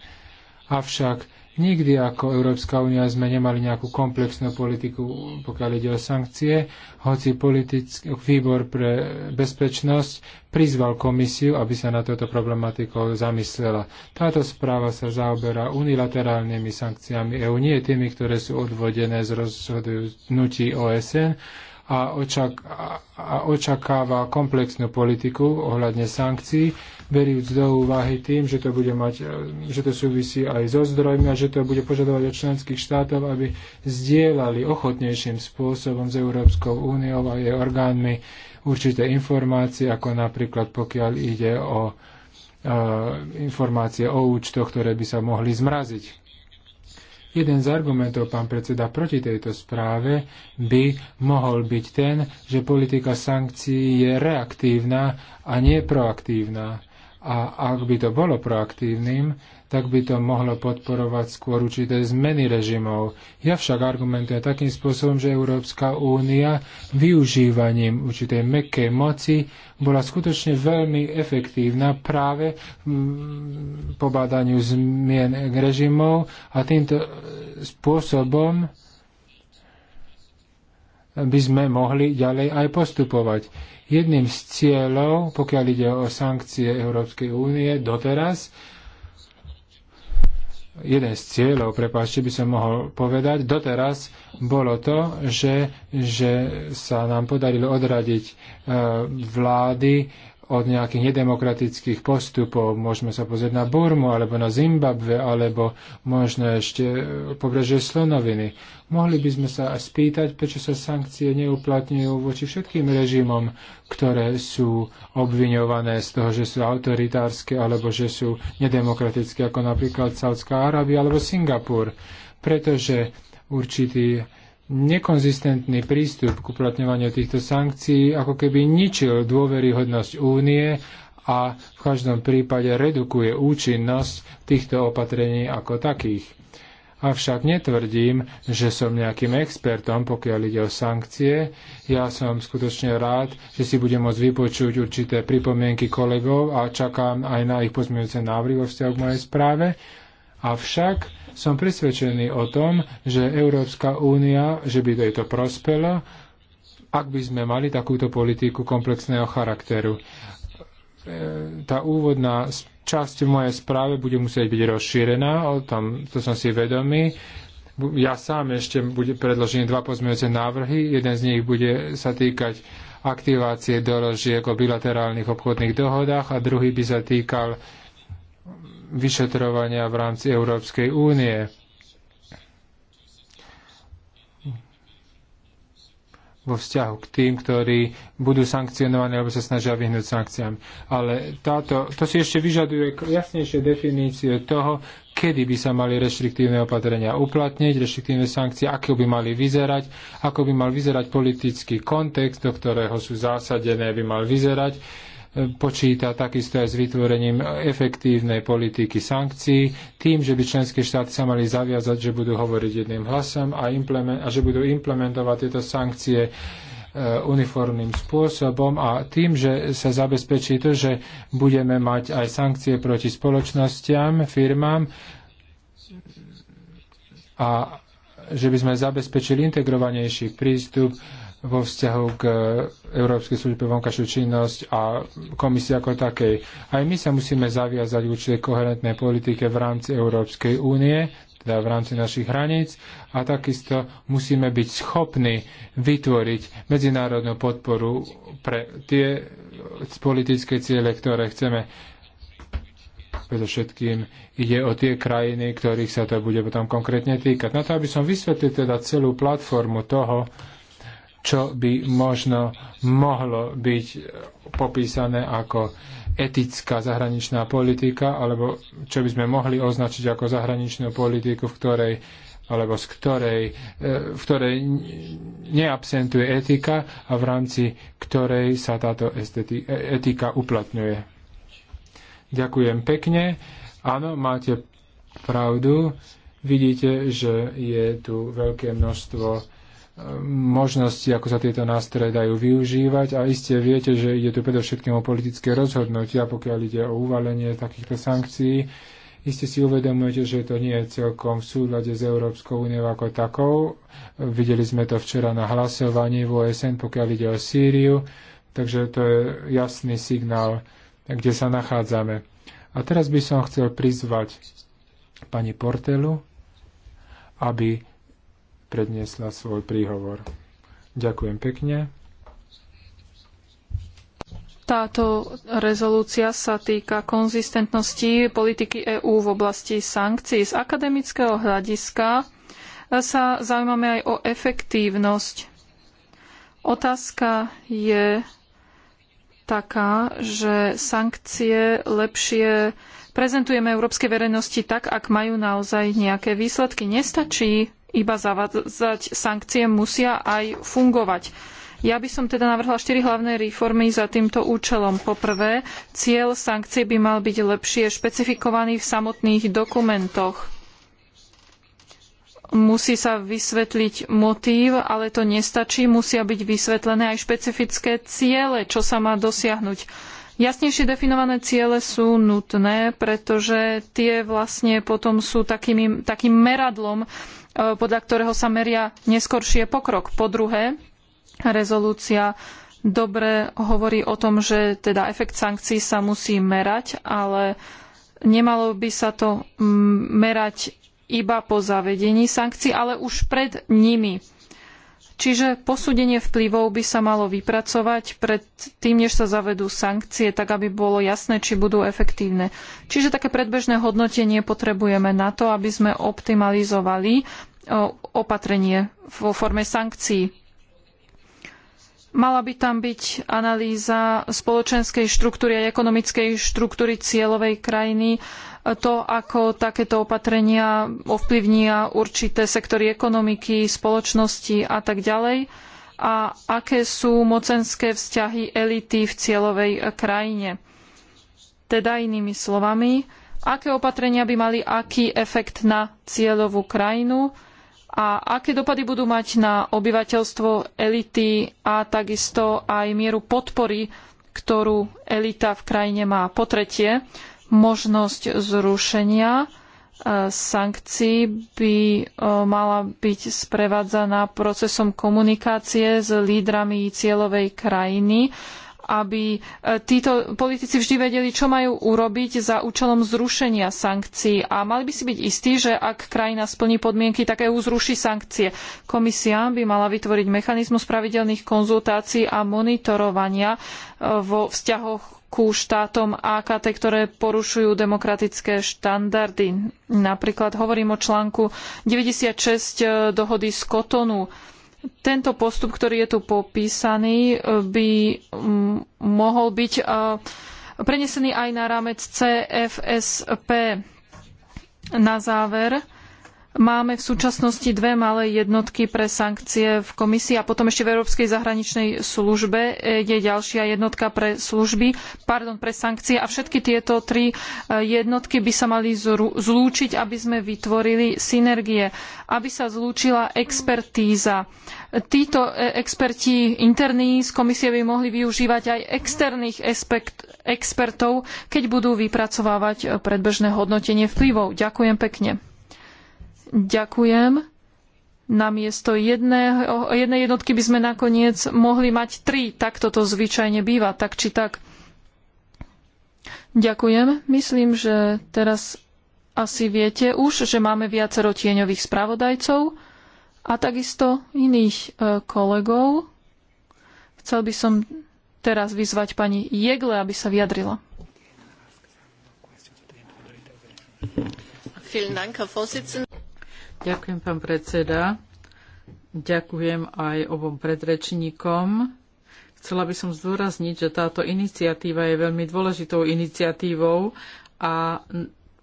Avšak nikdy ako Európska únia sme nemali nejakú komplexnú politiku, pokiaľ ide o sankcie, hoci politický výbor pre bezpečnosť prizval komisiu, aby sa na toto problematikou zamyslela. Táto správa sa zaoberá unilaterálnymi sankciami EÚ, nie tými, ktoré sú odvodené z rozhodnutí OSN, a, očak- a očakáva komplexnú politiku ohľadne sankcií, berúc do úvahy tým, že to, bude mať, e, že to súvisí aj so zdrojmi a že to bude požadovať od členských štátov, aby zdieľali ochotnejším spôsobom s Európskou úniou a jej orgánmi určité informácie, ako napríklad pokiaľ ide o e, informácie o účtoch, ktoré by sa mohli zmraziť Jeden z argumentov, pán predseda, proti tejto správe by mohol byť ten, že politika sankcií je reaktívna a nie proaktívna. A ak by to bolo proaktívnym, tak by to mohlo podporovať skôr určité zmeny režimov. Ja však argumentujem takým spôsobom, že Európska únia využívaním určitej mekej moci bola skutočne veľmi efektívna práve v mm, pobádaniu zmien režimov a týmto spôsobom by sme mohli ďalej aj postupovať. Jedným z cieľov, pokiaľ ide o sankcie Európskej únie doteraz, jeden z cieľov, prepáčte, by som mohol povedať, doteraz bolo to, že, že sa nám podarilo odradiť e, vlády od nejakých nedemokratických postupov. Môžeme sa pozrieť na Burmu alebo na Zimbabve alebo možno ešte pobrežie Slonoviny. Mohli by sme sa spýtať, prečo sa sankcie neuplatňujú voči všetkým režimom, ktoré sú obviňované z toho, že sú autoritárske alebo že sú nedemokratické, ako napríklad Saudská Arábia alebo Singapur. Pretože určitý nekonzistentný prístup k uplatňovaniu týchto sankcií ako keby ničil dôveryhodnosť únie a v každom prípade redukuje účinnosť týchto opatrení ako takých. Avšak netvrdím, že som nejakým expertom, pokiaľ ide o sankcie. Ja som skutočne rád, že si budem môcť vypočuť určité pripomienky kolegov a čakám aj na ich pozmeňujúce návrhy vo vzťahu k mojej správe. Avšak som presvedčený o tom, že Európska únia, že by jej to prospelo, ak by sme mali takúto politiku komplexného charakteru. E, tá úvodná časť v mojej správe bude musieť byť rozšírená, o tom to som si vedomý. Ja sám ešte bude predložený dva pozmeňujúce návrhy. Jeden z nich bude sa týkať aktivácie doložiek o bilaterálnych obchodných dohodách a druhý by sa týkal vyšetrovania v rámci Európskej únie. vo vzťahu k tým, ktorí budú sankcionovaní alebo sa snažia vyhnúť sankciám. Ale táto, to si ešte vyžaduje jasnejšie definície toho, kedy by sa mali reštriktívne opatrenia uplatniť, reštriktívne sankcie, ako by mali vyzerať, ako by mal vyzerať politický kontext, do ktorého sú zásadené, by mal vyzerať počíta takisto aj s vytvorením efektívnej politiky sankcií, tým, že by členské štáty sa mali zaviazať, že budú hovoriť jedným hlasom a, a že budú implementovať tieto sankcie e, uniformným spôsobom a tým, že sa zabezpečí to, že budeme mať aj sankcie proti spoločnostiam, firmám a že by sme zabezpečili integrovanejší prístup vo vzťahu k Európskej službe vonkašiu činnosť a komisii ako takej. Aj my sa musíme zaviazať určitej koherentnej politike v rámci Európskej únie, teda v rámci našich hraníc a takisto musíme byť schopní vytvoriť medzinárodnú podporu pre tie politické ciele, ktoré chceme predovšetkým ide o tie krajiny, ktorých sa to bude potom konkrétne týkať. Na to, aby som vysvetlil teda celú platformu toho, čo by možno mohlo byť popísané ako etická zahraničná politika, alebo čo by sme mohli označiť ako zahraničnú politiku, v ktorej alebo z ktorej, e, v ktorej neabsentuje etika a v rámci ktorej sa táto e, etika uplatňuje. Ďakujem pekne. Áno, máte pravdu. Vidíte, že je tu veľké množstvo možnosti, ako sa tieto nástroje dajú využívať a iste viete, že ide tu predovšetkým o politické rozhodnutia, pokiaľ ide o uvalenie takýchto sankcií. Iste si uvedomujete, že to nie je celkom v súlade s Európskou úniou ako takou. Videli sme to včera na hlasovaní v OSN, pokiaľ ide o Sýriu, takže to je jasný signál, kde sa nachádzame. A teraz by som chcel prizvať pani Portelu, aby predniesla svoj príhovor. Ďakujem pekne. Táto rezolúcia sa týka konzistentnosti politiky EÚ v oblasti sankcií. Z akademického hľadiska sa zaujímame aj o efektívnosť. Otázka je taká, že sankcie lepšie prezentujeme európskej verejnosti tak, ak majú naozaj nejaké výsledky. Nestačí iba zavádzať sankcie, musia aj fungovať. Ja by som teda navrhla štyri hlavné reformy za týmto účelom. Po prvé, cieľ sankcie by mal byť lepšie špecifikovaný v samotných dokumentoch. Musí sa vysvetliť motív, ale to nestačí. Musia byť vysvetlené aj špecifické ciele, čo sa má dosiahnuť. Jasnejšie definované ciele sú nutné, pretože tie vlastne potom sú takým meradlom E, podľa ktorého sa meria neskoršie pokrok. Po druhé, rezolúcia dobre hovorí o tom, že teda efekt sankcií sa musí merať, ale nemalo by sa to merať iba po zavedení sankcií, ale už pred nimi Čiže posúdenie vplyvov by sa malo vypracovať pred tým, než sa zavedú sankcie, tak aby bolo jasné, či budú efektívne. Čiže také predbežné hodnotenie potrebujeme na to, aby sme optimalizovali opatrenie vo forme sankcií. Mala by tam byť analýza spoločenskej štruktúry a ekonomickej štruktúry cieľovej krajiny, to, ako takéto opatrenia ovplyvnia určité sektory ekonomiky, spoločnosti a tak ďalej a aké sú mocenské vzťahy elity v cieľovej krajine. Teda inými slovami, aké opatrenia by mali aký efekt na cieľovú krajinu, a aké dopady budú mať na obyvateľstvo elity a takisto aj mieru podpory, ktorú elita v krajine má. Po tretie, možnosť zrušenia e, sankcií by e, mala byť sprevádzaná procesom komunikácie s lídrami cieľovej krajiny aby e, títo politici vždy vedeli, čo majú urobiť za účelom zrušenia sankcií. A mali by si byť istí, že ak krajina splní podmienky, tak EÚ zruší sankcie. Komisia by mala vytvoriť mechanizmus pravidelných konzultácií a monitorovania e, vo vzťahoch ku štátom AKT, ktoré porušujú demokratické štandardy. Napríklad hovorím o článku 96 e, dohody z Kotonu tento postup, ktorý je tu popísaný, eh, by mm, mohol byť eh, prenesený aj na rámec CFSP. Na záver, Máme v súčasnosti dve malé jednotky pre sankcie v komisii a potom ešte v Európskej zahraničnej službe je ďalšia jednotka pre služby, pardon, pre sankcie a všetky tieto tri e, jednotky by sa mali zlúčiť, aby sme vytvorili synergie, aby sa zlúčila expertíza. Títo e, experti interní z komisie by mohli využívať aj externých expertov, keď budú vypracovávať predbežné hodnotenie vplyvov. Ďakujem pekne. Ďakujem. Namiesto jedného, jednej jednotky by sme nakoniec mohli mať tri. Tak toto zvyčajne býva, tak či tak. Ďakujem. Myslím, že teraz asi viete už, že máme viacero tieňových spravodajcov a takisto iných e, kolegov. Chcel by som teraz vyzvať pani Jegle, aby sa vyjadrila. Vielen Dank, Herr Vorsitzender. Ďakujem, pán predseda. Ďakujem aj obom predrečníkom. Chcela by som zdôrazniť, že táto iniciatíva je veľmi dôležitou iniciatívou a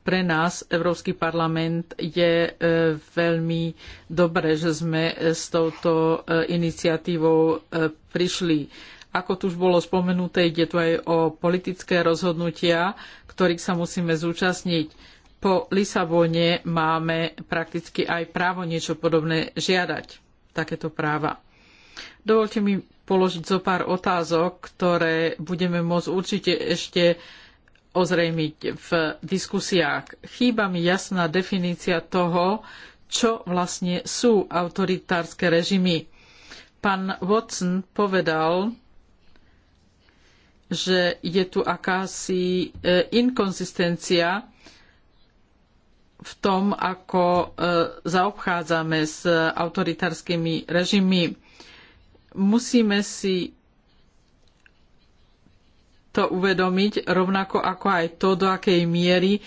pre nás, Európsky parlament, je e, veľmi dobré, že sme e, s touto e, iniciatívou prišli. Ako tu už bolo spomenuté, ide tu aj o politické rozhodnutia, ktorých sa musíme zúčastniť po Lisabone máme prakticky aj právo niečo podobné žiadať, takéto práva. Dovolte mi položiť zo pár otázok, ktoré budeme môcť určite ešte ozrejmiť v diskusiách. Chýba mi jasná definícia toho, čo vlastne sú autoritárske režimy. Pán Watson povedal, že je tu akási e, inkonzistencia v tom, ako e, zaobchádzame s autoritárskymi režimmi. Musíme si to uvedomiť, rovnako ako aj to, do akej miery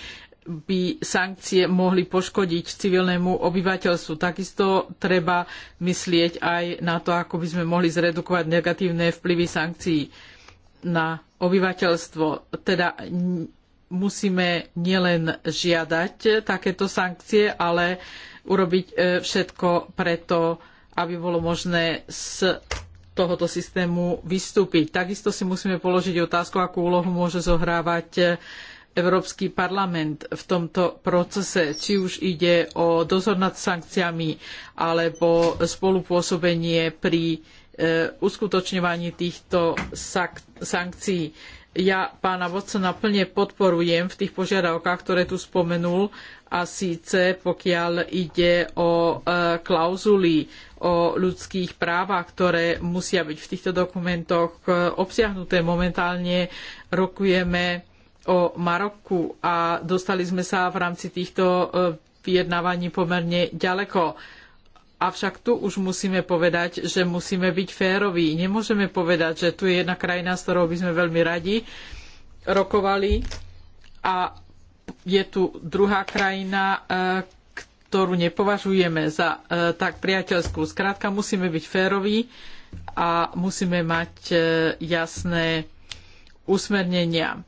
by sankcie mohli poškodiť civilnému obyvateľstvu. Takisto treba myslieť aj na to, ako by sme mohli zredukovať negatívne vplyvy sankcií na obyvateľstvo. Teda musíme nielen žiadať takéto sankcie, ale urobiť e, všetko preto, aby bolo možné z tohoto systému vystúpiť. Takisto si musíme položiť otázku, akú úlohu môže zohrávať e, Európsky parlament v tomto procese, či už ide o dozor nad sankciami alebo spolupôsobenie pri e, uskutočňovaní týchto sankcií ja pána Watsona plne podporujem v tých požiadavkách, ktoré tu spomenul a síce pokiaľ ide o e, klauzuly o ľudských právach, ktoré musia byť v týchto dokumentoch e, obsiahnuté. Momentálne rokujeme o Maroku a dostali sme sa v rámci týchto e, vyjednávaní pomerne ďaleko. E, Avšak tu už musíme povedať, že musíme byť féroví. Nemôžeme povedať, že tu je jedna krajina, s ktorou by sme veľmi radi rokovali a je tu druhá krajina, e, ktorú nepovažujeme za e, tak priateľskú. Skrátka, musíme byť féroví a musíme mať e, jasné usmernenia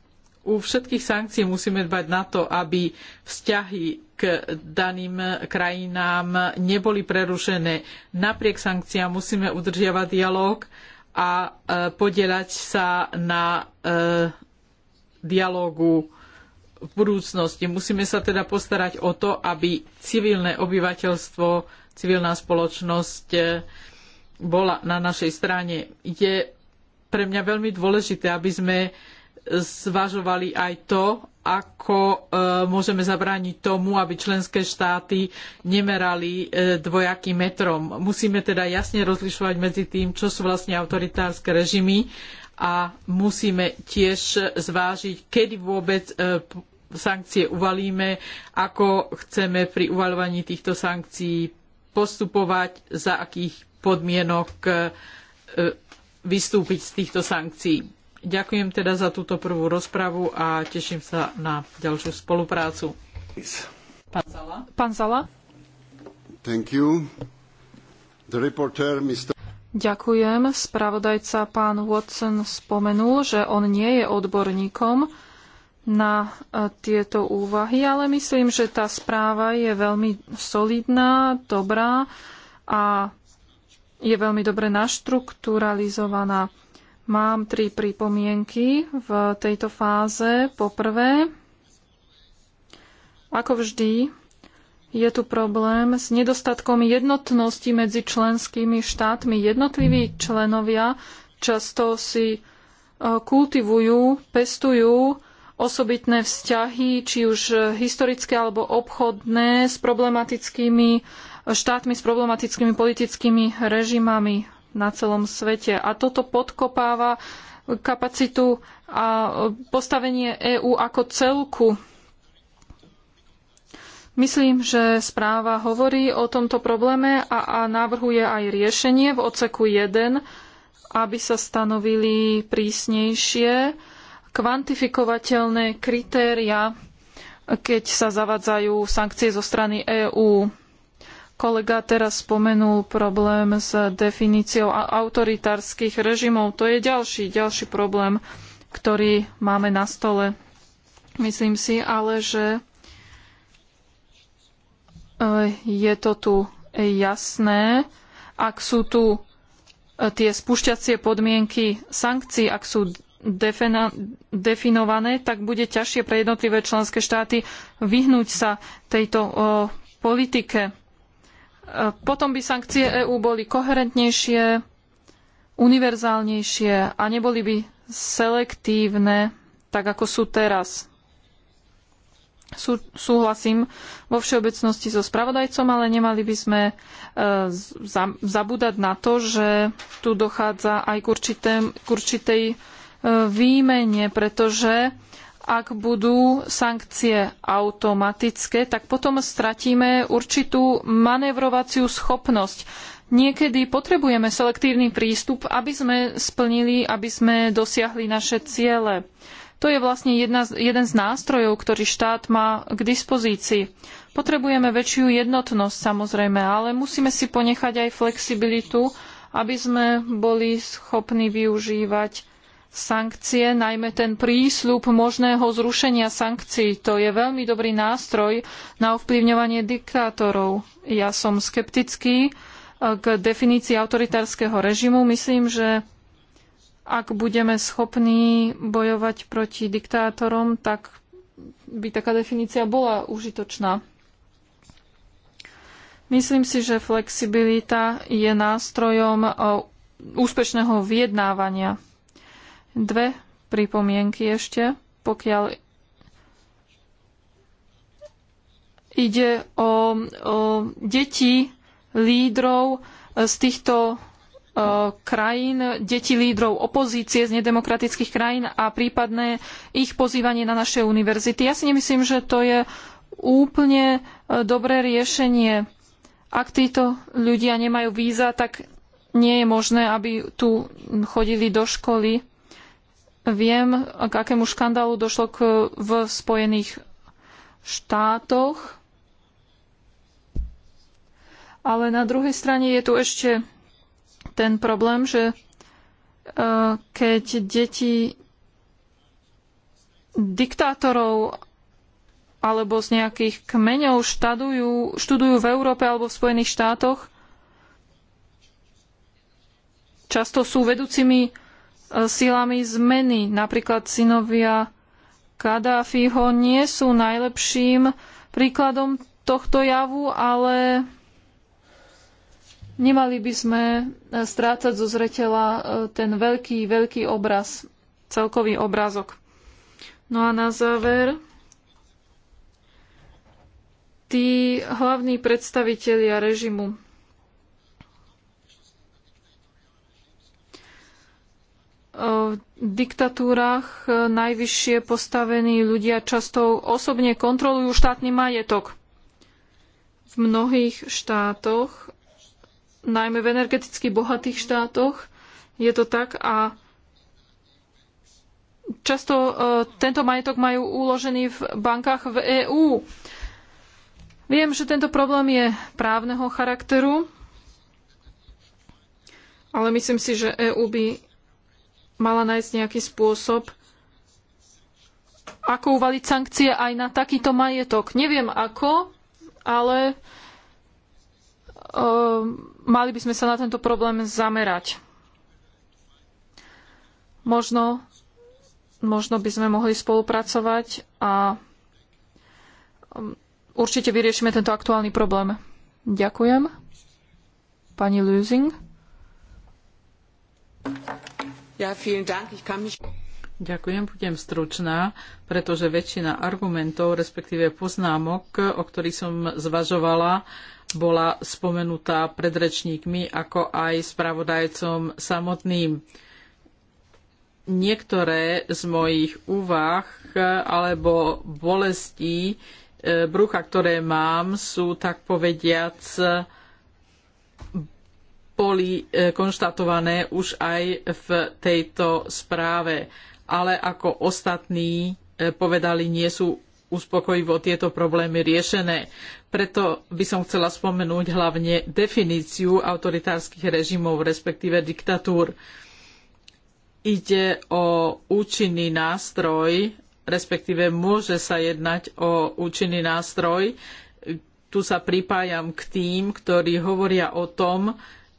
u všetkých sankcií musíme dbať na to, aby vzťahy k daným krajinám neboli prerušené. Napriek sankciám musíme udržiavať dialóg a e, podieľať sa na e, dialógu v budúcnosti. Musíme sa teda postarať o to, aby civilné obyvateľstvo, civilná spoločnosť e, bola na našej strane. Je pre mňa veľmi dôležité, aby sme zvažovali aj to, ako e, môžeme zabrániť tomu, aby členské štáty nemerali e, dvojakým metrom. Musíme teda jasne rozlišovať medzi tým, čo sú vlastne autoritárske režimy a musíme tiež zvážiť, kedy vôbec e, sankcie uvalíme, ako chceme pri uvaľovaní týchto sankcií postupovať, za akých podmienok vystúpiť z týchto sankcií Ďakujem teda za túto prvú rozpravu a teším sa na ďalšiu spoluprácu. Pán Zala. Pán Zala. Reporter, Ďakujem. Spravodajca pán Watson spomenul, že on nie je odborníkom na e, tieto úvahy, ale myslím, že tá správa je veľmi solidná, dobrá a je veľmi dobre naštrukturalizovaná. Mám tri pripomienky v tejto fáze. Poprvé, ako vždy, je tu problém s nedostatkom jednotnosti medzi členskými štátmi. Jednotliví členovia často si e, kultivujú, pestujú osobitné vzťahy, či už historické alebo obchodné, s problematickými e, štátmi, s problematickými politickými režimami na celom svete. A toto podkopáva kapacitu a postavenie EÚ ako celku. Myslím, že správa hovorí o tomto probléme a, a navrhuje aj riešenie v oceku 1, aby sa stanovili prísnejšie kvantifikovateľné kritéria, keď sa zavadzajú sankcie zo strany EÚ. Kolega teraz spomenul problém s definíciou autoritárskych režimov. To je ďalší, ďalší problém, ktorý máme na stole. Myslím si ale, že eh, je to tu jasné. Ak sú tu eh, tie spúšťacie podmienky sankcií, ak sú definované, tak bude ťažšie pre jednotlivé členské štáty vyhnúť sa tejto eh, politike potom by sankcie EÚ boli koherentnejšie, univerzálnejšie a neboli by selektívne, tak ako sú teraz. Sú, súhlasím vo všeobecnosti so spravodajcom, ale nemali by sme e, za, zabúdať na to, že tu dochádza aj k, k určitej e, výmene, pretože ak budú sankcie automatické, tak potom stratíme určitú manevrovaciu schopnosť. Niekedy potrebujeme selektívny prístup, aby sme splnili, aby sme dosiahli naše ciele. To je vlastne jedna, jeden z nástrojov, ktorý štát má k dispozícii. Potrebujeme väčšiu jednotnosť samozrejme, ale musíme si ponechať aj flexibilitu, aby sme boli schopní využívať sankcie, najmä ten prísľub možného zrušenia sankcií. To je veľmi dobrý nástroj na ovplyvňovanie diktátorov. Ja som skeptický eh, k definícii autoritárskeho režimu. Myslím, že ak budeme schopní bojovať proti diktátorom, tak by taká definícia bola užitočná. Myslím si, že flexibilita je nástrojom eh, úspešného vyjednávania. Dve pripomienky ešte, pokiaľ ide o, o deti lídrov z týchto e, krajín, deti lídrov opozície z nedemokratických krajín a prípadné ich pozývanie na naše univerzity. Ja si nemyslím, že to je úplne e, dobré riešenie. Ak títo ľudia nemajú víza, tak nie je možné, aby tu chodili do školy. Viem, k akému škandálu došlo k, v Spojených štátoch, ale na druhej strane je tu ešte ten problém, že e, keď deti diktátorov alebo z nejakých kmeňov štadujú, študujú v Európe alebo v Spojených štátoch, často sú vedúcimi E, silami zmeny. Napríklad synovia Kadáfiho nie sú najlepším príkladom tohto javu, ale nemali by sme e, strácať zo zretela e, ten veľký, veľký obraz, celkový obrázok. No a na záver, tí hlavní predstavitelia režimu v diktatúrach e, najvyššie postavení ľudia často osobne kontrolujú štátny majetok. V mnohých štátoch, najmä v energeticky bohatých štátoch, je to tak a často e, tento majetok majú uložený v bankách v EÚ. Viem, že tento problém je právneho charakteru, ale myslím si, že EÚ by mala nájsť nejaký spôsob, ako uvaliť sankcie aj na takýto majetok. Neviem ako, ale e, mali by sme sa na tento problém zamerať. Možno, možno by sme mohli spolupracovať a e, určite vyriešime tento aktuálny problém. Ďakujem. Pani Lusing. Ďakujem, budem stručná, pretože väčšina argumentov, respektíve poznámok, o ktorých som zvažovala, bola spomenutá pred rečníkmi, ako aj spravodajcom samotným. Niektoré z mojich úvah alebo bolestí e, brucha, ktoré mám, sú tak povediac boli e, konštatované už aj v tejto správe. Ale ako ostatní e, povedali, nie sú uspokojivo tieto problémy riešené. Preto by som chcela spomenúť hlavne definíciu autoritárskych režimov, respektíve diktatúr. Ide o účinný nástroj, respektíve môže sa jednať o účinný nástroj. Tu sa pripájam k tým, ktorí hovoria o tom,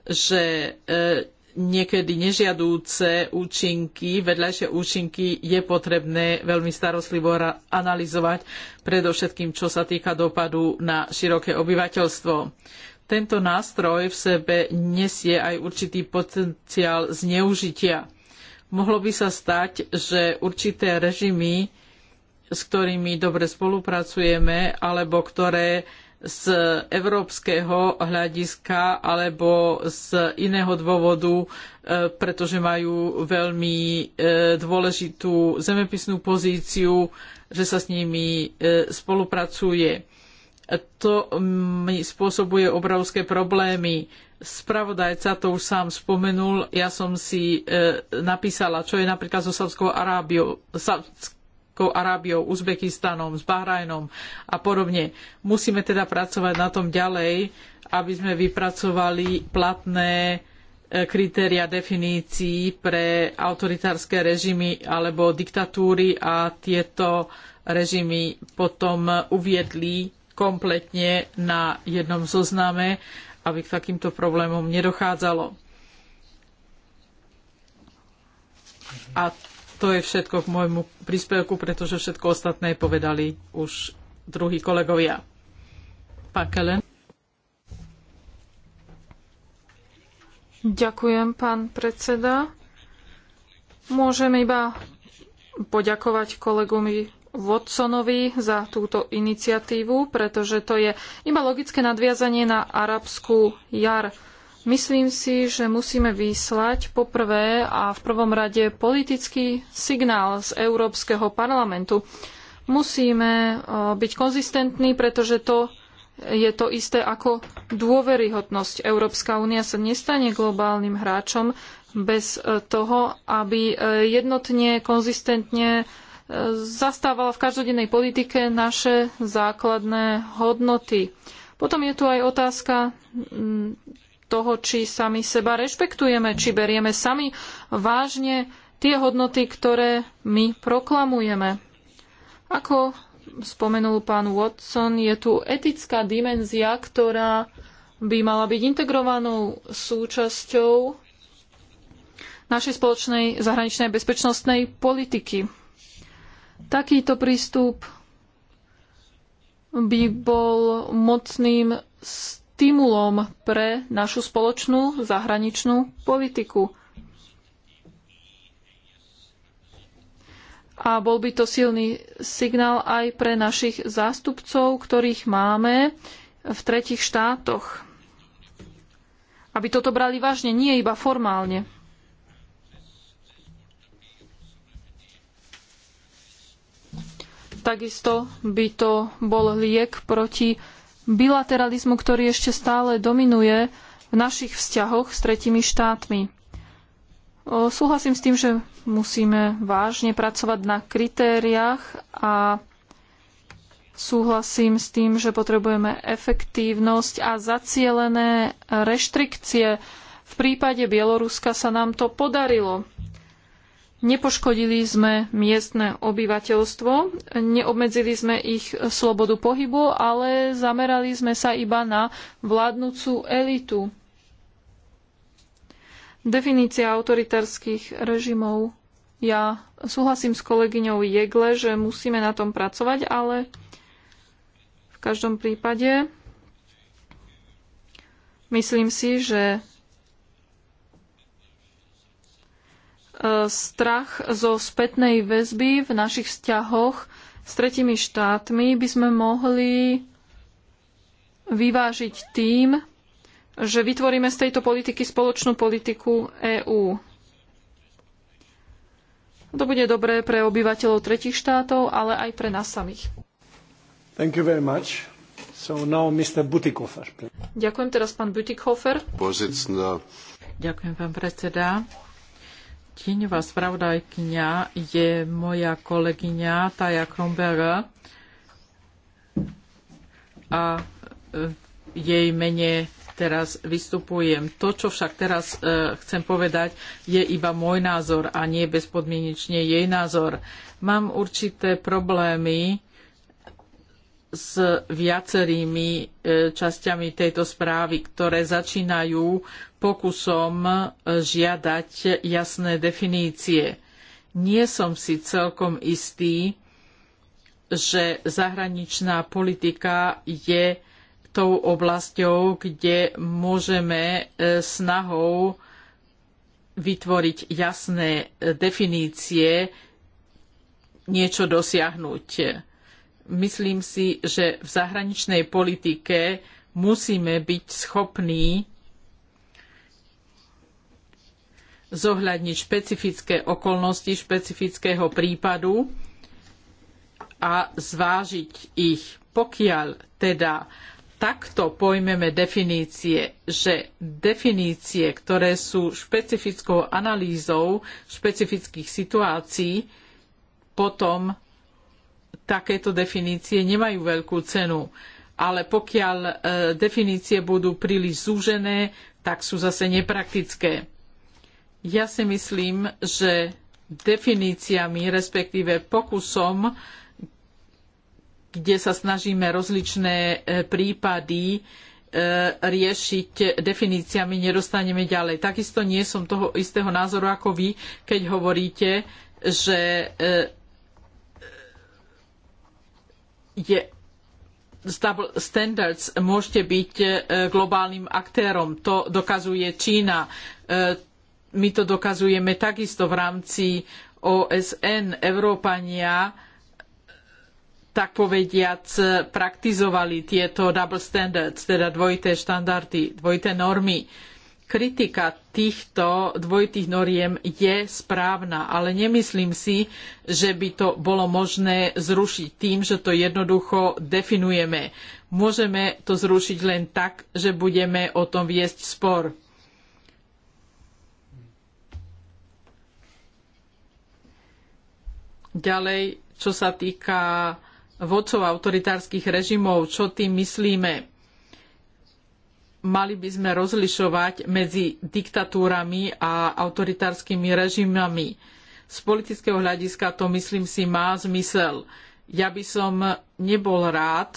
že e, niekedy nežiadúce účinky, vedľajšie účinky je potrebné veľmi starostlivo analyzovať, predovšetkým čo sa týka dopadu na široké obyvateľstvo. Tento nástroj v sebe nesie aj určitý potenciál zneužitia. Mohlo by sa stať, že určité režimy, s ktorými dobre spolupracujeme, alebo ktoré z európskeho hľadiska alebo z iného dôvodu, e, pretože majú veľmi e, dôležitú zemepisnú pozíciu, že sa s nimi e, spolupracuje. To mi spôsobuje obrovské problémy. Spravodajca to už sám spomenul. Ja som si napísala, čo je napríklad so Saudskou Arábiou, Saudskou Arábiou, Uzbekistanom, s Bahrajnom a podobne. Musíme teda pracovať na tom ďalej, aby sme vypracovali platné e, kritéria definícií pre autoritárske režimy alebo diktatúry a tieto režimy potom uviedli kompletne na jednom zozname, aby k takýmto problémom nedochádzalo. A to je všetko k môjmu príspevku, pretože všetko ostatné povedali už druhí kolegovia. Pán Kelen. Ďakujem, pán predseda. Môžem iba poďakovať kolegovi Watsonovi za túto iniciatívu, pretože to je iba logické nadviazanie na arabskú jar. Myslím si, že musíme vyslať poprvé a v prvom rade politický signál z Európskeho parlamentu. Musíme e, byť konzistentní, pretože to je to isté ako dôveryhodnosť. Európska únia sa nestane globálnym hráčom bez e, toho, aby e, jednotne, konzistentne zastávala v každodennej politike naše základné hodnoty. Potom je tu aj otázka toho, či sami seba rešpektujeme, či berieme sami vážne tie hodnoty, ktoré my proklamujeme. Ako spomenul pán Watson, je tu etická dimenzia, ktorá by mala byť integrovanou súčasťou našej spoločnej zahraničnej bezpečnostnej politiky. Takýto prístup by bol mocným st- stimulom pre našu spoločnú zahraničnú politiku. A bol by to silný signál aj pre našich zástupcov, ktorých máme v tretich štátoch. Aby toto brali vážne, nie iba formálne. Takisto by to bol liek proti bilateralizmu, ktorý ešte stále dominuje v našich vzťahoch s tretimi štátmi. Súhlasím s tým, že musíme vážne pracovať na kritériách a súhlasím s tým, že potrebujeme efektívnosť a zacielené reštrikcie. V prípade Bieloruska sa nám to podarilo. Nepoškodili sme miestne obyvateľstvo, neobmedzili sme ich slobodu pohybu, ale zamerali sme sa iba na vládnúcu elitu. Definícia autoritárskych režimov. Ja súhlasím s kolegyňou Jegle, že musíme na tom pracovať, ale v každom prípade myslím si, že Eh, strach zo spätnej väzby v našich vzťahoch s tretimi štátmi by sme mohli vyvážiť tým, že vytvoríme z tejto politiky spoločnú politiku EÚ. To bude dobré pre obyvateľov tretich štátov, ale aj pre nás samých. Thank you very much. So now Mr. Butikofer. Ďakujem teraz pán Butikofer. Ďakujem pán predseda. Tieňová spravodajkňa je moja kolegyňa Taja Kromberger a v e, jej mene teraz vystupujem. To, čo však teraz e, chcem povedať, je iba môj názor a nie bezpodmienečne jej názor. Mám určité problémy s viacerými e, časťami tejto správy, ktoré začínajú pokusom e, žiadať jasné definície. Nie som si celkom istý, že zahraničná politika je tou oblasťou, kde môžeme e, snahou vytvoriť jasné definície niečo dosiahnuť myslím si, že v zahraničnej politike musíme byť schopní zohľadniť špecifické okolnosti špecifického prípadu a zvážiť ich. Pokiaľ teda takto pojmeme definície, že definície, ktoré sú špecifickou analýzou špecifických situácií, potom takéto definície nemajú veľkú cenu. Ale pokiaľ e, definície budú príliš zúžené, tak sú zase nepraktické. Ja si myslím, že definíciami, respektíve pokusom, kde sa snažíme rozličné e, prípady e, riešiť definíciami, nedostaneme ďalej. Takisto nie som toho istého názoru ako vy, keď hovoríte, že e, je double standards, môžete byť e, globálnym aktérom. To dokazuje Čína. E, my to dokazujeme takisto v rámci OSN. Európania tak povediac praktizovali tieto double standards, teda dvojité štandardy, dvojité normy. Uh, kritika týchto dvojitých noriem je správna, ale nemyslím si, že by to bolo možné zrušiť tým, že to jednoducho definujeme. Môžeme to zrušiť len tak, že budeme o tom viesť spor. Ďalej, čo sa týka vodcov autoritárskych režimov, čo tým myslíme? mali by sme rozlišovať medzi diktatúrami a autoritárskymi režimami. Z politického hľadiska to, myslím si, má zmysel. Ja by som nebol rád,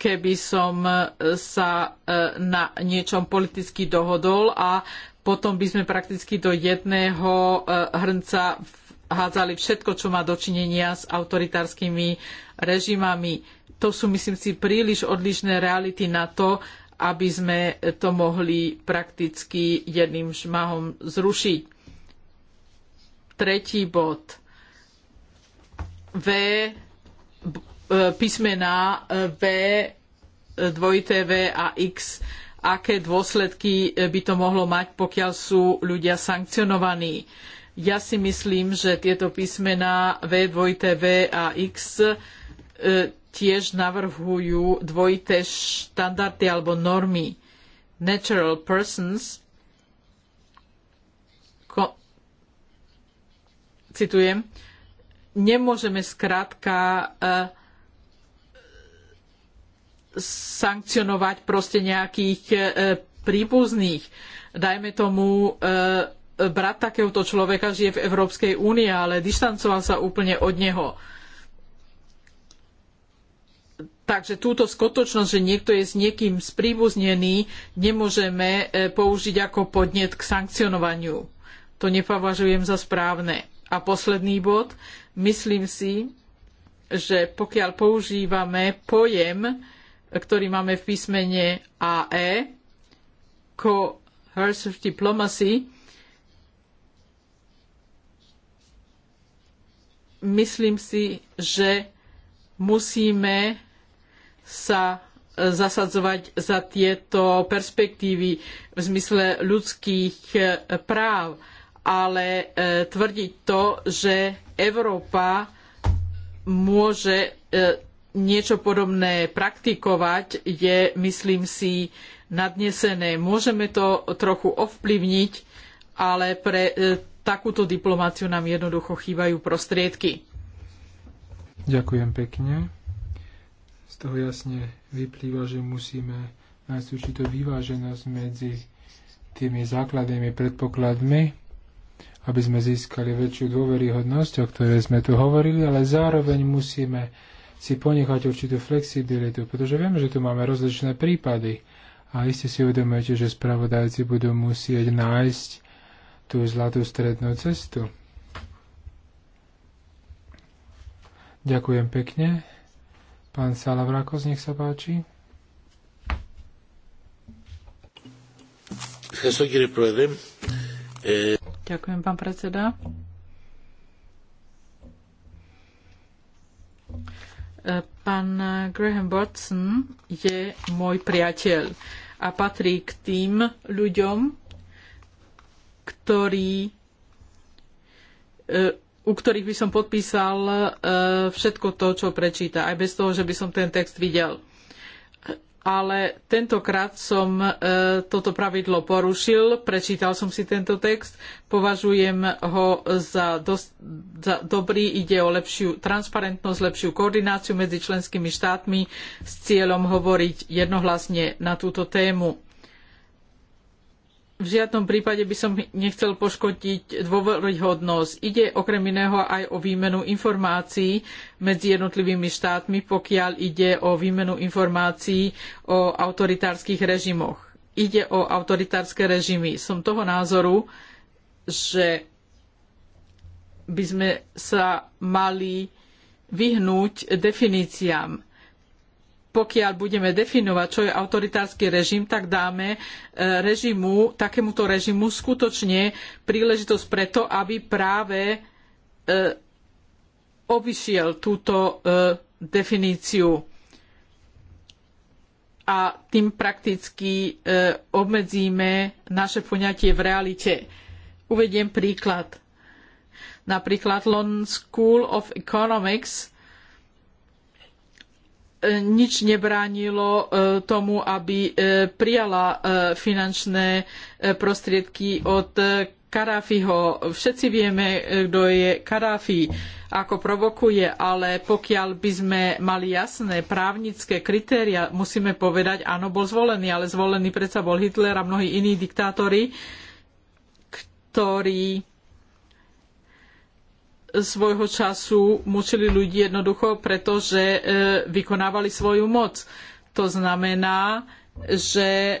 keby som e, sa e, na niečom politicky dohodol a potom by sme prakticky do jedného e, hrnca hádzali všetko, čo má dočinenia s autoritárskymi režimami to sú, myslím si, príliš odlišné reality na to, aby sme to mohli prakticky jedným šmahom zrušiť. Tretí bod. V e, písmená e, V, e, dvojité V a X, aké dôsledky by to mohlo mať, pokiaľ sú ľudia sankcionovaní. Ja si myslím, že tieto písmená V, dvojité V a X tiež navrhujú dvojité štandardy alebo normy. Natural persons, ko, citujem, nemôžeme skrátka uh, sankcionovať proste nejakých uh, príbuzných. Dajme tomu uh, brat takéhoto človeka žije v Európskej únii, ale dištancoval sa úplne od neho. Uh, Takže túto skutočnosť, že niekto je s niekým spríbuznený, nemôžeme e, použiť ako podnet k sankcionovaniu. To nepovažujem za správne. A posledný bod. Myslím si, že pokiaľ používame pojem, ktorý máme v písmene AE, coercive diplomacy, myslím si, že musíme sa e, zasadzovať za tieto perspektívy v zmysle ľudských e, práv, ale e, tvrdiť to, že Európa môže niečo podobné praktikovať, je, myslím si, nadnesené. Môžeme to trochu ovplyvniť, ale pre takúto diplomáciu nám jednoducho chýbajú prostriedky. Ďakujem pekne z toho jasne vyplýva, že musíme nájsť určitú vyváženosť medzi tými základnými predpokladmi, aby sme získali väčšiu dôveryhodnosť, o ktorej sme tu hovorili, ale zároveň musíme si ponechať určitú flexibilitu, pretože vieme, že tu máme rozličné prípady a iste si uvedomujete, že spravodajci budú musieť nájsť tú zlatú strednú cestu. Ďakujem pekne. Pán Salavrakos, nech sa páči. Ďakujem, pán predseda. Pán Graham Watson je môj priateľ a patrí k tým ľuďom, ktorí e, u ktorých by som podpísal e, všetko to, čo prečíta, aj bez toho, že by som ten text videl. Ale tentokrát som e, toto pravidlo porušil, prečítal som si tento text, považujem ho za, za dobrý, ide o lepšiu transparentnosť, lepšiu koordináciu medzi členskými štátmi s cieľom hovoriť jednohlasne na túto tému v žiadnom prípade by som nechcel poškodiť dôveryhodnosť. Ide okrem iného aj o výmenu informácií medzi jednotlivými štátmi, pokiaľ ide o výmenu informácií o autoritárskych režimoch. Ide o autoritárske režimy. Som toho názoru, že by sme sa mali vyhnúť definíciám pokiaľ budeme definovať, čo je autoritársky režim, tak dáme e, režimu, takémuto režimu skutočne príležitosť preto, aby práve e, obišiel túto e, definíciu a tým prakticky obmedzíme naše poňatie v realite. Uvediem príklad. Napríklad London School of Economics E, nič nebránilo e, tomu, aby e, prijala finančné prostriedky od Karáfiho. Všetci vieme, kto je Karáfi, ako provokuje, ale pokiaľ by sme mali jasné právnické kritéria, musíme povedať, áno, bol zvolený, ale zvolený predsa bol Hitler a mnohí iní diktátori, ktorí svojho času mučili ľudí jednoducho, pretože e, vykonávali svoju moc. To znamená, že e,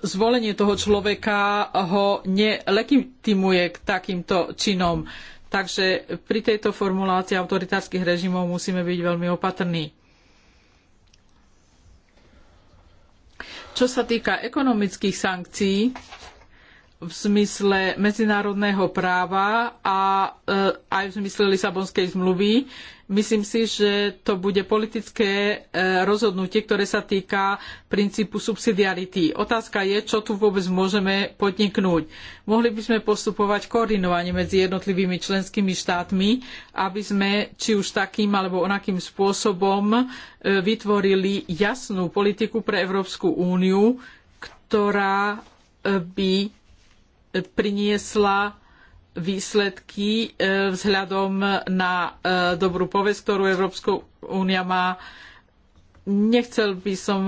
zvolenie toho človeka ho nelegitimuje k takýmto činom. Takže pri tejto formulácii autoritárskych režimov musíme byť veľmi opatrní. Čo sa týka ekonomických sankcií, v zmysle medzinárodného práva a e, aj v zmysle Lisabonskej zmluvy. Myslím si, že to bude politické e, rozhodnutie, ktoré sa týka princípu subsidiarity. Otázka je, čo tu vôbec môžeme podniknúť. Mohli by sme postupovať koordinovane medzi jednotlivými členskými štátmi, aby sme či už takým alebo onakým spôsobom e, vytvorili jasnú politiku pre Európsku úniu, ktorá by priniesla výsledky e, vzhľadom na e, dobrú povesť, ktorú Európska únia má. Nechcel by som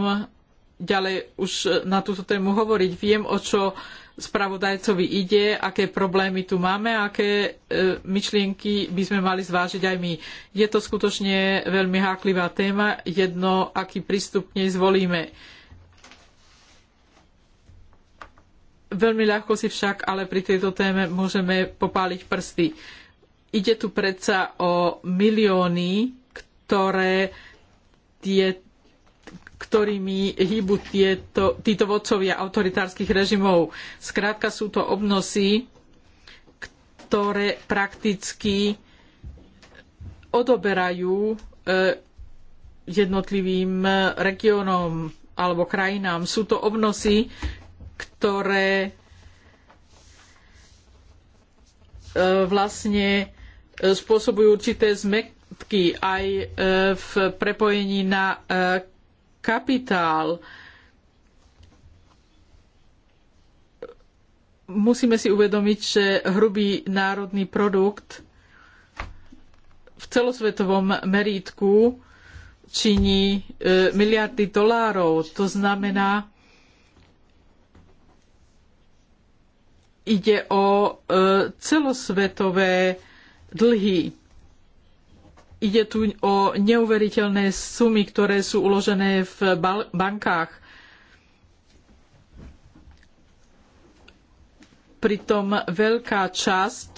ďalej už na túto tému hovoriť. Viem, o čo spravodajcovi ide, aké problémy tu máme, aké e, myšlienky by sme mali zvážiť aj my. Je to skutočne veľmi háklivá téma, jedno, aký prístup k nej zvolíme. Veľmi ľahko si však ale pri tejto téme môžeme popáliť prsty. Ide tu predsa o milióny, ktoré tie, ktorými hýbu tieto, títo vodcovia autoritárskych režimov. Skrátka sú to obnosy, ktoré prakticky odoberajú e, jednotlivým regiónom alebo krajinám. Sú to obnosy, ktoré e, vlastne e, spôsobujú určité zmetky aj e, v prepojení na kapitál. Musíme si uvedomiť, že hrubý národný produkt v celosvetovom merítku činí miliardy dolárov. To znamená, ide o e, celosvetové dlhy. Ide tu o neuveriteľné sumy, ktoré sú uložené v bankách. Pritom veľká časť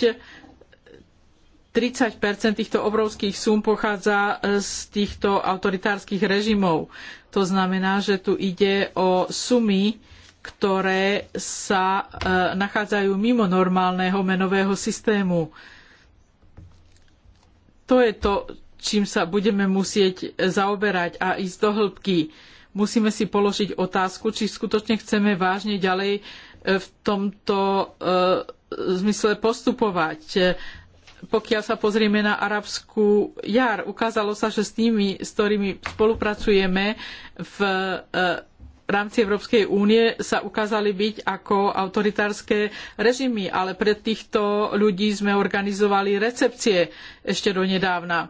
30 týchto obrovských súm pochádza e, z týchto autoritárskych režimov. To znamená, že tu ide o sumy, ktoré sa e, nachádzajú mimo normálneho menového systému. To je to, čím sa budeme musieť zaoberať a ísť do hĺbky. Musíme si položiť otázku, či skutočne chceme vážne ďalej e, v tomto e, zmysle postupovať. Pokiaľ sa pozrieme na arabskú jar, ukázalo sa, že s tými, s ktorými spolupracujeme v v rámci Európskej únie sa ukázali byť ako autoritárske režimy, ale pre týchto ľudí sme organizovali recepcie ešte donedávna.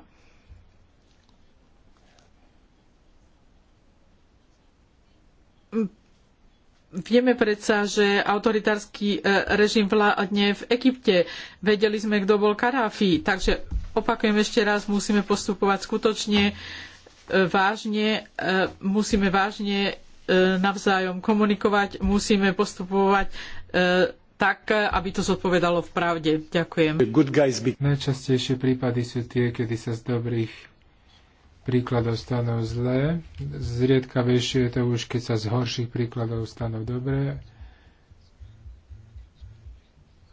Vieme predsa, že autoritársky e, režim vládne v Egypte. Vedeli sme, kto bol Karáfi. Takže opakujem ešte raz, musíme postupovať skutočne e, vážne, e, musíme vážne E, navzájom komunikovať, musíme postupovať e, tak, aby to zodpovedalo v pravde. Ďakujem. Najčastejšie prípady sú tie, kedy sa z dobrých príkladov stanú zlé. Zriedkavejšie je to už, keď sa z horších príkladov stanú dobré.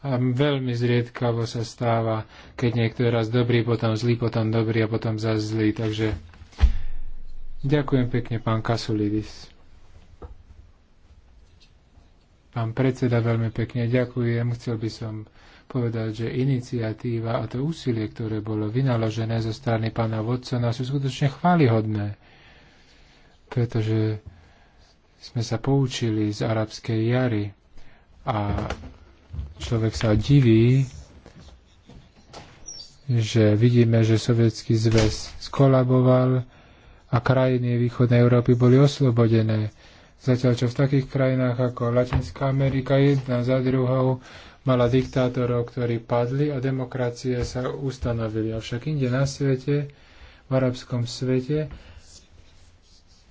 A veľmi zriedkavo sa stáva, keď niekto je raz dobrý, potom zlý, potom dobrý a potom zase zlý. Takže ďakujem pekne, pán Kasulidis. Pán predseda, veľmi pekne ďakujem. Chcel by som povedať, že iniciatíva a to úsilie, ktoré bolo vynaložené zo strany pána Watsona, sú skutočne chválihodné, pretože sme sa poučili z arabskej jary a človek sa diví, že vidíme, že sovietský zväz skolaboval a krajiny východnej Európy boli oslobodené. Zatiaľ čo v takých krajinách ako Latinská Amerika jedna za druhou mala diktátorov, ktorí padli a demokracie sa ustanovili. Avšak inde na svete, v arabskom svete,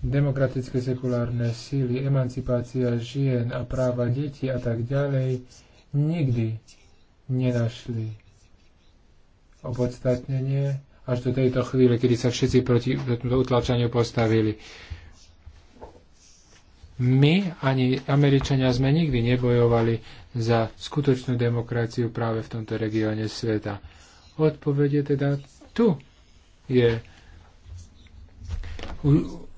demokratické sekulárne síly, emancipácia žien a práva detí a tak ďalej nikdy nenašli opodstatnenie až do tejto chvíle, kedy sa všetci proti utlačaniu postavili my ani Američania sme nikdy nebojovali za skutočnú demokraciu práve v tomto regióne sveta. Odpovede je teda tu. Je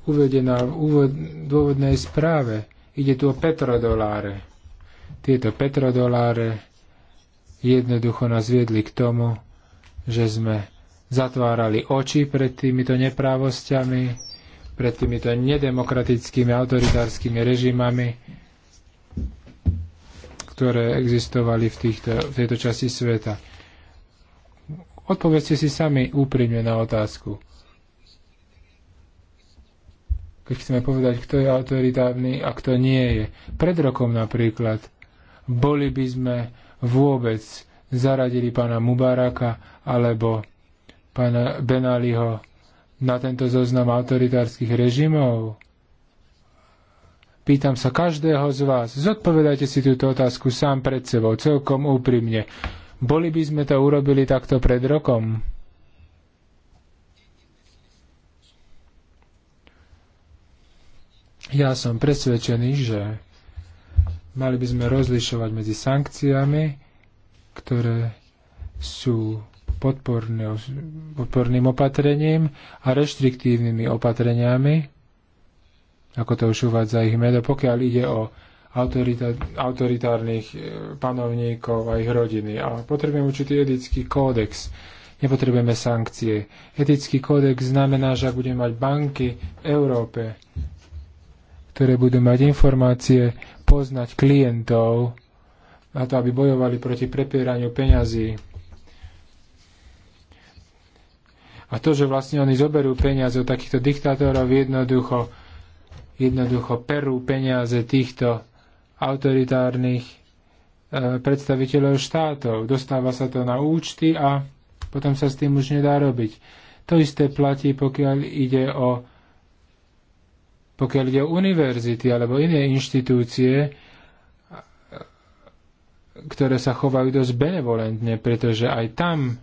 uvedená v úvod, dôvodnej správe. Ide tu o petrodoláre. Tieto petrodoláre jednoducho nás viedli k tomu, že sme zatvárali oči pred týmito neprávosťami, pred týmito nedemokratickými autoritárskymi režimami, ktoré existovali v, týchto, v tejto časti sveta. Odpovedzte si sami úprimne na otázku. Keď chceme povedať, kto je autoritárny a kto nie je. Pred rokom napríklad boli by sme vôbec zaradili pána Mubaraka alebo pána Benaliho na tento zoznam autoritárskych režimov? Pýtam sa každého z vás, zodpovedajte si túto otázku sám pred sebou, celkom úprimne. Boli by sme to urobili takto pred rokom? Ja som presvedčený, že mali by sme rozlišovať medzi sankciami, ktoré sú podporným opatrením a reštriktívnymi opatreniami, ako to už uvádza ich medo, no pokiaľ ide o autorita- autoritárnych e, panovníkov a ich rodiny. A potrebujeme určitý etický kódex. Nepotrebujeme sankcie. Etický kódex znamená, že ak budeme mať banky v Európe, ktoré budú mať informácie, poznať klientov, na to, aby bojovali proti prepieraniu peňazí, A to, že vlastne oni zoberú peniaze od takýchto diktátorov, jednoducho, jednoducho perú peniaze týchto autoritárnych e, predstaviteľov štátov. Dostáva sa to na účty a potom sa s tým už nedá robiť. To isté platí, pokiaľ ide o pokiaľ ide o univerzity alebo iné inštitúcie, ktoré sa chovajú dosť benevolentne, pretože aj tam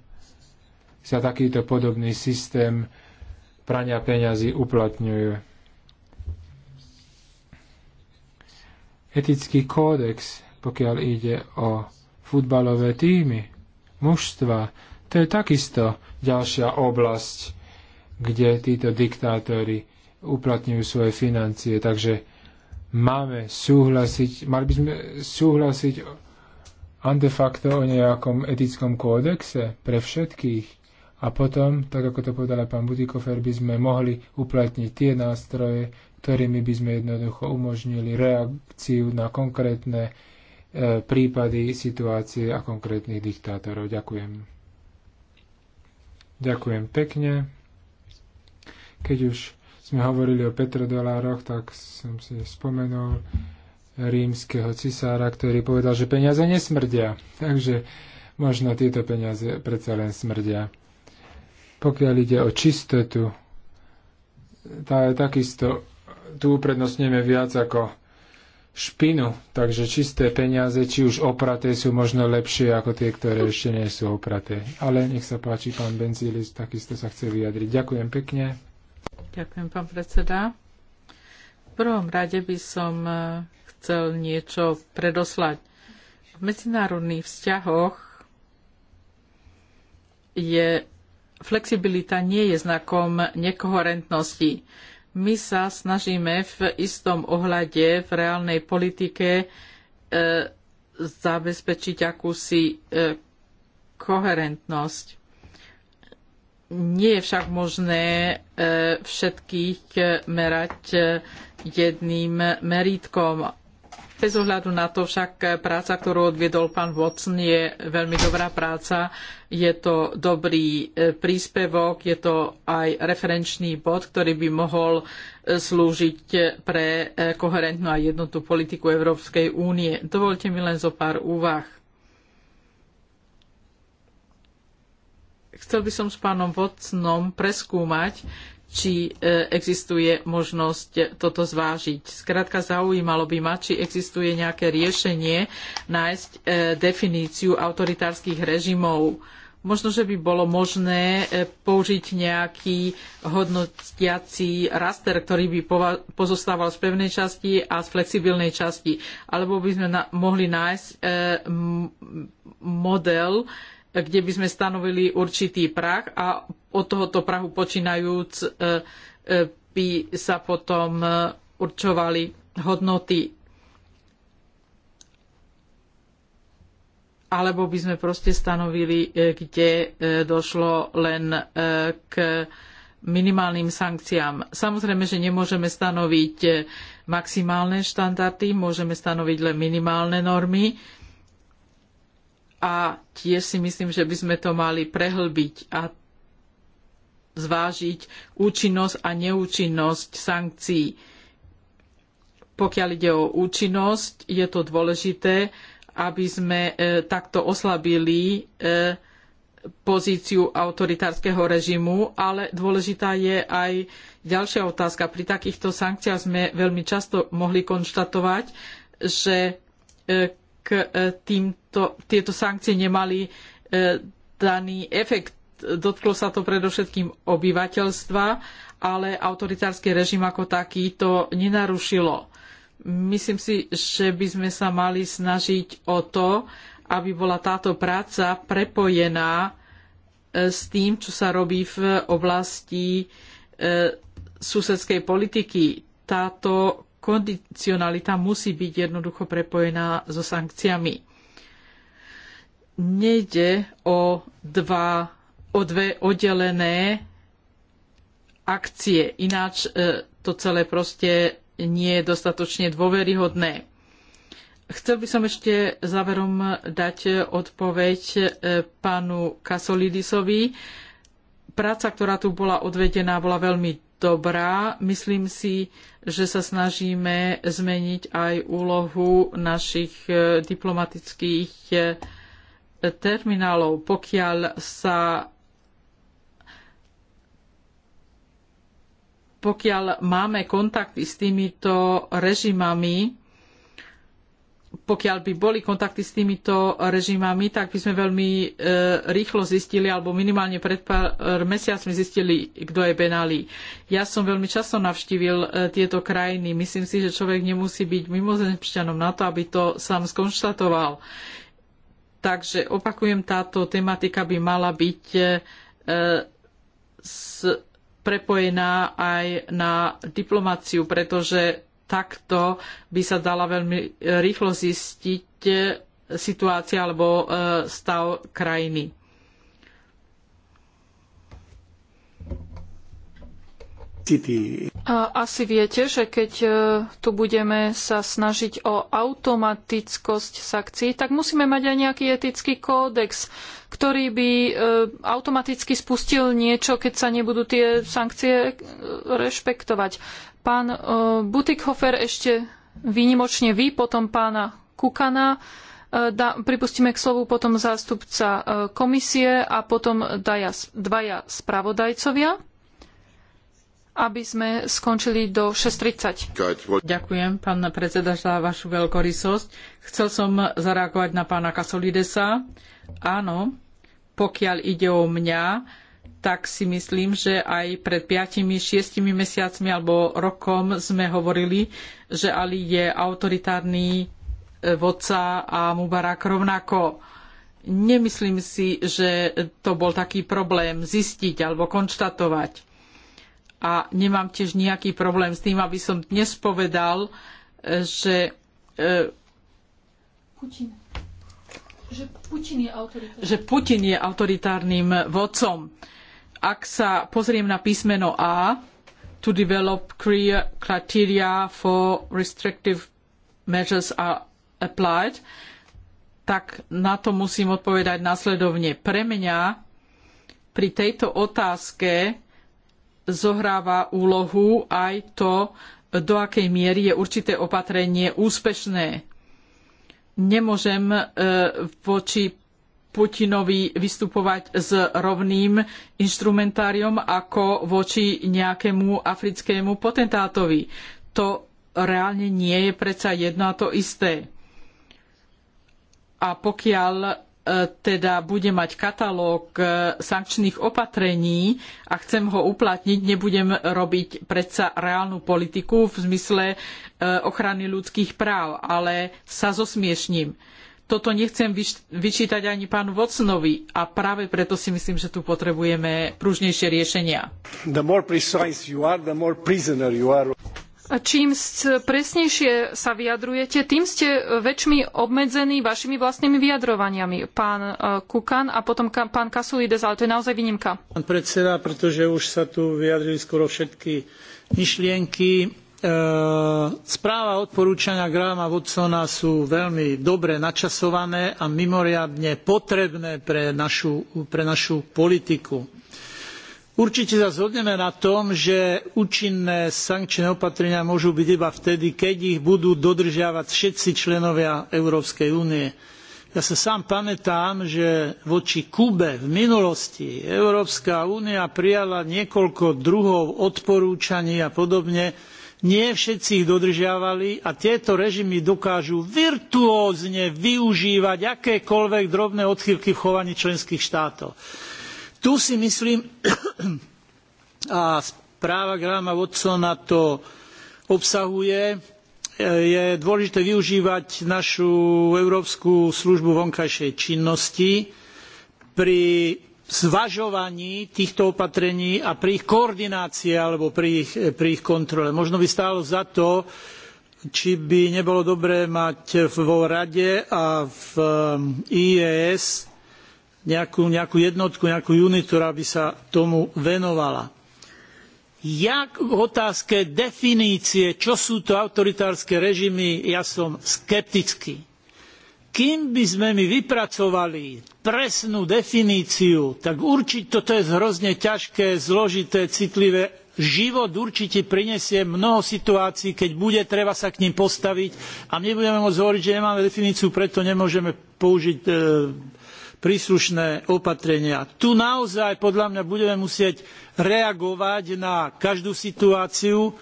sa takýto podobný systém prania peňazí uplatňuje. Etický kódex, pokiaľ ide o futbalové týmy, mužstva, to je takisto ďalšia oblasť, kde títo diktátori uplatňujú svoje financie. Takže máme súhlasiť, mali by sme súhlasiť de facto o nejakom etickom kódexe pre všetkých. A potom, tak ako to povedal aj pán Budikofer, by sme mohli uplatniť tie nástroje, ktorými by sme jednoducho umožnili reakciu na konkrétne e, prípady, situácie a konkrétnych diktátorov. Ďakujem. Ďakujem pekne. Keď už sme hovorili o petrodolároch, tak som si spomenul rímskeho cisára, ktorý povedal, že peniaze nesmrdia. Takže možno tieto peniaze predsa len smrdia. Pokiaľ ide o čistotu, tá je takisto, tu uprednostňujeme viac ako špinu, takže čisté peniaze, či už opraté, sú možno lepšie ako tie, ktoré ešte nie sú opraté. Ale nech sa páči, pán Benzílis takisto sa chce vyjadriť. Ďakujem pekne. Ďakujem, pán predseda. V prvom rade by som e, chcel niečo predoslať. V medzinárodných vzťahoch je flexibilita nie je znakom nekoherentnosti. My sa snažíme v istom ohľade v reálnej politike e, zabezpečiť akúsi e, koherentnosť. Nie je však možné e, všetkých e, merať e, jedným merítkom bez ohľadu na to však eh, práca, ktorú odviedol pán Watson, je veľmi dobrá práca. Je to dobrý eh, príspevok, je to aj referenčný bod, ktorý by mohol eh, slúžiť pre koherentnú a jednotnú politiku Európskej únie. Dovolte mi len zo pár úvah. Chcel by som s pánom Watsonom preskúmať, či e, existuje možnosť toto zvážiť. Skrátka zaujímalo by ma, či existuje nejaké riešenie nájsť e, definíciu autoritárskych režimov. Možno, že by bolo možné e, použiť nejaký hodnotiaci raster, ktorý by pozostával z pevnej časti a z flexibilnej časti. Alebo by sme mohli nájsť model, kde by sme stanovili určitý prach a od tohoto Prahu počínajúc e, e, by sa potom e, určovali hodnoty alebo by sme proste stanovili, kde došlo len k minimálnym sankciám. Samozrejme, že nemôžeme stanoviť maximálne štandardy, môžeme stanoviť len minimálne normy a tiež si myslím, že by sme to mali prehlbiť. A zvážiť účinnosť a neúčinnosť sankcií. Pokiaľ ide o účinnosť, je to dôležité, aby sme e, takto oslabili e, pozíciu autoritárskeho režimu, ale dôležitá je aj ďalšia otázka. Pri takýchto sankciách sme veľmi často mohli konštatovať, že e, k týmto, tieto sankcie nemali daný efekt dotklo sa to predovšetkým obyvateľstva, ale autoritársky režim ako taký to nenarušilo. Myslím si, že by sme sa mali snažiť o to, aby bola táto práca prepojená e, s tým, čo sa robí v oblasti e, susedskej politiky. Táto kondicionalita musí byť jednoducho prepojená so sankciami. Nejde o dva o dve oddelené akcie. Ináč e, to celé proste nie je dostatočne dôveryhodné. Chcel by som ešte záverom dať odpoveď e, pánu Kasolidisovi. Práca, ktorá tu bola odvedená, bola veľmi dobrá. Myslím si, že sa snažíme zmeniť aj úlohu našich e, diplomatických terminálov. Pokiaľ sa pokiaľ máme kontakty s týmito režimami, pokiaľ by boli kontakty s týmito režimami, tak by sme veľmi e, rýchlo zistili, alebo minimálne pred pár mesiacmi zistili, kto je Benali. Ja som veľmi často navštívil e, tieto krajiny. Myslím si, že človek nemusí byť mimozemšťanom na to, aby to sám skonštatoval. Takže opakujem, táto tematika by mala byť e, s, prepojená aj na diplomáciu, pretože takto by sa dala veľmi e, rýchlo zistiť e, situácia alebo e, stav krajiny. Asi viete, že keď e, tu budeme sa snažiť o automatickosť sankcií, tak musíme mať aj nejaký etický kódex, ktorý by e, automaticky spustil niečo, keď sa nebudú tie sankcie e, rešpektovať. Pán Butikhofer, ešte výnimočne vy, potom pána Kukana, pripustíme k slovu potom zástupca komisie a potom dvaja spravodajcovia aby sme skončili do 6.30. Ďakujem, pán predseda, za vašu veľkorysosť. Chcel som zareagovať na pána Kasolidesa. Áno, pokiaľ ide o mňa, tak si myslím, že aj pred 5-6 mesiacmi alebo rokom sme hovorili, že Ali je autoritárny e, vodca a Mubarak rovnako. Nemyslím si, že to bol taký problém zistiť alebo konštatovať a nemám tiež nejaký problém s tým, aby som dnes povedal, že e, Putin. Že Putin je autoritárnym, že Putin je autoritárnym vodcom. Ak sa pozriem na písmeno A, to develop criteria for restrictive measures are applied, tak na to musím odpovedať následovne. Pre mňa pri tejto otázke zohráva úlohu aj to, do akej miery je určité opatrenie úspešné. Nemôžem e, voči Putinovi vystupovať s rovným inštrumentáriom ako voči nejakému africkému potentátovi. To reálne nie je predsa jedno a to isté. A pokiaľ E, teda bude mať katalóg e, sankčných opatrení a chcem ho uplatniť, nebudem robiť predsa reálnu politiku v zmysle e, ochrany ľudských práv, ale sa zosmiešním. Toto nechcem vyčítať ani pánu Vocnovi a práve preto si myslím, že tu potrebujeme pružnejšie riešenia. Are, Čím presnejšie sa vyjadrujete, tým ste väčšmi obmedzení vašimi vlastnými vyjadrovaniami, pán e, Kukan a potom pán Kasulides, ale to je naozaj výnimka. Pán predseda, pretože už sa tu vyjadrili skoro všetky myšlienky, e, správa odporúčania Grahama Watsona sú veľmi dobre načasované a mimoriadne potrebné pre našu, pre našu politiku. Určite sa zhodneme na tom, že účinné sankčné opatrenia môžu byť iba vtedy, keď ich budú dodržiavať všetci členovia Európskej únie. Ja sa sám pamätám, že voči Kube v minulosti Európska únia prijala niekoľko druhov odporúčaní a podobne. Nie všetci ich dodržiavali a tieto režimy dokážu virtuózne využívať akékoľvek drobné odchýlky v chovaní členských štátov. Tu si myslím, a správa Grahama Watsona to obsahuje, e, je dôležité využívať našu Európsku službu vonkajšej činnosti pri zvažovaní týchto opatrení a pri ich koordinácii alebo pri ich, pri ich kontrole. Možno by stálo za to, či by nebolo dobré mať vo Rade a v e, IES nejakú, nejakú jednotku, nejakú unit, ktorá by sa tomu venovala. Ja k otázke definície, čo sú to autoritárske režimy, ja som skeptický. Kým by sme my vypracovali presnú definíciu, tak určite toto je hrozne ťažké, zložité, citlivé život určite prinesie mnoho situácií, keď bude treba sa k nim postaviť a my budeme môcť hovoriť, že nemáme definíciu, preto nemôžeme použiť e, príslušné opatrenia. Tu naozaj podľa mňa budeme musieť reagovať na každú situáciu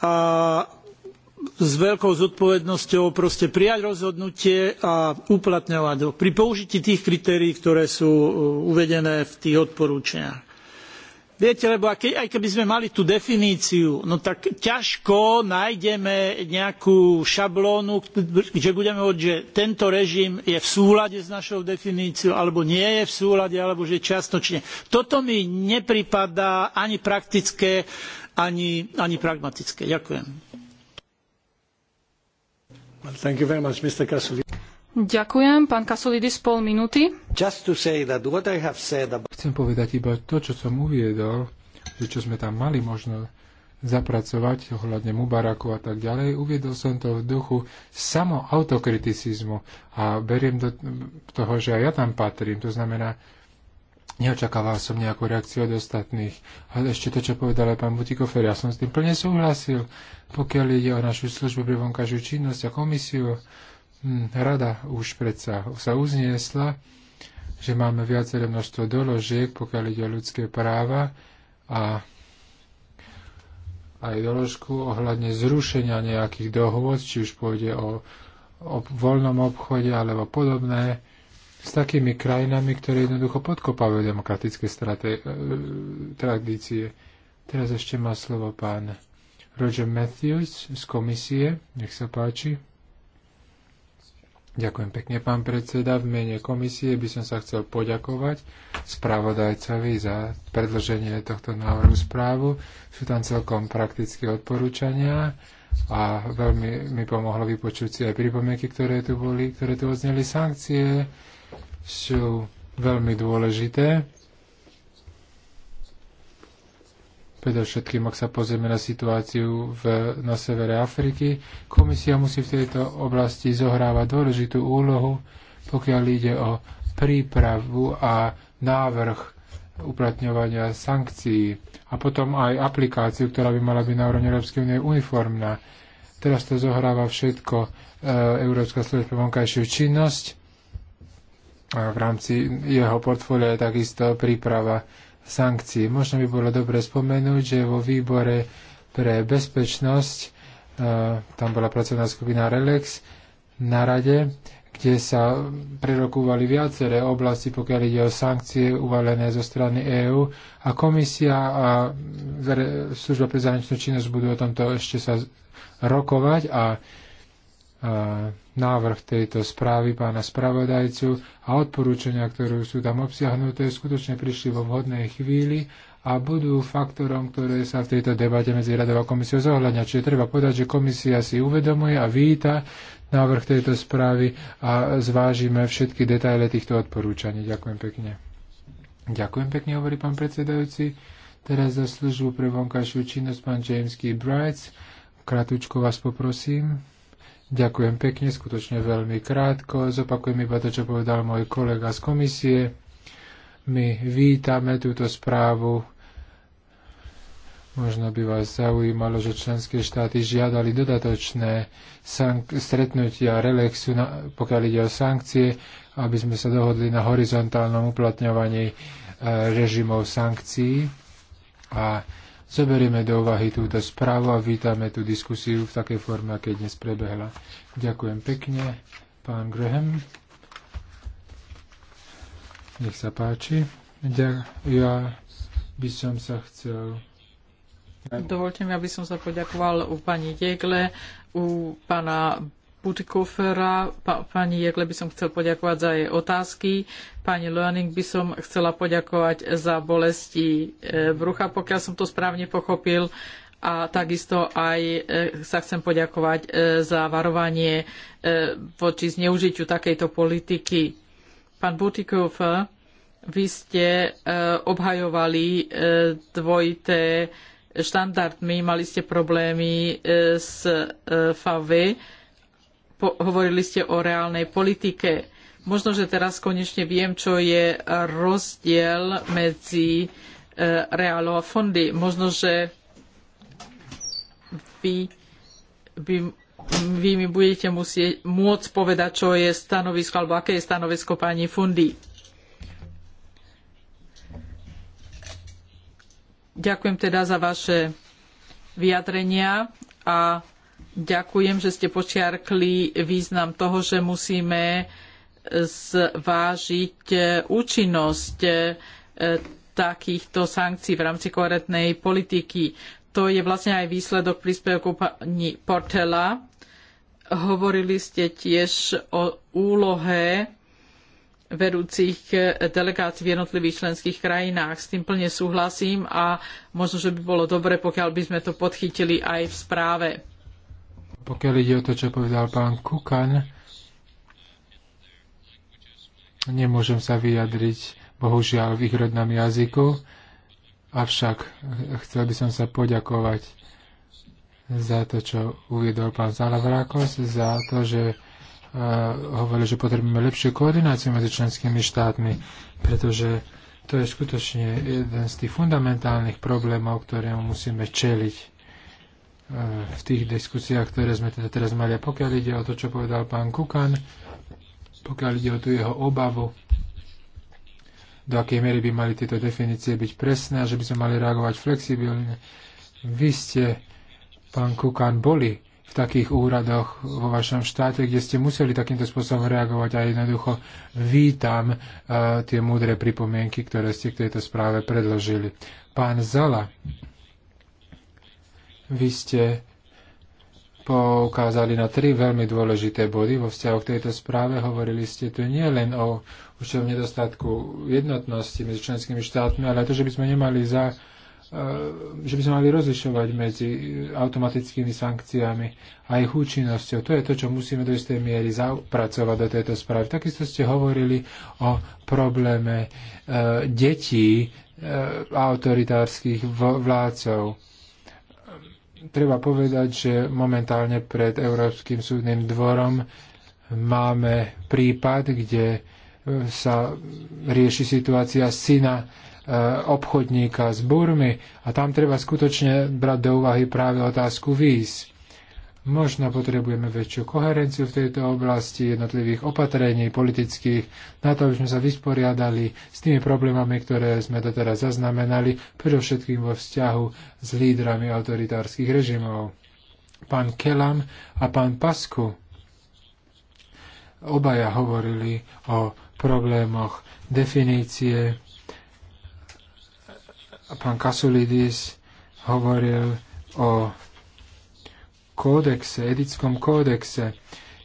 a s veľkou zodpovednosťou proste prijať rozhodnutie a uplatňovať ho pri použití tých kritérií, ktoré sú uh, uvedené v tých odporúčaniach. Viete, lebo aj keby sme mali tú definíciu, no tak ťažko nájdeme nejakú šablónu, kde budeme hovoriť, že tento režim je v súlade s našou definíciou, alebo nie je v súlade, alebo že čiastočne. Toto mi nepripadá ani praktické, ani, ani pragmatické. Ďakujem. Well, Ďakujem. Pán Kasulidis, pol minúty. About... Chcem povedať iba to, čo som uviedol, že čo sme tam mali možno zapracovať ohľadne Mubaraku a tak ďalej. Uviedol som to v duchu samo autokriticizmu a beriem do toho, že aj ja tam patrím. To znamená, neočakával som nejakú reakciu od ostatných. Ale ešte to, čo povedal aj pán Butikofer, ja som s tým plne súhlasil. Pokiaľ ide o našu službu pre vonkajšiu činnosť a komisiu, Hm, rada už predsa sa uzniesla, že máme viaceré množstvo doložiek, pokiaľ ide o ľudské práva a aj doložku ohľadne zrušenia nejakých dohôd, či už pôjde o, o voľnom obchode alebo podobné, s takými krajinami, ktoré jednoducho podkopávajú demokratické strate, e, tradície. Teraz ešte má slovo pán Roger Matthews z komisie. Nech sa páči. Ďakujem pekne, pán predseda. V mene komisie by som sa chcel poďakovať spravodajcovi za predloženie tohto návrhu správu. Sú tam celkom praktické odporúčania a veľmi mi pomohlo vypočuť si aj pripomienky, ktoré tu boli, ktoré tu odzneli. Sankcie sú veľmi dôležité Predovšetkým, ak sa pozrieme na situáciu v, na severe Afriky, komisia musí v tejto oblasti zohrávať dôležitú úlohu, pokiaľ ide o prípravu a návrh uplatňovania sankcií a potom aj aplikáciu, ktorá by mala byť na úrovni Európskej únie uniformná. Teraz to zohráva všetko e, Európska služba vonkajšiu činnosť a v rámci jeho portfólia je takisto príprava sankcií. Možno by bolo dobre spomenúť, že vo výbore pre bezpečnosť, e, tam bola pracovná skupina Relex na rade, kde sa prerokúvali viaceré oblasti, pokiaľ ide o sankcie uvalené zo strany EÚ a komisia a služba pre zahraničnú činnosť budú o tomto ešte sa rokovať a návrh tejto správy pána spravodajcu a odporúčania, ktoré sú tam obsiahnuté, skutočne prišli vo vhodnej chvíli a budú faktorom, ktoré sa v tejto debate medzi Radou a komisiou zohľadňa. Čiže treba povedať, že komisia si uvedomuje a víta návrh tejto správy a zvážime všetky detaily týchto odporúčaní. Ďakujem pekne. Ďakujem pekne, hovorí pán predsedajúci. Teraz za službu pre vonkajšiu činnosť pán James K. Brights. Kratučko vás poprosím. Ďakujem pekne, skutočne veľmi krátko. Zopakujem iba to, čo povedal môj kolega z komisie. My vítame túto správu. Možno by vás zaujímalo, že členské štáty žiadali dodatočné stretnutia relaxu na, pokiaľ ide o sankcie, aby sme sa dohodli na horizontálnom uplatňovaní e, režimov sankcií. A zoberieme do úvahy túto správu a vítame tú diskusiu v takej forme, aké dnes prebehla. Ďakujem pekne, pán Graham. Nech sa páči. Ja by som sa chcel Dovolte mi, aby som sa poďakoval u pani Jegle, u pána Putkofera, pa, pani Jekle by som chcel poďakovať za jej otázky, pani Learning by som chcela poďakovať za bolesti e, brucha, pokiaľ som to správne pochopil, a takisto aj e, sa chcem poďakovať e, za varovanie voči zneužitiu takejto politiky. Pán Butikofer, vy ste obhajovali dvojité štandardy, mali ste problémy s FAVE, po, hovorili ste o reálnej politike. Možno, že teraz konečne viem, čo je rozdiel medzi e, reálou a fondy. Možno, že vy, by, vy mi budete musieť, môcť povedať, čo je stanovisko, alebo aké je stanovisko pani fundy. Ďakujem teda za vaše vyjadrenia a Ďakujem, že ste počiarkli význam toho, že musíme zvážiť e, účinnosť e, takýchto sankcií v rámci koherentnej politiky. To je vlastne aj výsledok príspevku pani Portela. Hovorili ste tiež o úlohe vedúcich e, delegácií v jednotlivých členských krajinách. S tým plne súhlasím a možno, že by bolo dobre, pokiaľ by sme to podchytili aj v správe pokiaľ ide o to, čo povedal pán Kukan, nemôžem sa vyjadriť, bohužiaľ, v ich rodnom jazyku, avšak chcel by som sa poďakovať za to, čo uviedol pán Zalavrakos, za to, že uh, hovoril, že potrebujeme lepšiu koordináciu medzi členskými štátmi, pretože to je skutočne jeden z tých fundamentálnych problémov, ktorému musíme čeliť v tých diskusiách, ktoré sme teda teraz mali. A pokiaľ ide o to, čo povedal pán Kukan, pokiaľ ide o tú jeho obavu, do akej miery by mali tieto definície byť presné a že by sme mali reagovať flexibilne. Vy ste, pán Kukan, boli v takých úradoch vo vašom štáte, kde ste museli takýmto spôsobom reagovať a jednoducho vítam uh, tie múdre pripomienky, ktoré ste k tejto správe predložili. Pán Zala, vy ste poukázali na tri veľmi dôležité body vo vzťahu k tejto správe. Hovorili ste tu nie len o určitom nedostatku jednotnosti medzi členskými štátmi, ale to, že by sme nemali za e, že by sme mali rozlišovať medzi automatickými sankciami a ich účinnosťou. To je to, čo musíme do istej miery zapracovať do tejto správy. Takisto ste hovorili o probléme e, detí e, autoritárskych vládcov treba povedať, že momentálne pred Európskym súdnym dvorom máme prípad, kde e, sa rieši situácia syna e, obchodníka z Burmy a tam treba skutočne brať do úvahy práve otázku víz. Možno potrebujeme väčšiu koherenciu v tejto oblasti jednotlivých opatrení politických, na to, aby sme sa vysporiadali s tými problémami, ktoré sme doteraz zaznamenali, predovšetkým vo vzťahu s lídrami autoritárskych režimov. Pán Kelam a pán Pasku obaja hovorili o problémoch definície. Pán Kasulidis hovoril o kódexe, etickom kódexe.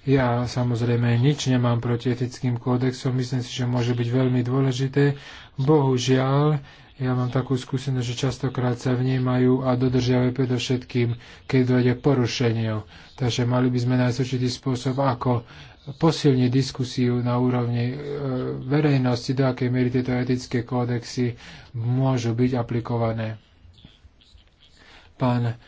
Ja samozrejme nič nemám proti etickým kódexom, myslím si, že môže byť veľmi dôležité. Bohužiaľ, ja mám takú skúsenosť, že častokrát sa vnímajú a dodržiavajú predovšetkým, keď dojde k porušeniu. Takže mali by sme nájsť určitý spôsob, ako posilniť diskusiu na úrovni e, verejnosti, do akej miery tieto etické kódexy môžu byť aplikované. Pán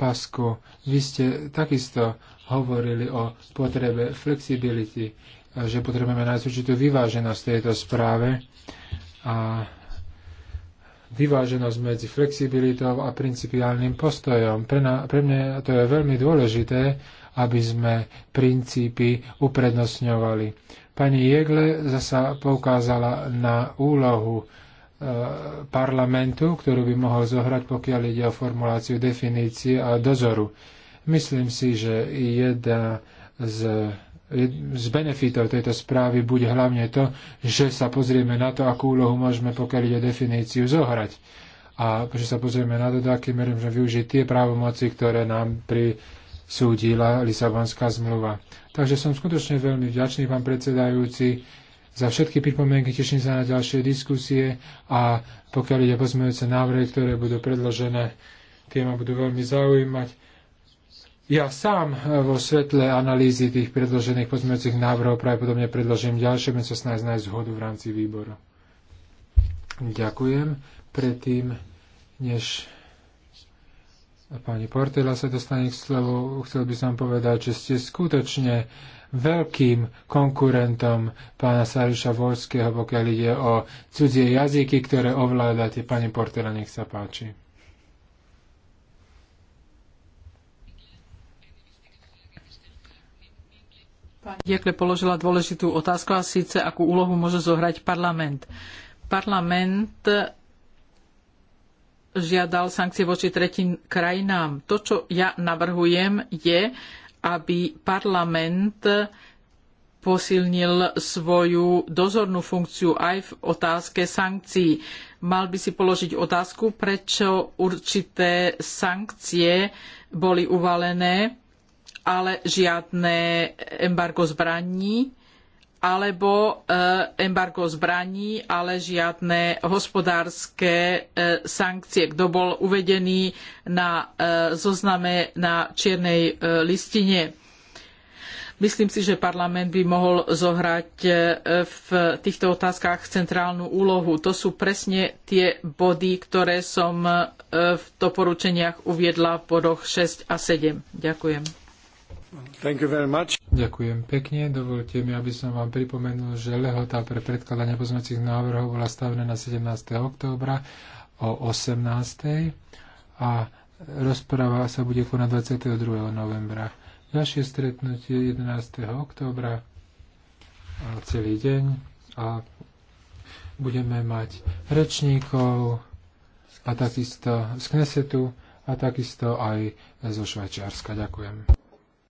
Pasku, vy ste takisto hovorili o potrebe flexibility, že potrebujeme nájsť určitú vyváženosť tejto správe a vyváženosť medzi flexibilitou a principiálnym postojom. Pre, na, pre mňa to je veľmi dôležité, aby sme princípy uprednostňovali. Pani Jegle zasa poukázala na úlohu parlamentu, ktorú by mohol zohrať, pokiaľ ide o formuláciu definície a dozoru. Myslím si, že jedna z, z benefitov tejto správy bude hlavne to, že sa pozrieme na to, akú úlohu môžeme, pokiaľ ide o definíciu, zohrať. A že sa pozrieme na to, do akým merím, že využiť tie právomoci, ktoré nám prisúdila Lisabonská zmluva. Takže som skutočne veľmi vďačný, pán predsedajúci, za všetky pripomienky, teším sa na ďalšie diskusie a pokiaľ ide pozmeňujúce návrhy, ktoré budú predložené, tie ma budú veľmi zaujímať. Ja sám e, vo svetle analýzy tých predložených pozmeňujúcich návrhov pravdepodobne predložím ďalšie, budem sa snažiť nájsť zhodu v rámci výboru. Ďakujem. Predtým, než pani Portela sa dostane k slovu, chcel by som povedať, že ste skutočne veľkým konkurentom pána Sariša Volského, pokiaľ ide o cudzie jazyky, ktoré ovládate. Pani portera nech sa páči. Pani Diekle položila dôležitú otázku a síce, akú úlohu môže zohrať parlament. Parlament žiadal sankcie voči tretím krajinám. To, čo ja navrhujem, je, aby parlament posilnil svoju dozornú funkciu aj v otázke sankcií. Mal by si položiť otázku, prečo určité sankcie boli uvalené, ale žiadne embargo zbraní alebo e, embargo zbraní, ale žiadne hospodárske e, sankcie. Kto bol uvedený na e, zozname na čiernej listine. Myslím si, že parlament by mohol zohrať v týchto otázkach centrálnu úlohu. To sú presne tie body, ktoré som v doporučeniach uviedla v bodoch 6 a 7. Ďakujem. Ďakujem pekne. Dovolte mi, aby som vám pripomenul, že lehota pre predkladanie pozmecích návrhov bola stavená na 17. októbra o 18. a rozpráva sa bude konať 22. novembra. Ďalšie stretnutie 11. októbra celý deň a budeme mať rečníkov a takisto z Knesetu a takisto aj zo Švajčiarska. Ďakujem.